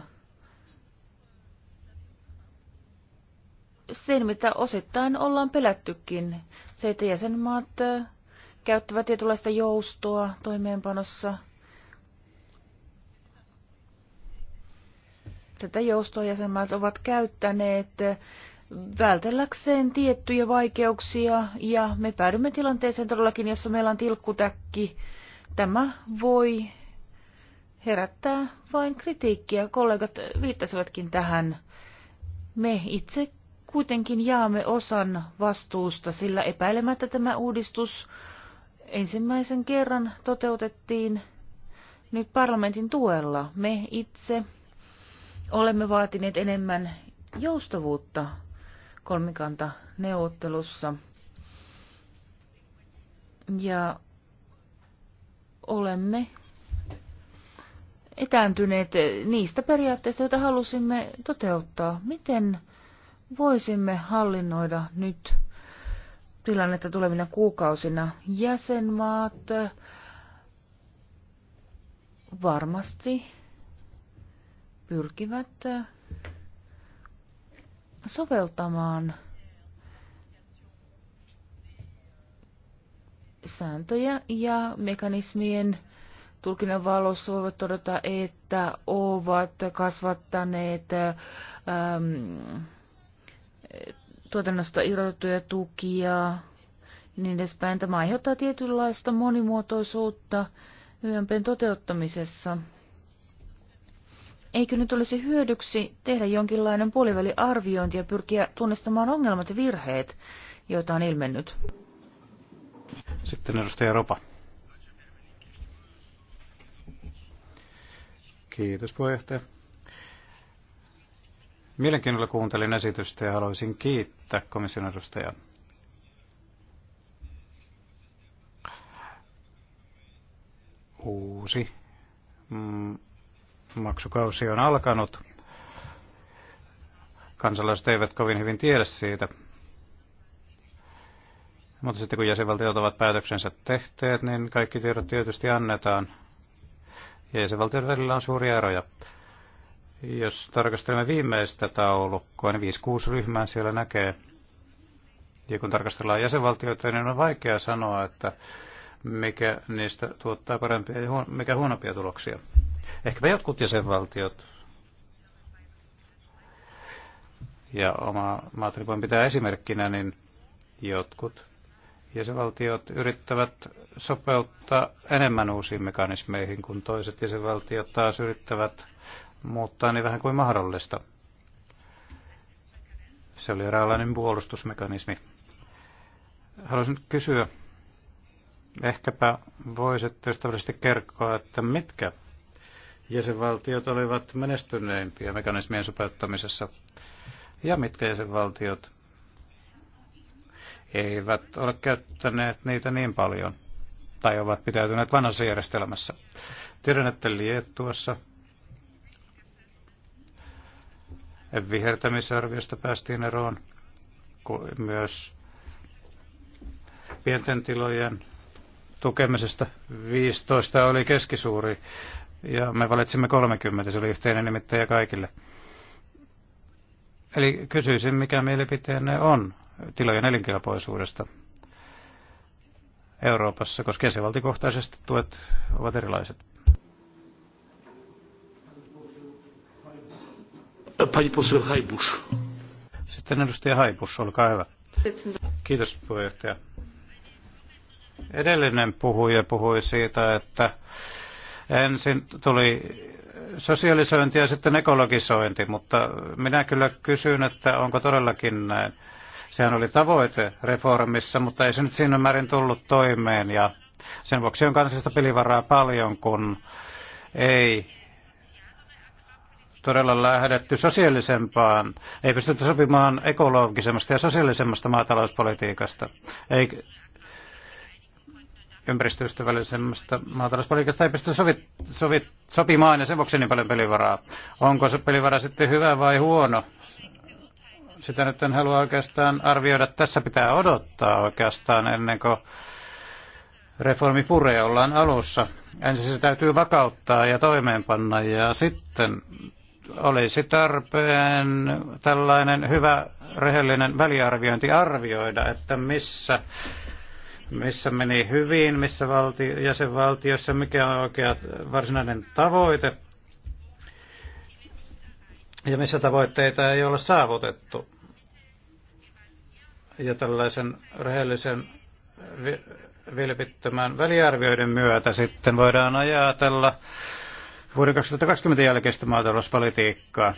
sen, mitä osittain ollaan pelättykin. Se, että jäsenmaat käyttävät tietynlaista joustoa toimeenpanossa – Tätä joustojäsenmaat ovat käyttäneet vältelläkseen tiettyjä vaikeuksia ja me päädymme tilanteeseen todellakin, jossa meillä on tilkkutäkki. Tämä voi herättää vain kritiikkiä. Kollegat viittasivatkin tähän. Me itse kuitenkin jaamme osan vastuusta, sillä epäilemättä tämä uudistus ensimmäisen kerran toteutettiin nyt parlamentin tuella. Me itse Olemme vaatineet enemmän joustavuutta kolmikanta neuvottelussa. Ja olemme etääntyneet niistä periaatteista, joita halusimme toteuttaa. Miten voisimme hallinnoida nyt tilannetta tulevina kuukausina? Jäsenmaat varmasti pyrkivät soveltamaan sääntöjä ja mekanismien tulkinnan valossa voivat todeta, että ovat kasvattaneet ähm, tuotannosta irrotettuja tukia niin edespäin. Tämä aiheuttaa tietynlaista monimuotoisuutta YMPn toteuttamisessa. Eikö nyt olisi hyödyksi tehdä jonkinlainen puoliväliarviointi ja pyrkiä tunnistamaan ongelmat ja virheet, joita on ilmennyt? Sitten edustaja Ropa. Kiitos puheenjohtaja. Mielenkiinnolla kuuntelin esitystä ja haluaisin kiittää komission edustajaa. Uusi mm, maksukausi on alkanut. Kansalaiset eivät kovin hyvin tiedä siitä. Mutta sitten kun jäsenvaltiot ovat päätöksensä tehteet, niin kaikki tiedot tietysti annetaan. Ja jäsenvaltioiden välillä on suuria eroja. Jos tarkastelemme viimeistä taulukkoa, niin 5-6 ryhmää siellä näkee. Ja kun tarkastellaan jäsenvaltioita, niin on vaikea sanoa, että mikä niistä tuottaa parempia ja mikä huonompia tuloksia. Ehkäpä jotkut jäsenvaltiot ja oma maatani voin pitää esimerkkinä, niin jotkut jäsenvaltiot yrittävät sopeuttaa enemmän uusiin mekanismeihin kuin toiset jäsenvaltiot taas yrittävät muuttaa niin vähän kuin mahdollista. Se oli eräänlainen puolustusmekanismi. Haluaisin kysyä, ehkäpä voisitte ystävällisesti kertoa, että mitkä jäsenvaltiot olivat menestyneimpiä mekanismien sopeuttamisessa ja mitkä jäsenvaltiot eivät ole käyttäneet niitä niin paljon tai ovat pitäytyneet vanhassa järjestelmässä. Tiedän, että Liettuassa vihertämisarviosta päästiin eroon myös pienten tilojen tukemisesta 15 oli keskisuuri ja me valitsimme 30, se oli yhteinen nimittäjä kaikille. Eli kysyisin, mikä mielipiteenne on tilojen elinkelpoisuudesta Euroopassa, koska jäsenvaltikohtaisesti tuet ovat erilaiset. Sitten edustaja Haibus, olkaa hyvä. Kiitos puheenjohtaja. Edellinen puhuja puhui siitä, että Ensin tuli sosialisointi ja sitten ekologisointi, mutta minä kyllä kysyn, että onko todellakin näin. Sehän oli tavoite reformissa, mutta ei se nyt siinä määrin tullut toimeen ja sen vuoksi on kansallista pelivaraa paljon, kun ei todella lähdetty sosiaalisempaan, ei pystytty sopimaan ekologisemmasta ja sosiaalisemmasta maatalouspolitiikasta. Ei, ympäristöystävällisemmästä maatalouspolitiikasta ei pysty sovit, sovi, sopimaan ja sen vuoksi niin paljon pelivaraa. Onko se pelivara sitten hyvä vai huono? Sitä nyt en halua oikeastaan arvioida. Tässä pitää odottaa oikeastaan ennen kuin reformi puree, ollaan alussa. Ensin se täytyy vakauttaa ja toimeenpanna ja sitten olisi tarpeen tällainen hyvä rehellinen väliarviointi arvioida, että missä missä meni hyvin, missä valti, jäsenvaltiossa, mikä on oikea varsinainen tavoite ja missä tavoitteita ei ole saavutettu. Ja tällaisen rehellisen vilpittömän väliarvioiden myötä sitten voidaan ajatella vuoden 2020 jälkeistä maatalouspolitiikkaa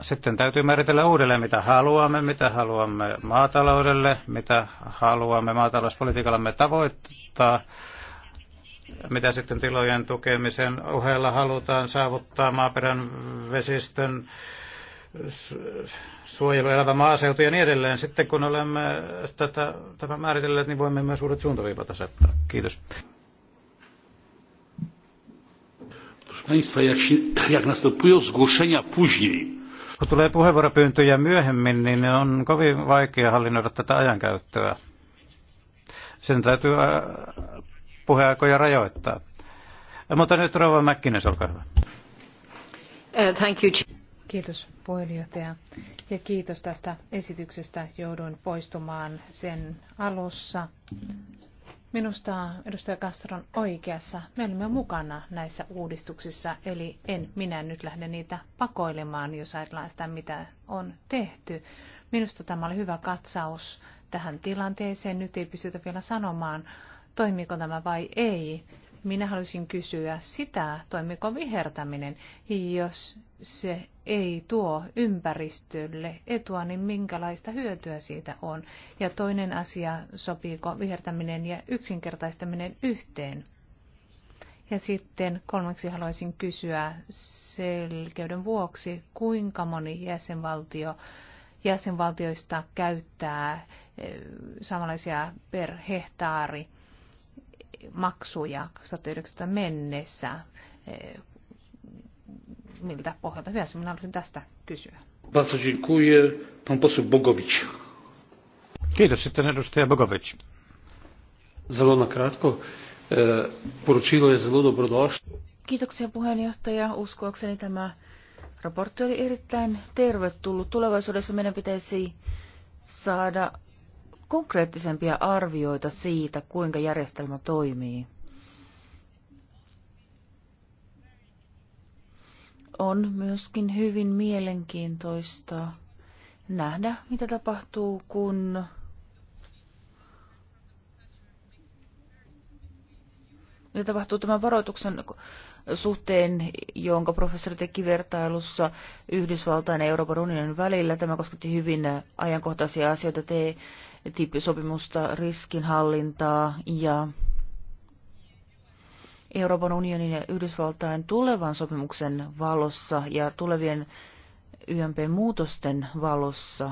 sitten täytyy määritellä uudelleen, mitä haluamme, mitä haluamme maataloudelle, mitä haluamme maatalouspolitiikallamme tavoittaa, mitä sitten tilojen tukemisen ohella halutaan saavuttaa maaperän vesistön suojelu, elävä maaseutu ja niin edelleen. Sitten kun olemme tätä, tämä määritelleet, niin voimme myös uudet suuntaviivat asettaa. Kiitos. Proszę Państwa, jak, się, jak następują zgłoszenia później, kun tulee puheenvuoropyyntöjä myöhemmin, niin on kovin vaikea hallinnoida tätä ajankäyttöä. Sen täytyy äh, puheaikoja rajoittaa. Mutta nyt Rova Mäkkinen, olkaa hyvä. Äh, thank you. Kiitos puheenjohtaja ja kiitos tästä esityksestä. Jouduin poistumaan sen alussa. Minusta edustaja Castro on oikeassa. Me olimme mukana näissä uudistuksissa, eli en minä nyt lähde niitä pakoilemaan, jos ajatellaan sitä, mitä on tehty. Minusta tämä oli hyvä katsaus tähän tilanteeseen. Nyt ei pystytä vielä sanomaan, toimiiko tämä vai ei, minä haluaisin kysyä sitä, toimiko vihertäminen, jos se ei tuo ympäristölle etua, niin minkälaista hyötyä siitä on? Ja toinen asia, sopiiko vihertäminen ja yksinkertaistaminen yhteen? Ja sitten kolmeksi haluaisin kysyä selkeyden vuoksi, kuinka moni jäsenvaltio jäsenvaltioista käyttää eh, samanlaisia per hehtaari maksuja 2019 mennessä, eh, miltä pohjalta hyvänsä. Minä haluaisin tästä kysyä. Bardzo dziękuję. Pan poseł Bogowicz. Kiitos sitten edustaja Bogovic. Zelo na kratko. Eh, poručilo je zelo dobrodošlo. Kiitoksia puheenjohtaja. Uskoakseni tämä raportti oli erittäin tervetullut. Tulevaisuudessa meidän pitäisi saada konkreettisempia arvioita siitä, kuinka järjestelmä toimii. On myöskin hyvin mielenkiintoista nähdä, mitä tapahtuu, kun mitä tapahtuu tämän varoituksen suhteen, jonka professori teki vertailussa Yhdysvaltain ja Euroopan unionin välillä. Tämä kosketti hyvin ajankohtaisia asioita. Te sopimusta riskinhallintaa ja Euroopan unionin ja Yhdysvaltain tulevan sopimuksen valossa ja tulevien YMP-muutosten valossa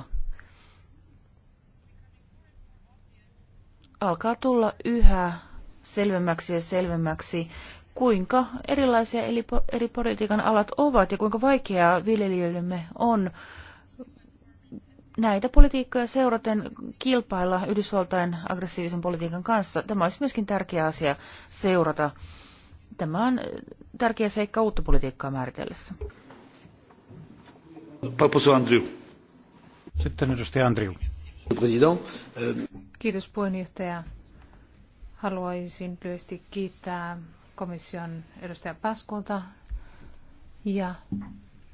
alkaa tulla yhä selvemmäksi ja selvemmäksi, kuinka erilaisia eri politiikan alat ovat ja kuinka vaikeaa viljelijöillemme on näitä politiikkoja seuraten kilpailla Yhdysvaltain aggressiivisen politiikan kanssa. Tämä olisi myöskin tärkeä asia seurata. Tämä on eh, tärkeä seikka uutta politiikkaa määritellessä. Papuso Andrew. Sitten edustaja Andriu. Eh, Kiitos puheenjohtaja. Haluaisin lyhyesti kiittää komission edustaja Paskulta ja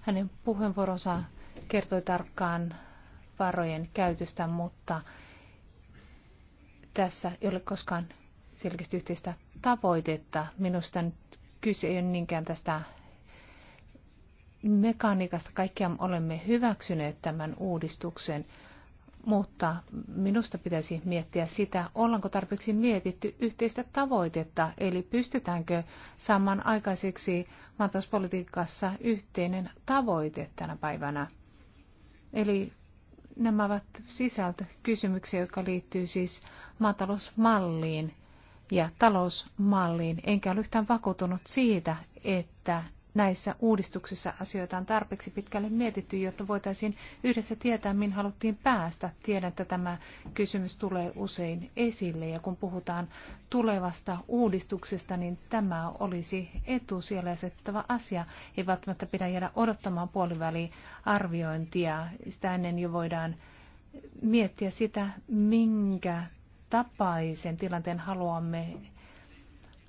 hänen puheenvuoronsa kertoi tarkkaan varojen käytöstä, mutta tässä ei ole koskaan selkeästi yhteistä tavoitetta. Minusta nyt kyse ei ole niinkään tästä mekaniikasta. Kaikkia olemme hyväksyneet tämän uudistuksen, mutta minusta pitäisi miettiä sitä, ollaanko tarpeeksi mietitty yhteistä tavoitetta, eli pystytäänkö saamaan aikaiseksi maatalouspolitiikassa yhteinen tavoite tänä päivänä. Eli Nämä ovat sisältökysymyksiä, jotka liittyy siis maatalousmalliin ja talousmalliin. Enkä ole yhtään vakuutunut siitä, että näissä uudistuksissa asioita on tarpeeksi pitkälle mietitty, jotta voitaisiin yhdessä tietää, mihin haluttiin päästä. Tiedän, että tämä kysymys tulee usein esille ja kun puhutaan tulevasta uudistuksesta, niin tämä olisi etu asia. Ei välttämättä pidä jäädä odottamaan puoliväliarviointia. Sitä ennen jo voidaan miettiä sitä, minkä tapaisen tilanteen haluamme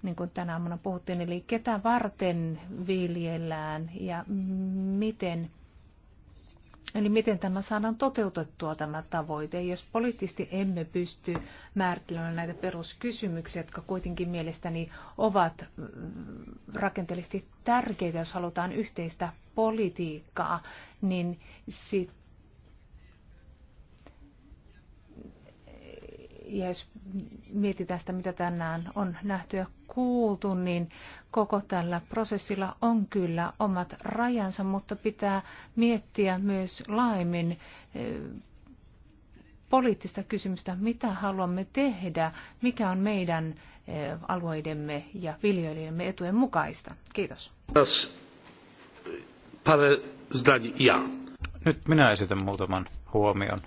niin kuin tänä aamuna puhuttiin, eli ketä varten viljellään ja miten, eli miten tämä saadaan toteutettua tämä tavoite. Jos poliittisesti emme pysty määrittelemään näitä peruskysymyksiä, jotka kuitenkin mielestäni ovat rakenteellisesti tärkeitä, jos halutaan yhteistä politiikkaa, niin sitten Ja jos mietitään sitä, mitä tänään on nähty ja kuultu, niin koko tällä prosessilla on kyllä omat rajansa, mutta pitää miettiä myös laimin eh, poliittista kysymystä, mitä haluamme tehdä, mikä on meidän eh, alueidemme ja viljelijöidemme etujen mukaista. Kiitos. Nyt minä esitän muutaman huomion.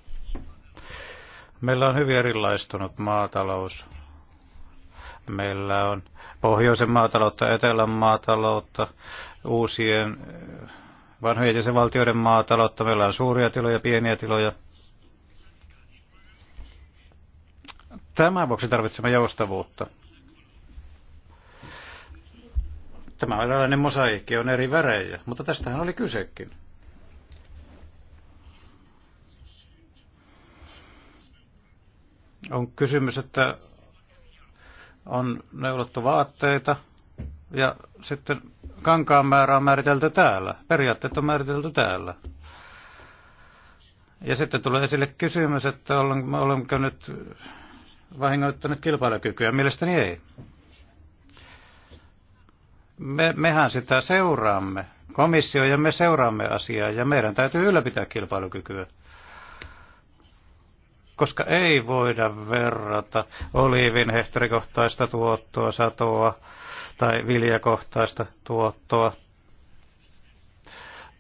Meillä on hyvin erilaistunut maatalous. Meillä on pohjoisen maataloutta, etelän maataloutta, uusien vanhojen jäsenvaltioiden maataloutta. Meillä on suuria tiloja, pieniä tiloja. Tämän vuoksi tarvitsemme joustavuutta. Tämä on eräänlainen mosaikki, on eri värejä, mutta tästähän oli kysekin. On kysymys, että on neulottu vaatteita ja sitten kankaan määrä on määritelty täällä. Periaatteet on määritelty täällä. Ja sitten tulee esille kysymys, että olemmeko nyt vahingoittaneet kilpailukykyä. Mielestäni ei. Me, mehän sitä seuraamme. Komissio ja me seuraamme asiaa ja meidän täytyy ylläpitää kilpailukykyä koska ei voida verrata oliivin hehtorikohtaista tuottoa, satoa tai viljakohtaista tuottoa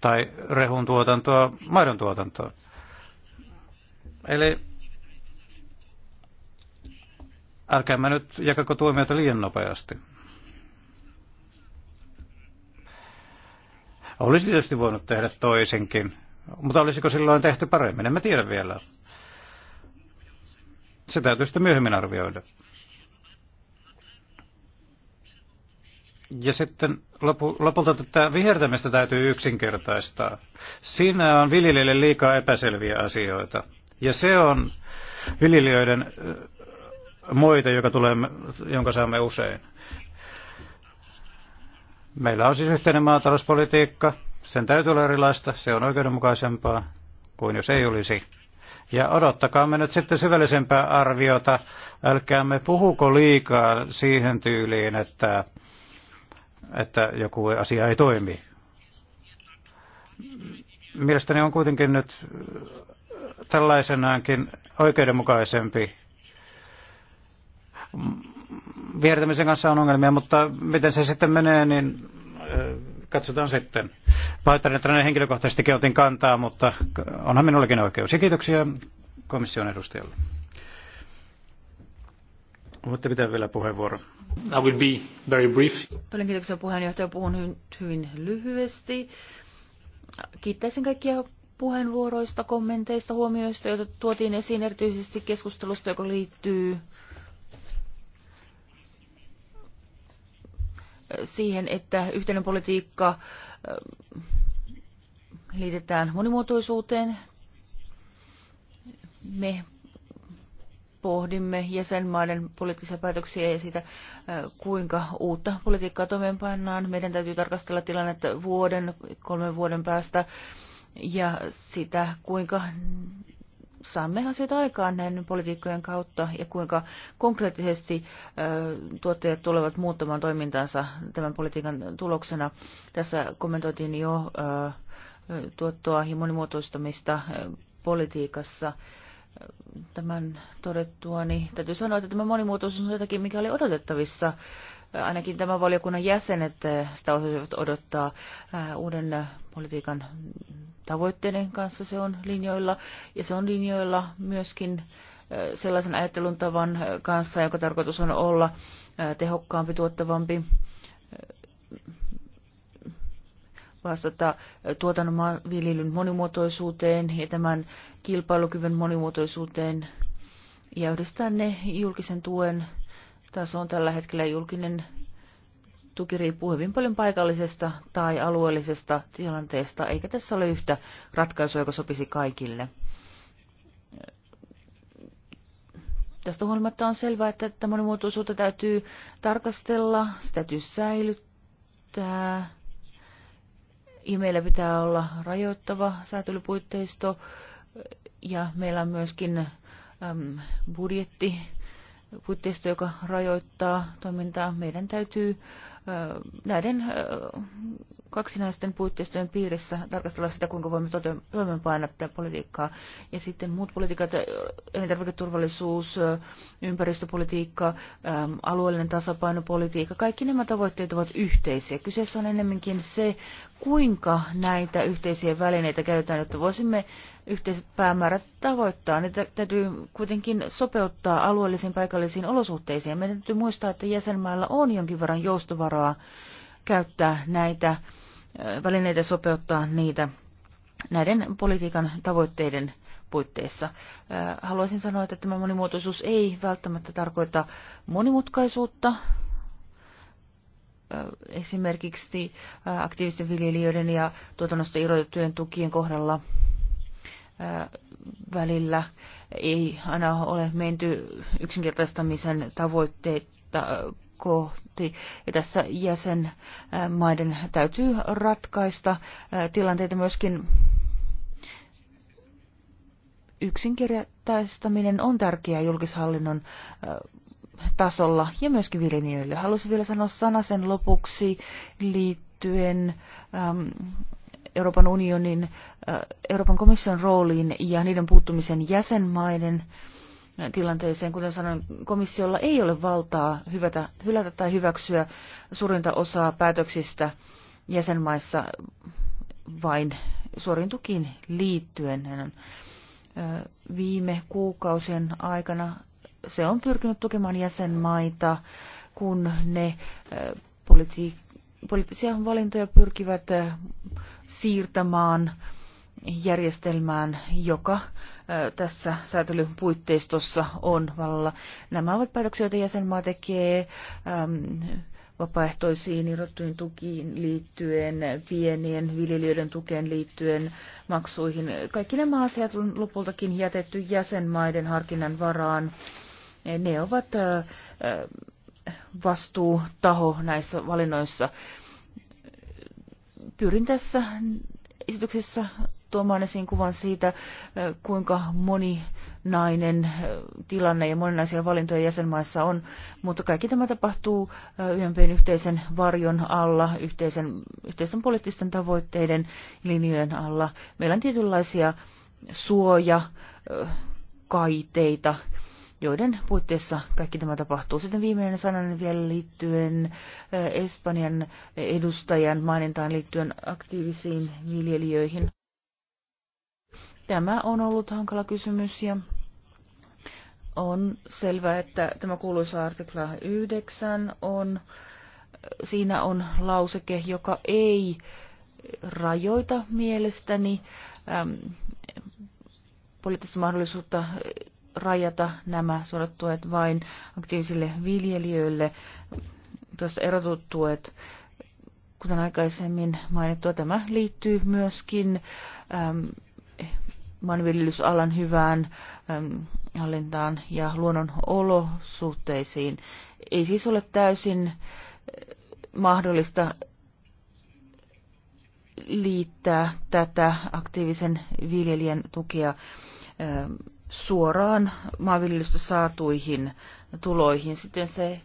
tai rehun tuotantoa maidon tuotantoon. Eli mä nyt jakako tuomioita liian nopeasti. Olisi tietysti voinut tehdä toisinkin, mutta olisiko silloin tehty paremmin? En mä tiedä vielä. Se täytyy sitten myöhemmin arvioida. Ja sitten lopu, lopulta tätä vihertämistä täytyy yksinkertaistaa. Siinä on viljelijöille liikaa epäselviä asioita. Ja se on viljelijöiden moite, joka tulee, jonka saamme usein. Meillä on siis yhteinen maatalouspolitiikka. Sen täytyy olla erilaista. Se on oikeudenmukaisempaa kuin jos ei olisi. Ja odottakaamme nyt sitten syvällisempää arviota. Älkäämme puhuko liikaa siihen tyyliin, että, että joku asia ei toimi. Mielestäni on kuitenkin nyt tällaisenaankin oikeudenmukaisempi. Viertämisen kanssa on ongelmia, mutta miten se sitten menee, niin katsotaan sitten. Pahoittelen, että näin henkilökohtaisesti otin kantaa, mutta onhan minullakin oikeus. Ja kiitoksia komission edustajalle. Voitte pitää vielä puheenvuoro. I will be very brief. Paljon kiitoksia puheenjohtaja. Puhun hyvin lyhyesti. Kiittäisin kaikkia puheenvuoroista, kommenteista, huomioista, joita tuotiin esiin erityisesti keskustelusta, joka liittyy siihen, että yhteinen politiikka liitetään monimuotoisuuteen. Me pohdimme jäsenmaiden poliittisia päätöksiä ja sitä, kuinka uutta politiikkaa toimeenpannaan. Meidän täytyy tarkastella tilannetta vuoden, kolmen vuoden päästä ja sitä, kuinka saamme asioita aikaan näiden politiikkojen kautta ja kuinka konkreettisesti tuottajat tulevat muuttamaan toimintansa tämän politiikan tuloksena. Tässä kommentoitiin jo tuottoa ja monimuotoistamista politiikassa tämän todettua, niin täytyy sanoa, että tämä monimuotoisuus on jotakin, mikä oli odotettavissa. Ainakin tämä valiokunnan jäsenet sitä osasivat odottaa uuden politiikan tavoitteiden kanssa se on linjoilla ja se on linjoilla myöskin sellaisen ajattelun tavan kanssa, joka tarkoitus on olla tehokkaampi, tuottavampi, vastata tuotannon maanviljelyn monimuotoisuuteen ja tämän kilpailukyvyn monimuotoisuuteen ja yhdistää ne julkisen tuen tasoon. Tällä hetkellä julkinen tuki riippuu hyvin paljon paikallisesta tai alueellisesta tilanteesta, eikä tässä ole yhtä ratkaisua, joka sopisi kaikille. Tästä huolimatta on selvää, että tämä monimuotoisuutta täytyy tarkastella, sitä täytyy säilyttää. Ja meillä pitää olla rajoittava säätelypuitteisto ja meillä on myöskin äm, budjetti, puitteisto, joka rajoittaa toimintaa. Meidän täytyy näiden kaksinaisten puitteistojen piirissä tarkastella sitä, kuinka voimme toimeenpainaa tätä politiikkaa. Ja sitten muut politiikat, elintarviketurvallisuus, ympäristöpolitiikka, alueellinen tasapainopolitiikka, kaikki nämä tavoitteet ovat yhteisiä. Kyseessä on enemmänkin se, kuinka näitä yhteisiä välineitä käytetään, jotta voisimme yhteiset päämäärät tavoittaa. niitä, täytyy kuitenkin sopeuttaa alueellisiin paikallisiin olosuhteisiin. Meidän täytyy muistaa, että jäsenmailla on jonkin verran joustovaraa käyttää näitä välineitä sopeuttaa niitä näiden politiikan tavoitteiden puitteissa. Haluaisin sanoa, että tämä monimuotoisuus ei välttämättä tarkoita monimutkaisuutta. Esimerkiksi aktiivisten viljelijöiden ja tuotannosta irrotettujen tukien kohdalla välillä ei aina ole menty yksinkertaistamisen tavoitteita äh, kohti. Ja tässä jäsenmaiden täytyy ratkaista äh, tilanteita myöskin yksinkertaistaminen on tärkeää julkishallinnon äh, tasolla ja myöskin viljelijöille. Haluaisin vielä sanoa sanasen lopuksi liittyen ähm, Euroopan unionin, Euroopan komission rooliin ja niiden puuttumisen jäsenmaiden tilanteeseen. Kuten sanoin, komissiolla ei ole valtaa hyvätä, hylätä tai hyväksyä suurinta osaa päätöksistä jäsenmaissa vain suorin tukiin liittyen. Viime kuukausien aikana se on pyrkinyt tukemaan jäsenmaita, kun ne politiikka poliittisia valintoja pyrkivät eh, siirtämään järjestelmään, joka eh, tässä säätelypuitteistossa on vallalla. Nämä ovat päätöksiä, joita jäsenmaa tekee ehm, vapaaehtoisiin irrottuihin tukiin liittyen, pienien viljelijöiden tukeen liittyen, maksuihin. Kaikki nämä asiat on lopultakin jätetty jäsenmaiden harkinnan varaan. Ne ovat eh, vastuutaho näissä valinnoissa. Pyrin tässä esityksessä tuomaan esiin kuvan siitä, kuinka moninainen tilanne ja moninaisia valintoja jäsenmaissa on, mutta kaikki tämä tapahtuu YMPn yhteisen varjon alla, yhteisen, yhteisen poliittisten tavoitteiden linjojen alla. Meillä on tietynlaisia suoja kaiteita joiden puitteissa kaikki tämä tapahtuu. Sitten viimeinen sanan vielä liittyen eh, Espanjan edustajan mainintaan liittyen aktiivisiin viljelijöihin. Tämä on ollut hankala kysymys ja on selvää, että tämä kuuluisa artikla 9 on, siinä on lauseke, joka ei rajoita mielestäni ähm, poliittista mahdollisuutta rajata nämä suorat tuet vain aktiivisille viljelijöille. Tuossa erotut tuet, kuten aikaisemmin mainittua, tämä liittyy myöskin äm, maanviljelysalan hyvään äm, hallintaan ja luonnon olosuhteisiin. Ei siis ole täysin äh, mahdollista liittää tätä aktiivisen viljelijän tukea ähm, suoraan maanviljelystä saatuihin tuloihin. Sitten se,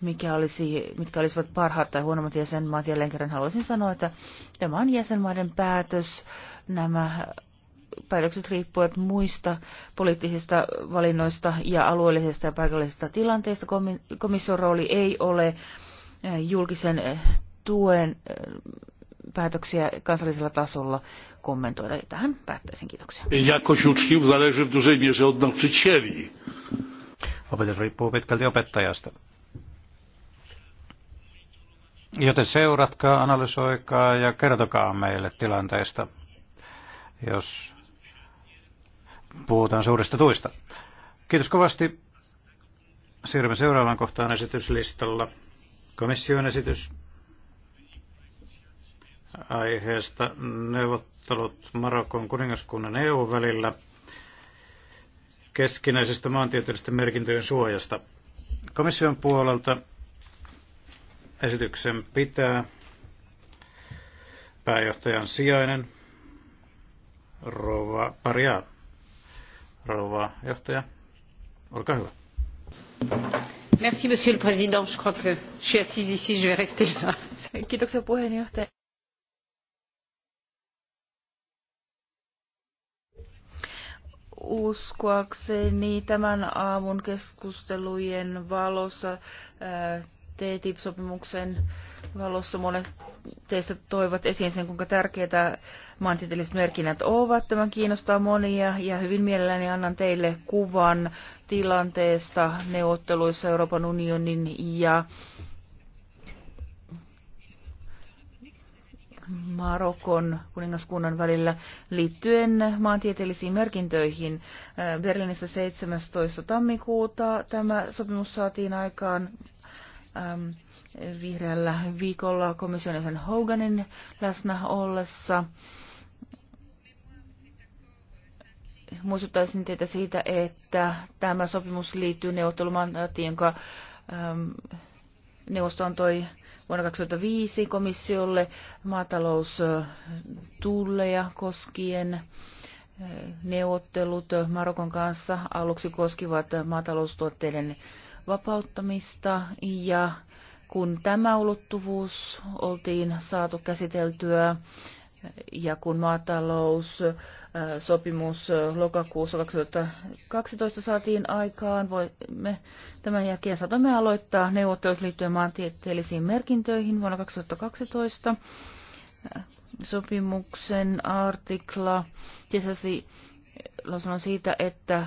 mikä olisi, mitkä olisivat parhaat tai huonommat jäsenmaat, jälleen kerran haluaisin sanoa, että tämä on jäsenmaiden päätös. Nämä päätökset riippuvat muista poliittisista valinnoista ja alueellisesta ja paikallisesta tilanteesta. Komission rooli ei ole eh, julkisen eh, tuen eh, päätöksiä kansallisella tasolla kommentoida. Tähän päättäisin kiitoksia. Jakość uczniów zależy w dużej mierze od nauczycieli. Opetus riippuu pitkälti opettajasta. Joten seuratkaa, analysoikaa ja kertokaa meille tilanteesta, jos puhutaan suurista tuista. Kiitos kovasti. Siirrymme seuraavaan kohtaan esityslistalla. Komission esitys aiheesta neuvottelut Marokon kuningaskunnan EU-välillä keskinäisestä maantieteellisten merkintöjen suojasta. Komission puolelta esityksen pitää pääjohtajan sijainen Rova Paria. Rova johtaja, olkaa hyvä. Merci, monsieur le président. Je crois que je suis assise ici, je vais rester là. Kiitoksia puheenjohtaja. uskoakseni tämän aamun keskustelujen valossa TTIP-sopimuksen valossa monet teistä toivat esiin sen, kuinka tärkeitä maantieteelliset merkinnät ovat. Tämä kiinnostaa monia ja hyvin mielelläni annan teille kuvan tilanteesta neuvotteluissa Euroopan unionin ja Marokon kuningaskunnan välillä liittyen maantieteellisiin merkintöihin. Äh, Berliinissä 17. tammikuuta tämä sopimus saatiin aikaan ähm, vihreällä viikolla komission jäsen Hoganin läsnä ollessa. Muistuttaisin teitä siitä, että tämä sopimus liittyy neuvottelumandaatiin, jonka ähm, neuvosto antoi vuonna 2005 komissiolle maataloustulleja koskien eh, neuvottelut Marokon kanssa aluksi koskivat maataloustuotteiden vapauttamista ja kun tämä ulottuvuus oltiin saatu käsiteltyä, ja kun maataloussopimus lokakuussa 2012 saatiin aikaan, voimme tämän jälkeen saatamme aloittaa neuvottelut liittyen maantieteellisiin merkintöihin vuonna 2012. Sopimuksen artikla sisälsi lausunnon siitä, että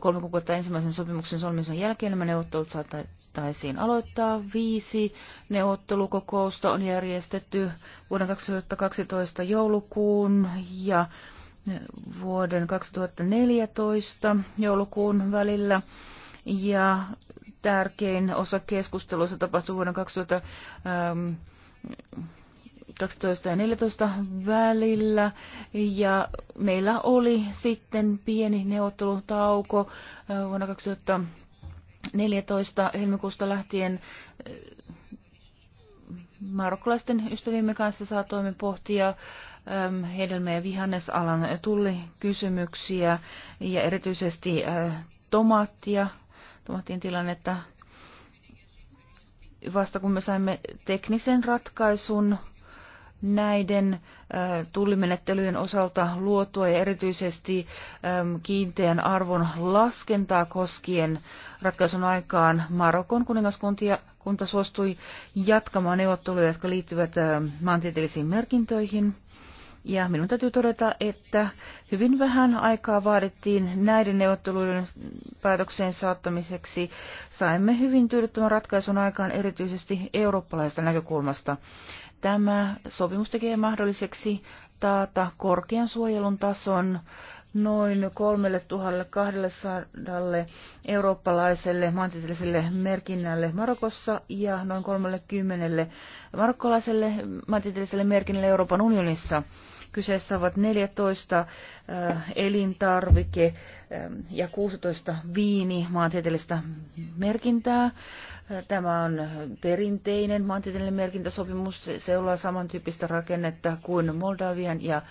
kolme kuukautta ensimmäisen sopimuksen solmisen jälkeen nämä neuvottelut saataisiin aloittaa. Viisi neuvottelukokousta on järjestetty vuoden 2012 joulukuun ja vuoden 2014 joulukuun välillä. Ja tärkein osa keskustelua tapahtui vuoden 2000 12 ja 14 välillä ja meillä oli sitten pieni neuvottelutauko äh, vuonna 2014 helmikuusta lähtien äh, marokkalaisten ystävimme kanssa saatoimme pohtia ähm, hedelmä- ja vihannesalan tullikysymyksiä ja erityisesti äh, tomaattia, tomaattien tilannetta. Vasta kun me saimme teknisen ratkaisun näiden tullimenettelyjen osalta luotua ja erityisesti kiinteän arvon laskentaa koskien ratkaisun aikaan Marokon kuningaskuntia kunta suostui jatkamaan neuvotteluja, jotka liittyvät maantieteellisiin merkintöihin. Ja minun täytyy todeta, että hyvin vähän aikaa vaadittiin näiden neuvotteluiden päätökseen saattamiseksi. Saimme hyvin tyydyttävän ratkaisun aikaan erityisesti eurooppalaisesta näkökulmasta. Tämä sopimus tekee mahdolliseksi taata korkean suojelun tason noin 3200 eurooppalaiselle maantieteelliselle merkinnälle Marokossa ja noin 30 marokkolaiselle maantieteelliselle merkinnälle Euroopan unionissa. Kyseessä ovat 14 äh, elintarvike äh, ja 16 viini maantieteellistä merkintää. Äh, tämä on perinteinen maantieteellinen merkintäsopimus. Se on samantyyppistä rakennetta kuin Moldavian ja,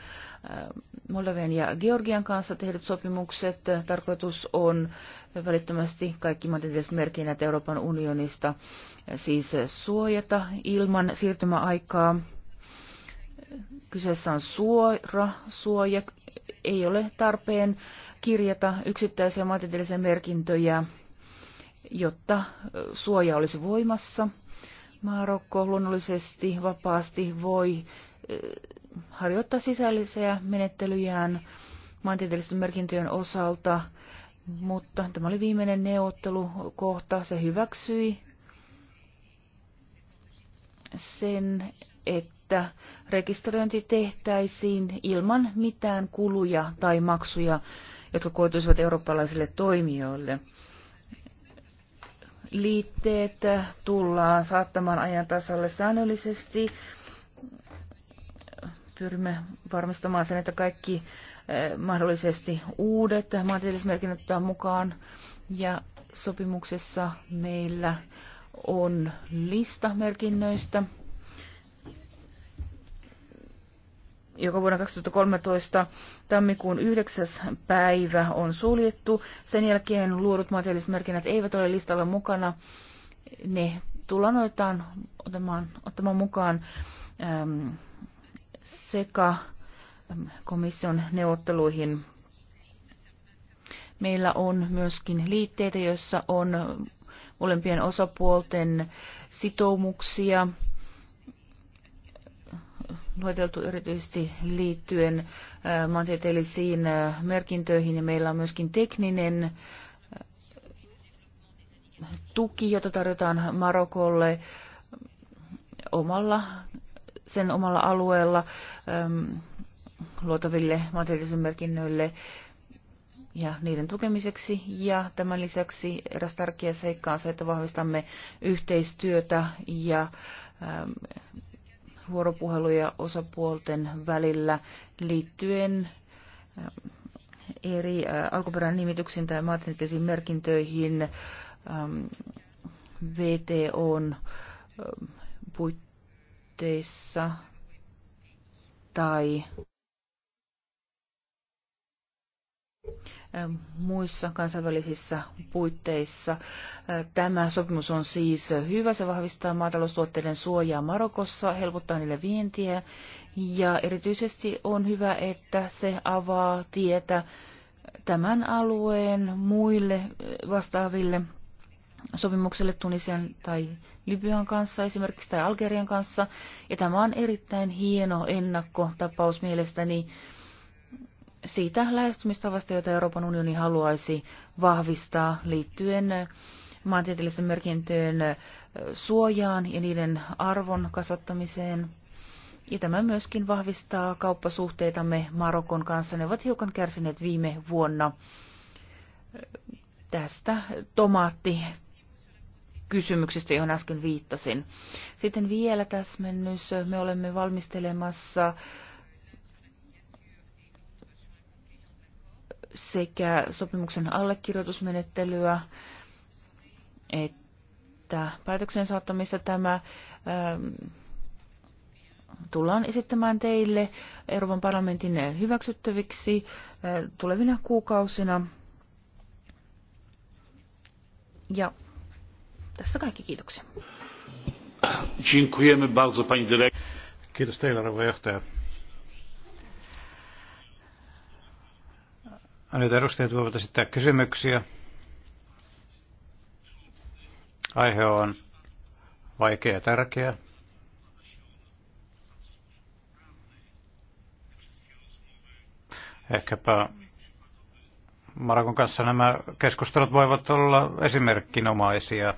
Moldavian ja Georgian kanssa tehdyt sopimukset. Tarkoitus on välittömästi kaikki maantieteelliset merkinnät Euroopan unionista siis suojata ilman siirtymäaikaa Kyseessä on suora suoja. Ei ole tarpeen kirjata yksittäisiä maantieteellisiä merkintöjä, jotta suoja olisi voimassa. Marokko luonnollisesti vapaasti voi eh, harjoittaa sisällisiä menettelyjään maantieteellisten merkintöjen osalta, mutta tämä oli viimeinen neuvottelukohta. Se hyväksyi sen, että että rekisteröinti tehtäisiin ilman mitään kuluja tai maksuja, jotka koituisivat eurooppalaisille toimijoille. Liitteet tullaan saattamaan ajan tasalle säännöllisesti. Pyrimme varmistamaan sen, että kaikki eh, mahdollisesti uudet maantieteellismerkinnät otetaan mukaan. Ja sopimuksessa meillä on lista merkinnöistä. joka vuonna 2013 tammikuun 9. päivä on suljettu. Sen jälkeen luodut materiaalismerkinnät eivät ole listalla mukana. Ne tullaan otetaan, ottamaan, ottamaan mukaan äm, sekä komission neuvotteluihin. Meillä on myöskin liitteitä, joissa on molempien osapuolten sitoumuksia luoteltu erityisesti liittyen äh, maantieteellisiin äh, merkintöihin ja meillä on myöskin tekninen äh, tuki, jota tarjotaan Marokolle omalla, sen omalla alueella ähm, luotaville maantieteellisille merkinnöille ja niiden tukemiseksi. Ja tämän lisäksi eräs tärkeä seikka on se, että vahvistamme yhteistyötä ja ähm, vuoropuheluja osapuolten välillä liittyen eri alkuperän nimityksiin tai maantieteellisiin merkintöihin VTOn puitteissa tai muissa kansainvälisissä puitteissa. Tämä sopimus on siis hyvä. Se vahvistaa maataloustuotteiden suojaa Marokossa, helpottaa niille vientiä ja erityisesti on hyvä, että se avaa tietä tämän alueen muille vastaaville sopimukselle Tunisian tai Libyan kanssa esimerkiksi tai Algerian kanssa. Ja tämä on erittäin hieno ennakkotapaus mielestäni siitä lähestymistavasta, jota Euroopan unioni haluaisi vahvistaa liittyen maantieteellisten merkintöjen suojaan ja niiden arvon kasvattamiseen. Ja tämä myöskin vahvistaa kauppasuhteitamme Marokon kanssa. Ne ovat hiukan kärsineet viime vuonna tästä tomaatti kysymyksistä, johon äsken viittasin. Sitten vielä täsmennys. Me olemme valmistelemassa äh, sekä sopimuksen allekirjoitusmenettelyä että päätöksen saattamista tämä ähm, tullaan esittämään teille Euroopan parlamentin hyväksyttäviksi äh, tulevina kuukausina. Ja tässä kaikki kiitoksia. Kiitos teille, arvoisa No nyt edustajat voivat esittää kysymyksiä. Aihe on vaikea ja tärkeä. Ehkäpä Marakon kanssa nämä keskustelut voivat olla esimerkkinomaisia.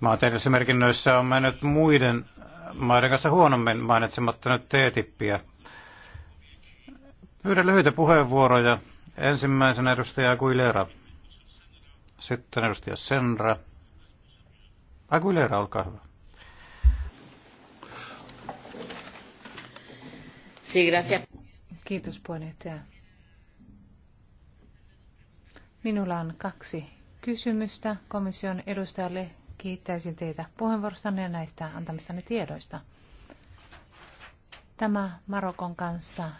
Maantieteellisissä esimerkinnöissä on mennyt muiden maiden kanssa huonommin mainitsematta nyt T-tippiä. Pyydän lyhyitä puheenvuoroja. Ensimmäisenä edustaja Aguilera, sitten edustaja Senra. Aguilera, olkaa hyvä. Kiitos puheenjohtaja. Minulla on kaksi kysymystä komission edustajalle. Kiittäisin teitä puheenvuorostanne ja näistä antamistanne tiedoista. Tämä Marokon kanssa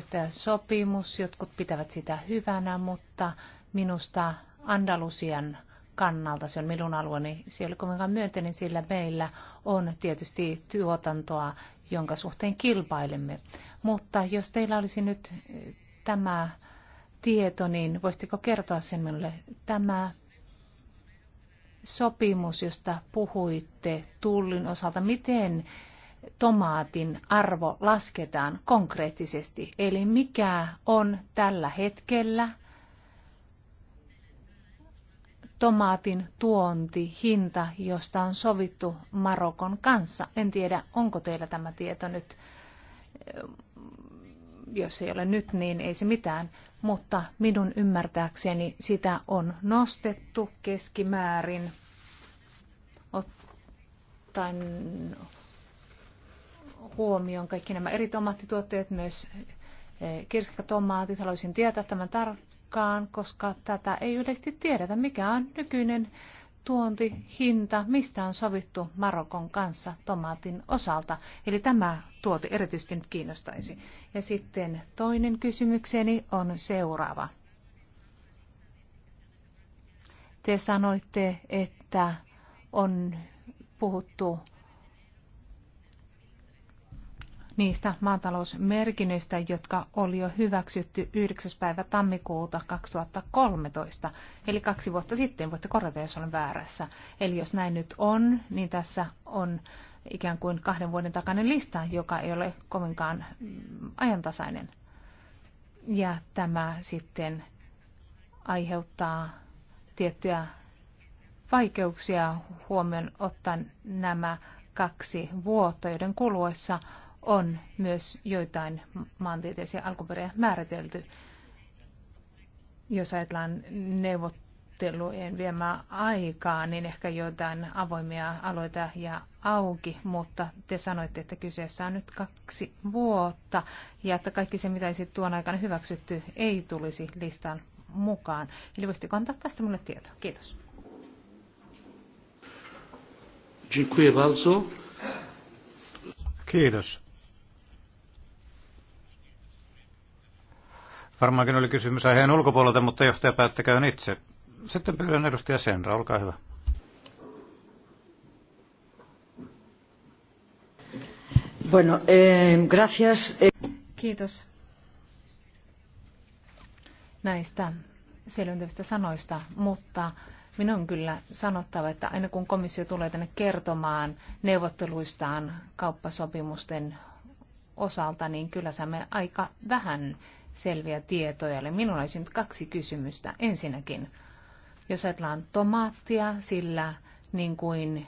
tehtävä sopimus. Jotkut pitävät sitä hyvänä, mutta minusta Andalusian kannalta, se on minun alueeni, se ei ole kovinkaan myönteinen, sillä meillä on tietysti tuotantoa, jonka suhteen kilpailemme. Mutta jos teillä olisi nyt tämä tieto, niin voisitteko kertoa sen minulle? Tämä sopimus, josta puhuitte tullin osalta, miten tomaatin arvo lasketaan konkreettisesti. Eli mikä on tällä hetkellä tomaatin tuonti, hinta, josta on sovittu Marokon kanssa. En tiedä, onko teillä tämä tieto nyt. Jos ei ole nyt, niin ei se mitään. Mutta minun ymmärtääkseni sitä on nostettu keskimäärin ottaen huomioon kaikki nämä eri tomaattituotteet, myös e, kirsikkatomaatit. Haluaisin tietää tämän tarkkaan, koska tätä ei yleisesti tiedetä, mikä on nykyinen tuontihinta, mistä on sovittu Marokon kanssa tomaatin osalta. Eli tämä tuote erityisesti nyt kiinnostaisi. Ja sitten toinen kysymykseni on seuraava. Te sanoitte, että on puhuttu niistä maatalousmerkinnöistä, jotka oli jo hyväksytty 9. päivä tammikuuta 2013, eli kaksi vuotta sitten, voitte korjata, jos olen väärässä. Eli jos näin nyt on, niin tässä on ikään kuin kahden vuoden takainen lista, joka ei ole kovinkaan mm, ajantasainen. Ja tämä sitten aiheuttaa tiettyjä vaikeuksia huomioon ottaen nämä kaksi vuotta, joiden kuluessa on myös joitain maantieteisiä alkuperäjä määritelty. Jos ajatellaan neuvottelujen viemää aikaa, niin ehkä joitain avoimia aloita ja auki, mutta te sanoitte, että kyseessä on nyt kaksi vuotta ja että kaikki se, mitä ei tuon aikana hyväksytty, ei tulisi listan mukaan. Eli voisitteko antaa tästä minulle tietoa? Kiitos. Kiitos. Varmaankin oli kysymys aiheen ulkopuolelta, mutta johtaja päättäköön itse. Sitten pyydän edustaja Senra, olkaa hyvä. Bueno, eh, gracias. Kiitos näistä selventävistä sanoista, mutta minun on kyllä sanottava, että aina kun komissio tulee tänne kertomaan neuvotteluistaan kauppasopimusten osalta, niin kyllä saamme aika vähän selviä tietoja. Eli minulla olisi nyt kaksi kysymystä. Ensinnäkin, jos ajatellaan tomaattia, sillä niin kuin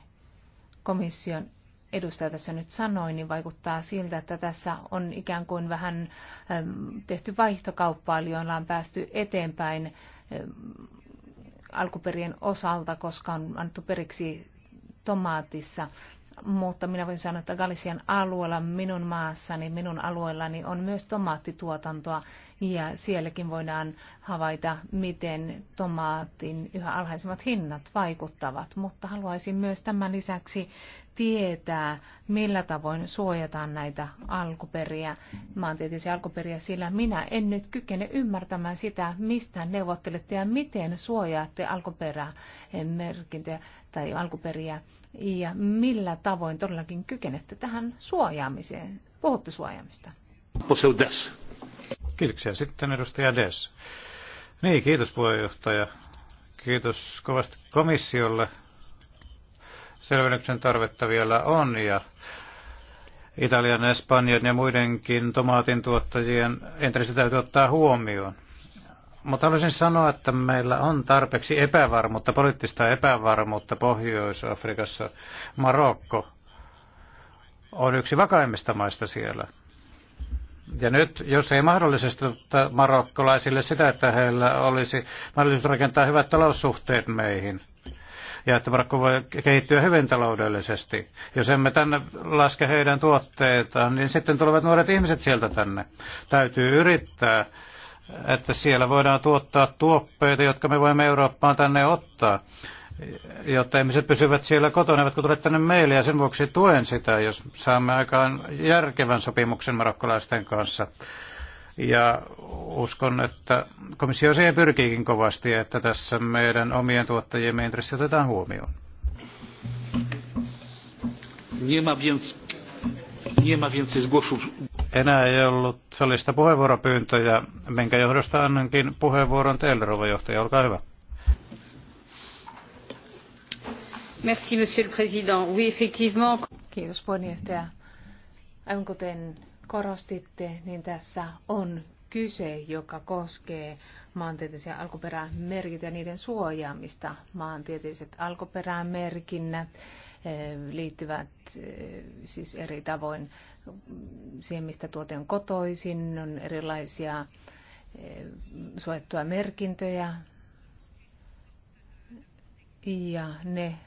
komission edustaja tässä nyt sanoi, niin vaikuttaa siltä, että tässä on ikään kuin vähän ähm, tehty vaihtokauppaa, eli ollaan päästy eteenpäin ähm, alkuperien osalta, koska on annettu periksi tomaatissa mutta minä voin sanoa, että Galician alueella, minun maassani, minun alueellani on myös tomaattituotantoa ja sielläkin voidaan havaita, miten tomaatin yhä alhaisemmat hinnat vaikuttavat, mutta haluaisin myös tämän lisäksi tietää, millä tavoin suojataan näitä alkuperiä, maantieteisiä alkuperiä, sillä minä en nyt kykene ymmärtämään sitä, mistä neuvottelette ja miten suojaatte alkuperää eh, merkintöjä tai alkuperiä ja millä tavoin todellakin kykenette tähän suojaamiseen? Puhutte suojaamista. Kiitoksia. Sitten edustaja Des. Niin, kiitos puheenjohtaja. Kiitos kovasti komissiolle. Selvennyksen tarvetta vielä on ja Italian, Espanjan ja muidenkin tomaatin tuottajien intressi täytyy ottaa huomioon. Mutta haluaisin sanoa, että meillä on tarpeeksi epävarmuutta, poliittista epävarmuutta Pohjois-Afrikassa. Marokko on yksi vakaimmista maista siellä. Ja nyt, jos ei mahdollisesti marokkolaisille sitä, että heillä olisi mahdollisuus rakentaa hyvät taloussuhteet meihin, ja että Marokko voi kehittyä hyvin taloudellisesti. Jos emme tänne laske heidän tuotteitaan, niin sitten tulevat nuoret ihmiset sieltä tänne. Täytyy yrittää että siellä voidaan tuottaa tuoppeita, jotka me voimme Eurooppaan tänne ottaa, jotta ihmiset pysyvät siellä kotona, eivätkä tule tänne meille, ja sen vuoksi tuen sitä, jos saamme aikaan järkevän sopimuksen marokkolaisten kanssa. Ja uskon, että komissio siihen pyrkiikin kovasti, että tässä meidän omien tuottajien intressi otetaan huomioon. Nie ma więc enää ei ollut salista puheenvuoropyyntöjä, minkä johdosta annankin puheenvuoron teille, rouva johtaja. Olkaa hyvä. Merci, monsieur le président. Oui, effectivement. Kiitos puheenjohtaja. Aivan kuten korostitte, niin tässä on kyse, joka koskee maantieteellisiä alkuperämerkintöjä ja niiden suojaamista. Maantieteelliset alkuperämerkinnät Eh, liittyvät eh, siis eri tavoin siihen, mistä tuote on kotoisin, on erilaisia eh, suojattuja merkintöjä ja ne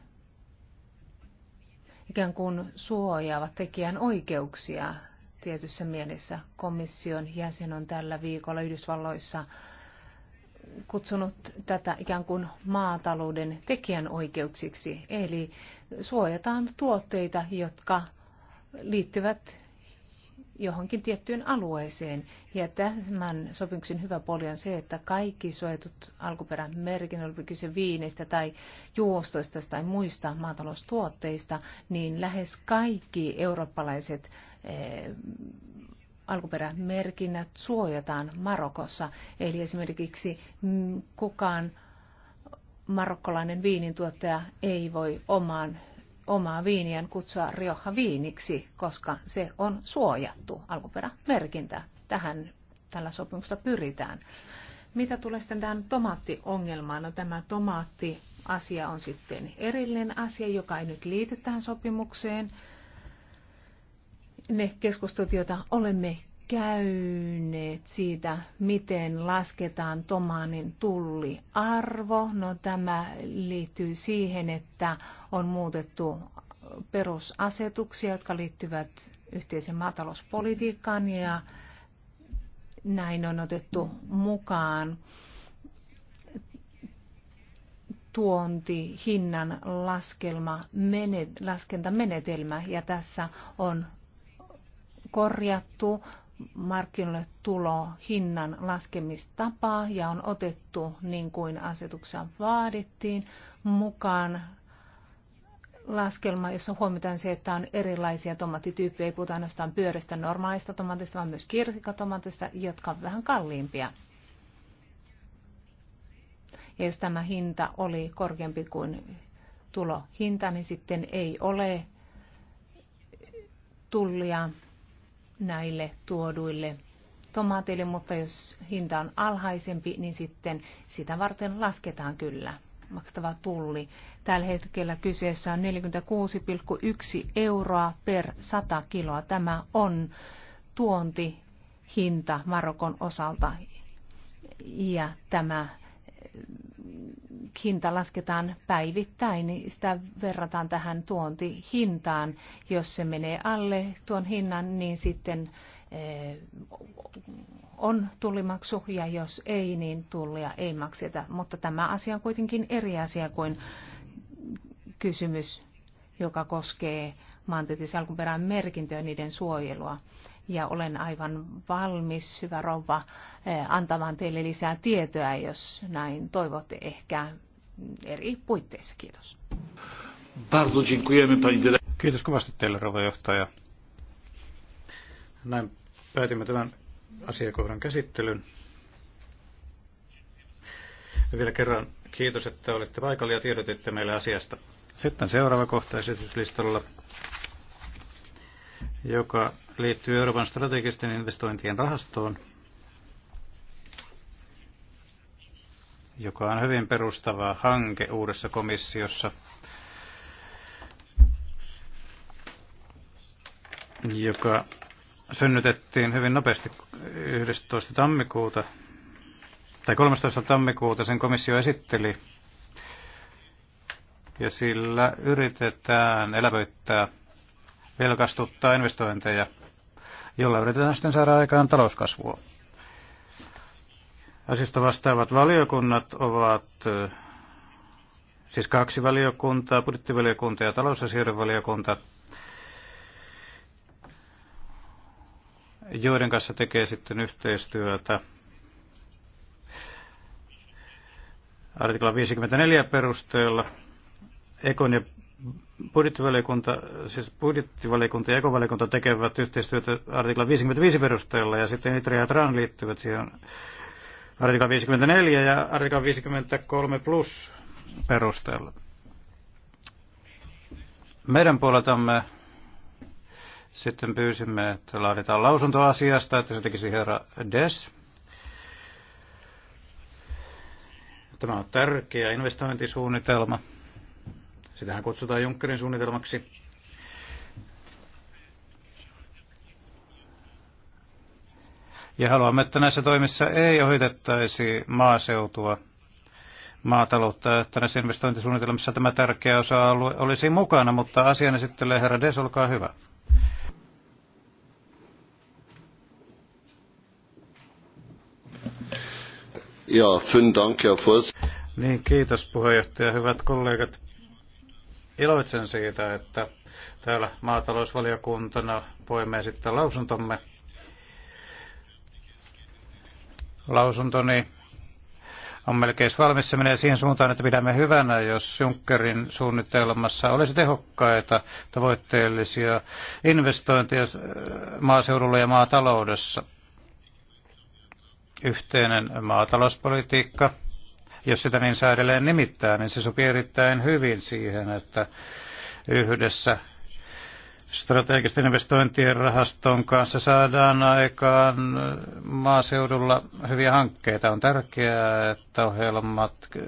ikään kuin suojaavat tekijän oikeuksia tietyssä mielessä. Komission jäsen on tällä viikolla Yhdysvalloissa kutsunut tätä ikään kuin maatalouden tekijänoikeuksiksi, eli suojataan tuotteita, jotka liittyvät johonkin tiettyyn alueeseen. Ja tämän sopimuksen hyvä puoli on se, että kaikki suojatut alkuperän merkin, oli kyse viineistä tai juustoista tai muista maataloustuotteista, niin lähes kaikki eurooppalaiset eh, alkuperämerkinnät suojataan Marokossa. Eli esimerkiksi mm, kukaan marokkolainen viinintuottaja ei voi omaan, omaa viiniään kutsua Rioja viiniksi, koska se on suojattu alkuperämerkintä. Tähän tällä sopimuksella pyritään. Mitä tulee sitten tähän tomaattiongelmaan? No tämä tomaatti asia on sitten erillinen asia, joka ei nyt liity tähän sopimukseen ne keskustelut, joita olemme käyneet siitä, miten lasketaan tomaanin tulliarvo. No, tämä liittyy siihen, että on muutettu perusasetuksia, jotka liittyvät yhteisen maatalouspolitiikkaan ja näin on otettu mukaan tuontihinnan laskelma, menet, laskentamenetelmä ja tässä on korjattu markkinoille tulo hinnan laskemistapaa ja on otettu, niin kuin asetuksessa vaadittiin, mukaan laskelma, jossa huomitaan se, että on erilaisia tomaattityyppejä, ei puhuta ainoastaan pyöristä normaalista tomaatista, vaan myös kirsikatomaatista, jotka ovat vähän kalliimpia. Ja jos tämä hinta oli korkeampi kuin tulohinta, niin sitten ei ole tullia näille tuoduille tomaateille, mutta jos hinta on alhaisempi, niin sitten sitä varten lasketaan kyllä maksettava tulli. Tällä hetkellä kyseessä on 46,1 euroa per 100 kiloa. Tämä on tuontihinta Marokon osalta ja tämä hinta lasketaan päivittäin, niin sitä verrataan tähän tuontihintaan. Jos se menee alle tuon hinnan, niin sitten eh, on tullimaksu ja jos ei, niin tullia ei makseta. Mutta tämä asia on kuitenkin eri asia kuin kysymys, joka koskee maantieteellisen alkuperän merkintöä niiden suojelua ja olen aivan valmis, hyvä rouva, eh, antamaan teille lisää tietoa, jos näin toivotte ehkä eri puitteissa. Kiitos. Kiitos kovasti teille, rouva johtaja. Näin päätimme tämän asiakohdan käsittelyn. Ja vielä kerran kiitos, että olitte paikalla ja tiedotitte meille asiasta. Sitten seuraava kohta esityslistalla, joka liittyy Euroopan strategisten investointien rahastoon, joka on hyvin perustava hanke uudessa komissiossa, joka synnytettiin hyvin nopeasti 11. tammikuuta, tai 13. tammikuuta sen komissio esitteli, ja sillä yritetään elävöittää velkastuttaa investointeja jolla yritetään sitten saada aikaan talouskasvua. Asiasta vastaavat valiokunnat ovat siis kaksi valiokuntaa, budjettivaliokunta ja talousasioiden valiokunta, joiden kanssa tekee sitten yhteistyötä. Artikla 54 perusteella Ekon ja budjettivaliokunta, siis budjettivaliokunta ja ekovaliokunta tekevät yhteistyötä artikla 55 perusteella ja sitten ITRI ja TRAN liittyvät siihen artikla 54 ja artikla 53 plus perusteella. Meidän puoleltamme sitten pyysimme, että laaditaan lausunto asiasta, että se tekisi herra Des. Tämä on tärkeä investointisuunnitelma. Sitähän kutsutaan Junckerin suunnitelmaksi. Ja haluamme, että näissä toimissa ei ohitettaisi maaseutua, maataloutta, että näissä investointisuunnitelmissa tämä tärkeä osa-alue olisi mukana, mutta asian esittelee herra Des, olkaa hyvä. Ja, vielen danke Herr Niin, kiitos puheenjohtaja, hyvät kollegat. Iloitsen siitä, että täällä maatalousvaliokuntana voimme esittää lausuntomme. Lausuntoni on melkein valmis. Se menee siihen suuntaan, että pidämme hyvänä, jos Junckerin suunnitelmassa olisi tehokkaita tavoitteellisia investointeja maaseudulla ja maataloudessa. Yhteinen maatalouspolitiikka, jos sitä niin saa edelleen nimittää, niin se sopii erittäin hyvin siihen, että yhdessä strategisten investointien rahaston kanssa saadaan aikaan maaseudulla hyviä hankkeita. On tärkeää, että ohjelmat äh,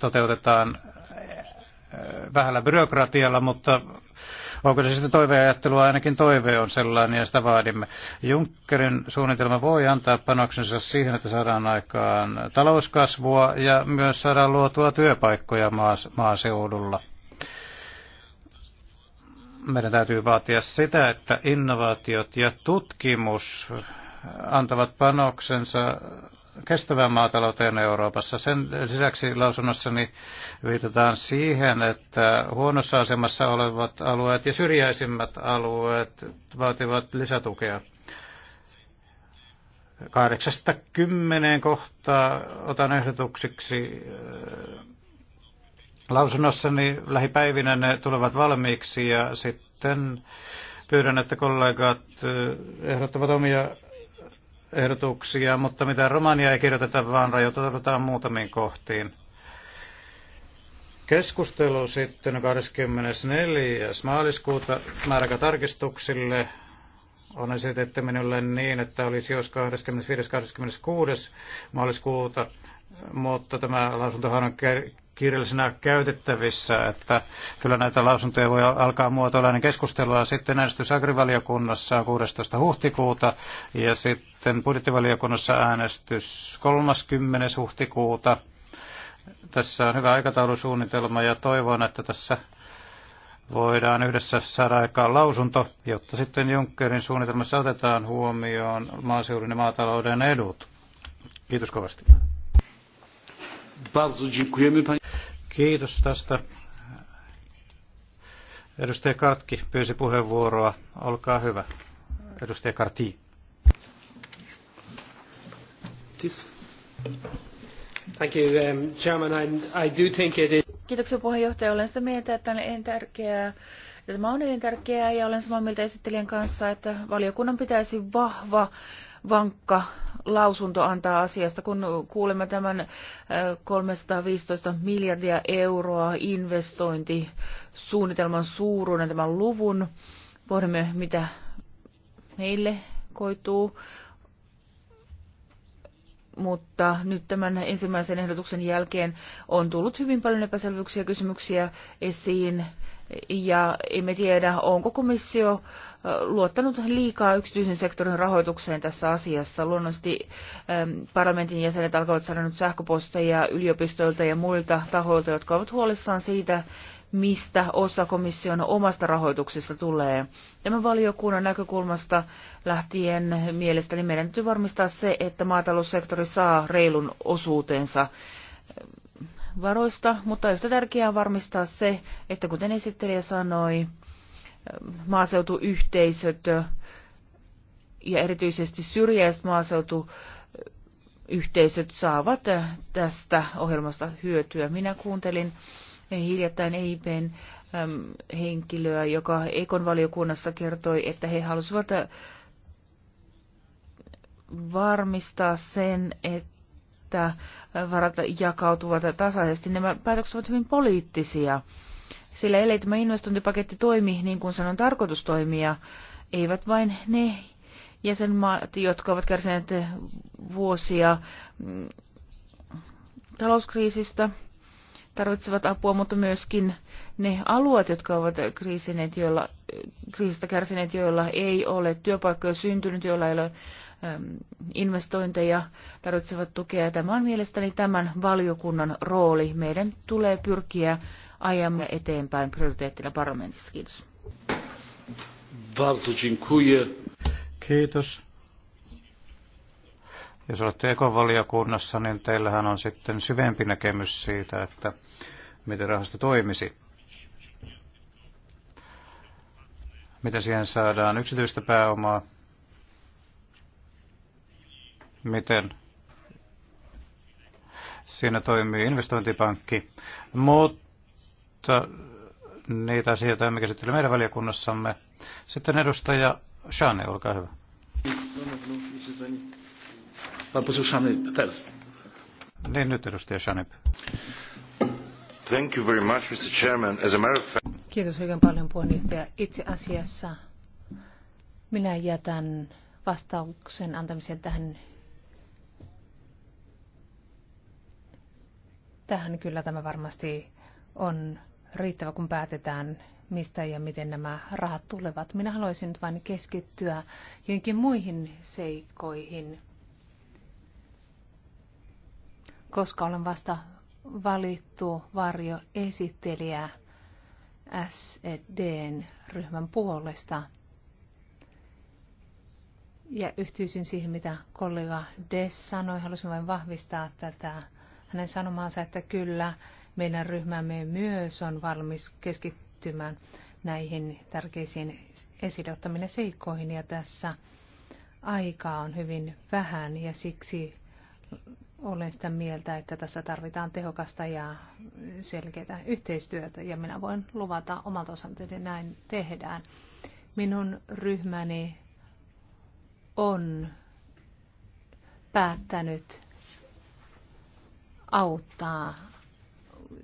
toteutetaan äh, vähällä byrokratialla, mutta Onko se sitten toiveajattelua? Ainakin toive on sellainen ja sitä vaadimme. Junckerin suunnitelma voi antaa panoksensa siihen, että saadaan aikaan talouskasvua ja myös saadaan luotua työpaikkoja maaseudulla. Meidän täytyy vaatia sitä, että innovaatiot ja tutkimus antavat panoksensa kestävään maatalouteen Euroopassa. Sen lisäksi lausunnossani viitataan siihen, että huonossa asemassa olevat alueet ja syrjäisimmät alueet vaativat lisätukea. 80 kohtaa otan ehdotuksiksi äh, lausunnossani lähipäivinä ne tulevat valmiiksi ja sitten pyydän, että kollegat äh, ehdottavat omia ehdotuksia, mutta mitä Romania ei kirjoiteta, vaan rajoitetaan muutamiin kohtiin. Keskustelu sitten 24. maaliskuuta määräkätarkistuksille on esitetty minulle niin, että olisi jos 25.–26. maaliskuuta, mutta tämä lausuntohan on kirjallisena käytettävissä, että kyllä näitä lausuntoja voi alkaa muotoilla keskustelua sitten äänestys agrivaliokunnassa 16. huhtikuuta ja sitten budjettivaliokunnassa äänestys 30. huhtikuuta. Tässä on hyvä aikataulusuunnitelma ja toivon, että tässä voidaan yhdessä saada aikaan lausunto, jotta sitten Junckerin suunnitelmassa otetaan huomioon maaseudun ja maatalouden edut. Kiitos kovasti. Bardzo dziękujemy, Kiitos tästä. Edustaja Kartki pyysi puheenvuoroa. Olkaa hyvä. Edustaja Karti. Thank you, um, Chairman. I, I do think it is... Kiitoksia puheenjohtaja. Olen sitä mieltä, että on elintärkeää. Tämä on elintärkeää ja olen samaa mieltä esittelijän kanssa, että valiokunnan pitäisi vahva vankka lausunto antaa asiasta, kun kuulemme tämän 315 äh, miljardia euroa investointisuunnitelman suuruuden tämän luvun. Pohdimme, mitä meille koituu mutta nyt tämän ensimmäisen ehdotuksen jälkeen on tullut hyvin paljon epäselvyyksiä ja kysymyksiä esiin ja emme tiedä, onko komissio luottanut liikaa yksityisen sektorin rahoitukseen tässä asiassa. Luonnollisesti parlamentin jäsenet alkavat saada nyt sähköposteja yliopistoilta ja muilta tahoilta, jotka ovat huolissaan siitä, mistä osa komission omasta rahoituksesta tulee. Tämän valiokunnan näkökulmasta lähtien mielestäni meidän täytyy varmistaa se, että maataloussektori saa reilun osuutensa varoista, mutta yhtä tärkeää on varmistaa se, että kuten esittelijä sanoi, maaseutuyhteisöt ja erityisesti syrjäiset maaseutuyhteisöt saavat tästä ohjelmasta hyötyä. Minä kuuntelin hiljattain EIPn henkilöä, joka Ekon valiokunnassa kertoi, että he halusivat varmistaa sen, että että varat jakautuvat tasaisesti. Nämä päätökset ovat hyvin poliittisia, sillä ellei tämä investointipaketti toimi niin kuin sanon tarkoitus toimia, eivät vain ne jäsenmaat, jotka ovat kärsineet vuosia mm, talouskriisistä, tarvitsevat apua, mutta myöskin ne alueet, jotka ovat kriisineet, joilla, kriisistä kärsineet, joilla ei ole työpaikkoja syntynyt, joilla ei ole investointeja tarvitsevat tukea. Tämä on mielestäni tämän valiokunnan rooli. Meidän tulee pyrkiä ajamme eteenpäin prioriteettina parlamentissa. Kiitos. Kiitos. Jos olette ekovaliokunnassa, niin teillähän on sitten syvempi näkemys siitä, että miten rahasto toimisi. Miten siihen saadaan yksityistä pääomaa, miten siinä toimii investointipankki, mutta niitä asioita emme käsittele meidän valiokunnassamme. Sitten edustaja Shane, olkaa hyvä. Niin nyt edustaja Shane. Thank you very much, Mr. Chairman. As a matter of fact... Kiitos hyvin paljon puheenjohtaja. Itse asiassa minä jätän vastauksen antamisen tähän Tähän kyllä tämä varmasti on riittävä, kun päätetään, mistä ja miten nämä rahat tulevat. Minä haluaisin nyt vain keskittyä joinkin muihin seikkoihin, koska olen vasta valittu varjoesittelijä SEDn ryhmän puolesta. Ja yhtyisin siihen, mitä kollega Des sanoi. Halusin vain vahvistaa tätä hänen sanomaansa, että kyllä meidän ryhmämme myös on valmis keskittymään näihin tärkeisiin esille seikkoihin ja tässä aikaa on hyvin vähän ja siksi olen sitä mieltä, että tässä tarvitaan tehokasta ja selkeää yhteistyötä ja minä voin luvata omalta osaltani, että näin tehdään. Minun ryhmäni on päättänyt auttaa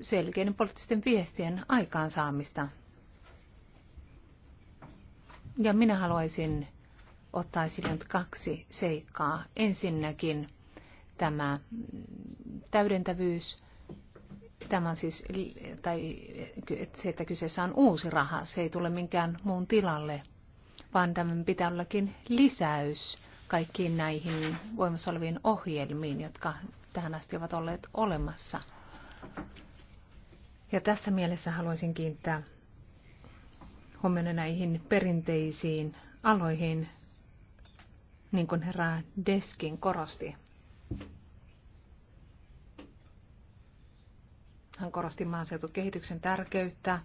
selkeiden poliittisten viestien aikaansaamista. Ja minä haluaisin ottaa esille nyt kaksi seikkaa. Ensinnäkin tämä täydentävyys, tämä siis, tai se, että kyseessä on uusi raha, se ei tule minkään muun tilalle, vaan tämän pitää ollakin lisäys kaikkiin näihin voimassa oleviin ohjelmiin, jotka tähän asti ovat olleet olemassa. Ja tässä mielessä haluaisin kiinnittää huomiota näihin perinteisiin aloihin, niin kuin herra Deskin korosti. Hän korosti maaseutukehityksen tärkeyttä.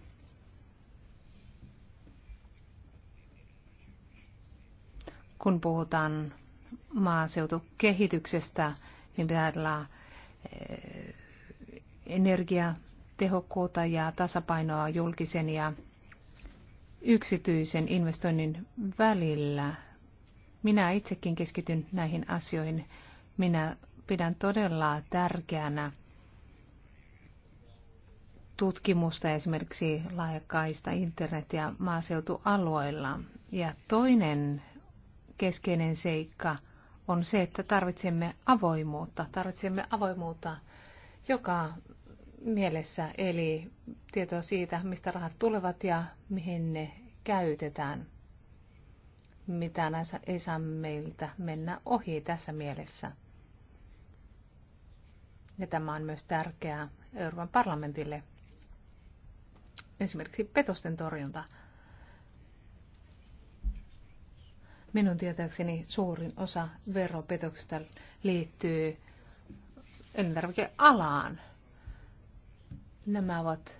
Kun puhutaan maaseutukehityksestä, niin pitää ajatella eh, energiatehokkuutta ja tasapainoa julkisen ja yksityisen investoinnin välillä. Minä itsekin keskityn näihin asioihin. Minä pidän todella tärkeänä tutkimusta esimerkiksi laajakaista internet- ja maaseutualueilla. Ja toinen keskeinen seikka – on se, että tarvitsemme avoimuutta. Tarvitsemme avoimuutta joka mielessä, eli tietoa siitä, mistä rahat tulevat ja mihin ne käytetään. Mitä ei saa meiltä mennä ohi tässä mielessä. Ja tämä on myös tärkeää Euroopan parlamentille. Esimerkiksi petosten torjunta Minun tietääkseni suurin osa veropetoksista liittyy elintarvikealaan. Nämä ovat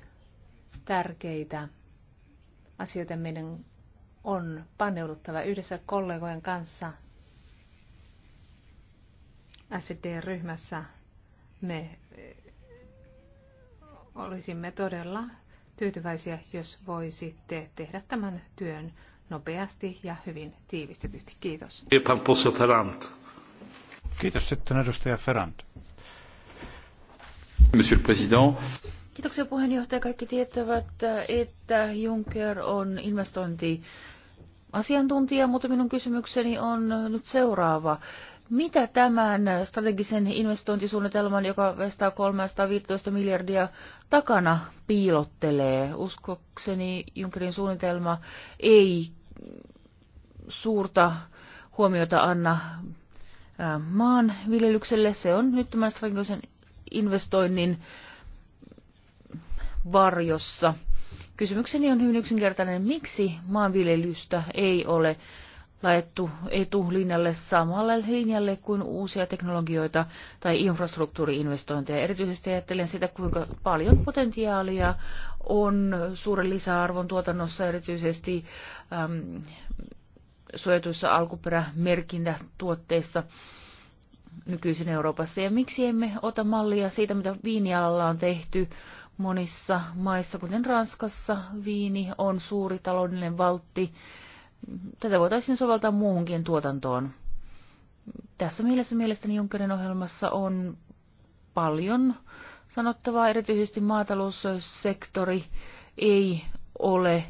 tärkeitä asioita. Meidän on paneuduttava yhdessä kollegojen kanssa SD-ryhmässä. Me olisimme todella tyytyväisiä, jos voisitte tehdä tämän työn nopeasti ja hyvin tiivistetysti. Kiitos. Kiitos sitten edustaja Ferrand. Monsieur le Président. Kiitoksia puheenjohtaja. Kaikki tietävät, että Juncker on investointi asiantuntija, mutta minun kysymykseni on nyt seuraava. Mitä tämän strategisen investointisuunnitelman, joka vestää 315 miljardia takana, piilottelee? Uskokseni Junckerin suunnitelma ei suurta huomiota anna maan viljelykselle Se on nyt tämän strategisen investoinnin varjossa. Kysymykseni on hyvin yksinkertainen. Miksi maanviljelystä ei ole laettu etulinjalle samalle linjalle kuin uusia teknologioita tai infrastruktuuriinvestointeja. Erityisesti ajattelen sitä, kuinka paljon potentiaalia on suuren lisäarvon tuotannossa erityisesti äm, suojatuissa alkuperämerkintätuotteissa nykyisin Euroopassa. Ja miksi emme ota mallia siitä, mitä viinialalla on tehty monissa maissa, kuten Ranskassa. Viini on suuri taloudellinen valtti tätä voitaisiin soveltaa muuhunkin tuotantoon. Tässä mielessä mielestäni Junckerin ohjelmassa on paljon sanottavaa, erityisesti maataloussektori ei ole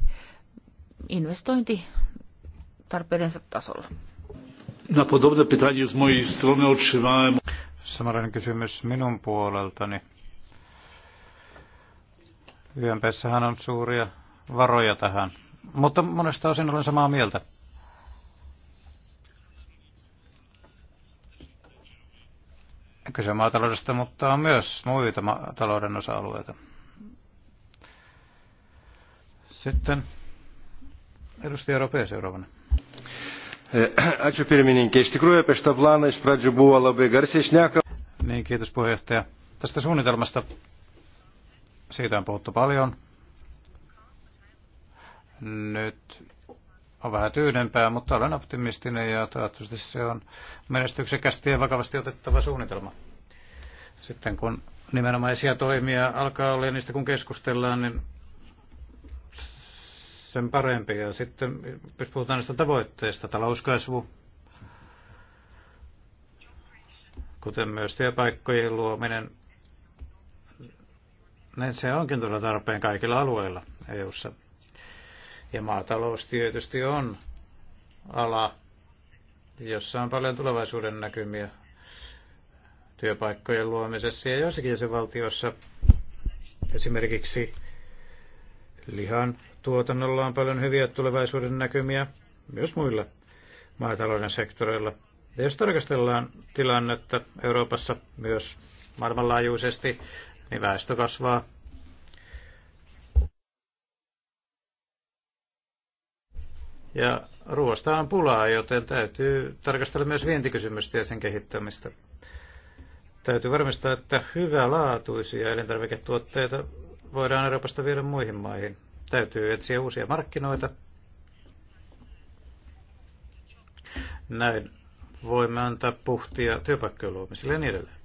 tarpeidensa tasolla. Na podobne pytanie z mojej strony otrzymałem. Samarainen kysymys minun puoleltani. YMPssähän on suuria varoja tähän mutta monesta osin olen samaa mieltä. Kyse maataloudesta, mutta on myös muita talouden osa-alueita. Sitten edustaja Ropea seuraavana. Eh, niin, kiitos puheenjohtaja. Tästä suunnitelmasta siitä on puhuttu paljon nyt on vähän tyydempää, mutta olen optimistinen ja toivottavasti se on menestyksekästi ja vakavasti otettava suunnitelma. Sitten kun nimenomaisia toimia alkaa olla ja niistä kun keskustellaan, niin sen parempi. Ja sitten jos puhutaan näistä tavoitteista, talouskasvu, kuten myös työpaikkojen luominen, niin se onkin todella tarpeen kaikilla alueilla EU:ssa. Ja maatalous tietysti on ala, jossa on paljon tulevaisuuden näkymiä työpaikkojen luomisessa ja joissakin jäsenvaltioissa esimerkiksi lihan tuotannolla on paljon hyviä tulevaisuuden näkymiä myös muilla maatalouden sektoreilla. Ja jos tarkastellaan tilannetta Euroopassa myös maailmanlaajuisesti, niin väestö kasvaa Ja ruoasta on pulaa, joten täytyy tarkastella myös vientikysymystä ja sen kehittämistä. Täytyy varmistaa, että hyvää laatuisia elintarviketuotteita voidaan Euroopasta viedä muihin maihin. Täytyy etsiä uusia markkinoita. Näin voimme antaa puhtia työpaikkojen luomiselle ja niin edelleen.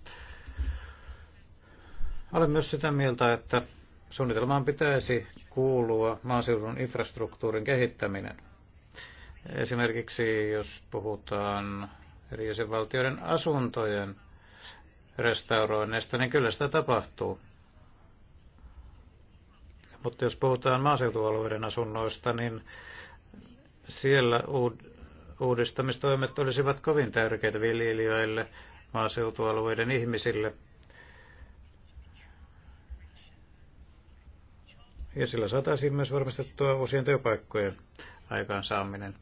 Olen myös sitä mieltä, että suunnitelmaan pitäisi kuulua maaseudun infrastruktuurin kehittäminen. Esimerkiksi jos puhutaan eri jäsenvaltioiden asuntojen restauroinneista, niin kyllä sitä tapahtuu. Mutta jos puhutaan maaseutualueiden asunnoista, niin siellä uudistamistoimet olisivat kovin tärkeitä viljelijöille, maaseutualueiden ihmisille. Ja sillä saataisiin myös varmistettua uusien työpaikkojen aikaansaaminen.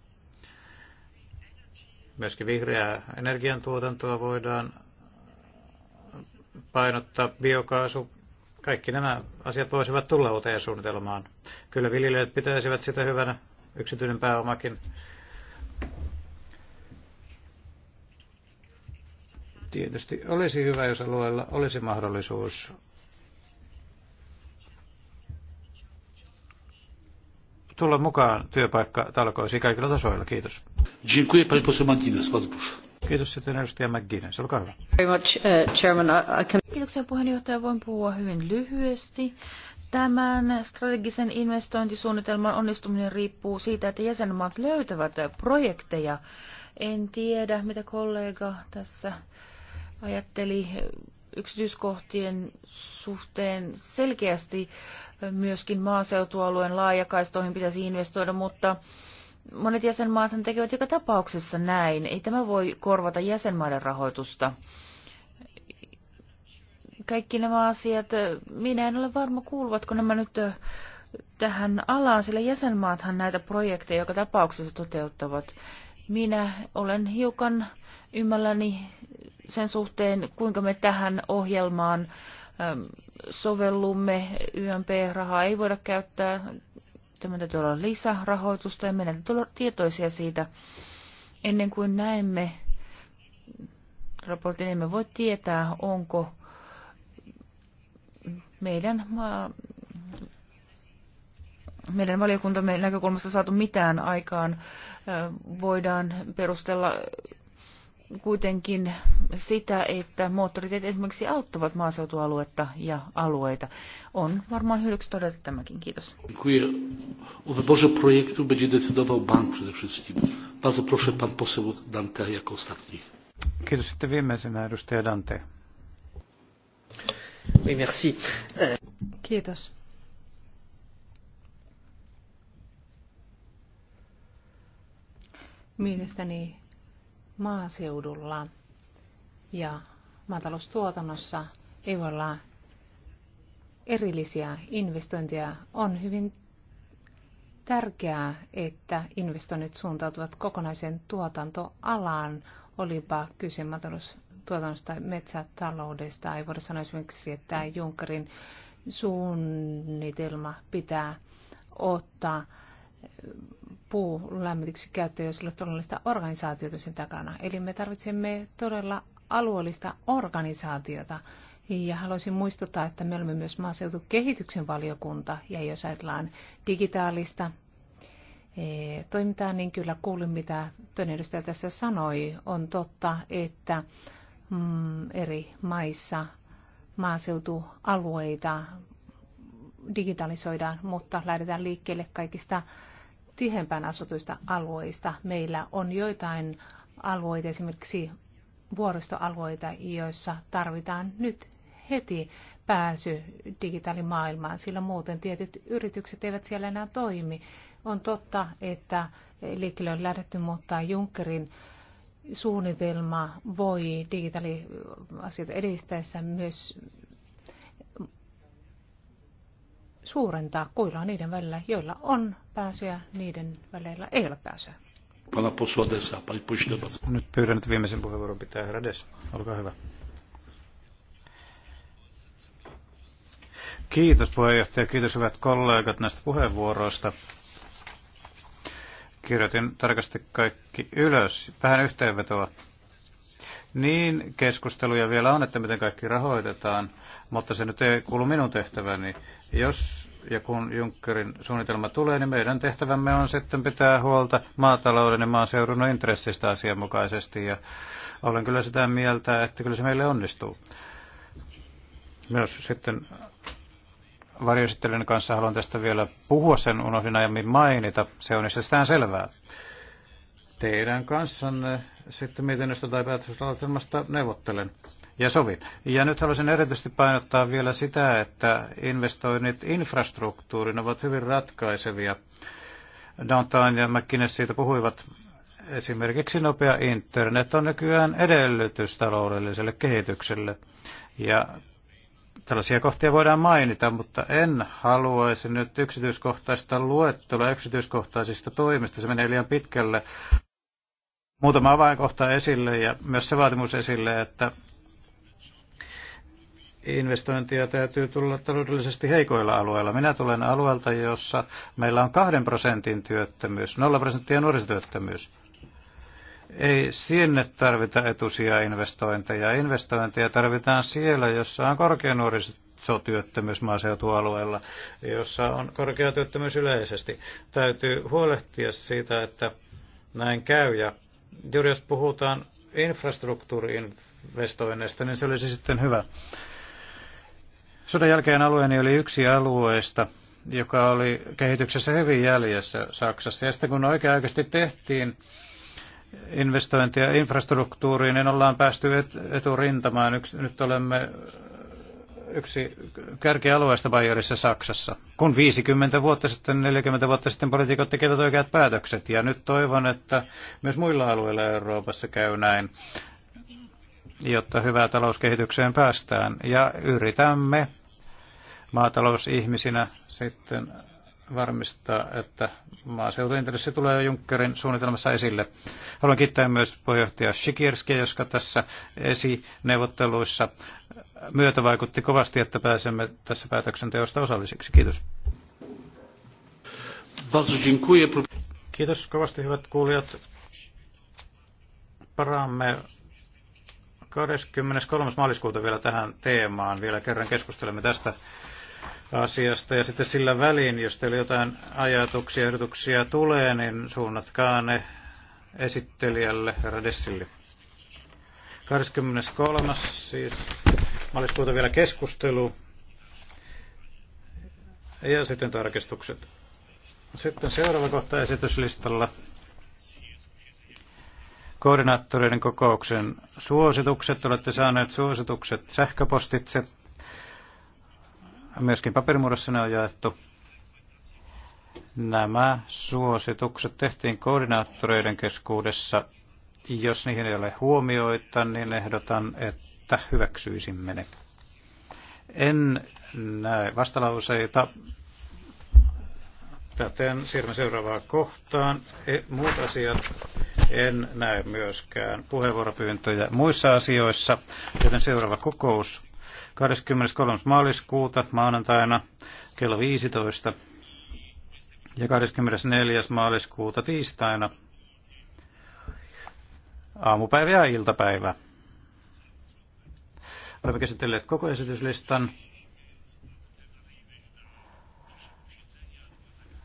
Myöskin vihreää energiantuotantoa voidaan painottaa, biokaasu, kaikki nämä asiat voisivat tulla uuteen suunnitelmaan. Kyllä viljelijät pitäisivät sitä hyvänä, yksityinen pääomakin. Tietysti olisi hyvä, jos alueella olisi mahdollisuus tulla mukaan työpaikka työpaikkatalkoisiin kaikilla tasoilla. Kiitos. Dziękuję, pani poseł Martinez, Kiitos sitten edustaja McGuinness. Olkaa hyvä. Very much, uh, chairman. I can... Kiitoksia puheenjohtaja. Voin puhua hyvin lyhyesti. Tämän strategisen investointisuunnitelman onnistuminen riippuu siitä, että jäsenmaat löytävät projekteja. En tiedä, mitä kollega tässä ajatteli yksityiskohtien suhteen selkeästi myöskin maaseutualueen laajakaistoihin pitäisi investoida, mutta monet jäsenmaat tekevät joka tapauksessa näin. Ei tämä voi korvata jäsenmaiden rahoitusta. Kaikki nämä asiat, minä en ole varma kuuluvatko nämä nyt tähän alaan, sillä jäsenmaathan näitä projekteja joka tapauksessa toteuttavat. Minä olen hiukan ymmälläni sen suhteen, kuinka me tähän ohjelmaan ähm, sovellumme. YMP-rahaa ei voida käyttää. Tämä täytyy olla lisärahoitusta ja meidän täytyy olla tietoisia siitä ennen kuin näemme raportin, emme voi tietää, onko meidän, meidän valiokuntamme näkökulmasta saatu mitään aikaan. Äh, voidaan perustella kuitenkin sitä, että moottoritiet esimerkiksi auttavat maaseutualuetta ja alueita. On varmaan hyödyksi todeta tämäkin. Kiitos. O wyborze projektu będzie decydował bank przede wszystkim. Bardzo proszę pan poseł Dante jako ostatni. Kiitos sitten viimeisenä edustaja Dante. Oui, merci. Eh. Kiitos. Mielestäni maaseudulla ja maataloustuotannossa ei voi olla erillisiä investointeja. On hyvin tärkeää, että investoinnit suuntautuvat kokonaiseen tuotantoalaan, olipa kyse maataloustuotannosta tai metsätaloudesta. Ei voida sanoa esimerkiksi, että Junckerin suunnitelma pitää ottaa puulämmityksen käyttöä, jos ei ole todellista organisaatiota sen takana. Eli me tarvitsemme todella alueellista organisaatiota. Ja haluaisin muistuttaa, että me olemme myös maaseutukehityksen valiokunta, ja jos ajatellaan digitaalista e, toimintaa, niin kyllä kuulin, mitä todennäköisesti tässä sanoi. On totta, että mm, eri maissa maaseutualueita digitalisoidaan, mutta lähdetään liikkeelle kaikista tihempään asutuista alueista. Meillä on joitain alueita, esimerkiksi vuoristoalueita, joissa tarvitaan nyt heti pääsy digitaalimaailmaan, sillä muuten tietyt yritykset eivät siellä enää toimi. On totta, että liikkeelle on lähdetty, mutta Junckerin suunnitelma voi digitaaliasioita edistäessä myös suurentaa kuilua niiden välillä, joilla on pääsyä, niiden välillä ei ole pääsyä. Nyt pyydän, että viimeisen puheenvuoron pitää herra Des. Olkaa hyvä. Kiitos puheenjohtaja, kiitos hyvät kollegat näistä puheenvuoroista. Kirjoitin tarkasti kaikki ylös. Vähän yhteenvetoa niin keskusteluja vielä on, että miten kaikki rahoitetaan, mutta se nyt ei kuulu minun tehtäväni. Jos ja kun Junckerin suunnitelma tulee, niin meidän tehtävämme on sitten pitää huolta maatalouden ja maaseudun intressistä asianmukaisesti. Ja olen kyllä sitä mieltä, että kyllä se meille onnistuu. Myös sitten varjoesittelijän kanssa haluan tästä vielä puhua, sen unohdin aiemmin mainita. Se on itse selvää. Teidän kanssanne sitten mietinnöstä tai päätöslauselmasta neuvottelen ja sovin. Ja nyt haluaisin erityisesti painottaa vielä sitä, että investoinnit infrastruktuurin ovat hyvin ratkaisevia. Downtown ja McKinnes siitä puhuivat. Esimerkiksi nopea internet on nykyään edellytys taloudelliselle kehitykselle. Ja tällaisia kohtia voidaan mainita, mutta en haluaisi nyt yksityiskohtaista luettelua yksityiskohtaisista toimista. Se menee liian pitkälle muutama avainkohta esille ja myös se vaatimus esille, että investointia täytyy tulla taloudellisesti heikoilla alueilla. Minä tulen alueelta, jossa meillä on kahden prosentin työttömyys, 0 prosenttia nuorisotyöttömyys. Ei sinne tarvita etusia investointeja. Investointeja tarvitaan siellä, jossa on korkea nuorisotyöttömyys maaseutualueella, jossa on korkea työttömyys yleisesti. Täytyy huolehtia siitä, että näin käy ja Juuri jos puhutaan infrastruktuuriinvestoinneista, niin se olisi sitten hyvä. Sodan jälkeen alueeni oli yksi alueista, joka oli kehityksessä hyvin jäljessä Saksassa. Ja sitten kun oikea-aikaisesti tehtiin investointia infrastruktuuriin, niin ollaan päästy et, eturintamaan. Yksi, nyt olemme yksi kärkialueesta Bayerissa Saksassa, kun 50 vuotta sitten, 40 vuotta sitten poliitikot tekevät oikeat päätökset. Ja nyt toivon, että myös muilla alueilla Euroopassa käy näin, jotta hyvää talouskehitykseen päästään. Ja yritämme maatalousihmisinä sitten varmistaa, että maaseutuintressi tulee Junckerin suunnitelmassa esille. Haluan kiittää myös puheenjohtaja Sikierskiä, joka tässä esineuvotteluissa myötä vaikutti kovasti, että pääsemme tässä päätöksenteosta osallisiksi. Kiitos. Kiitos kovasti hyvät kuulijat. Paraamme 23. maaliskuuta vielä tähän teemaan. Vielä kerran keskustelemme tästä asiasta. Ja sitten sillä välin, jos teillä jotain ajatuksia, ehdotuksia tulee, niin suunnatkaa ne esittelijälle, herra Dessille. 23. siis maaliskuuta vielä keskustelu ja sitten tarkistukset. Sitten seuraava kohta esityslistalla koordinaattoreiden kokouksen suositukset. Olette saaneet suositukset sähköpostitse. Myöskin paperimuodossa ne on jaettu. Nämä suositukset tehtiin koordinaattoreiden keskuudessa. Jos niihin ei ole huomioita, niin ehdotan, että hyväksyisimme ne. En näe vastalauseita. Täten siirrymme seuraavaan kohtaan. E, muut asiat en näe myöskään puheenvuoropyyntöjä muissa asioissa, joten seuraava kokous 23. maaliskuuta maanantaina kello 15 ja 24. maaliskuuta tiistaina aamupäivä ja iltapäivä. Olemme käsitelleet koko esityslistan.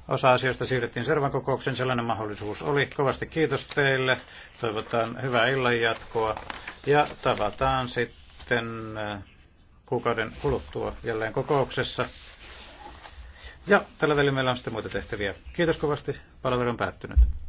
Osa asioista siirrettiin Servan kokouksen, sellainen mahdollisuus oli. Kovasti kiitos teille, toivotan hyvää illan jatkoa ja tavataan sitten äh, kuukauden kuluttua jälleen kokouksessa. Ja tällä välillä meillä on sitten muita tehtäviä. Kiitos kovasti. Palvelu on päättynyt.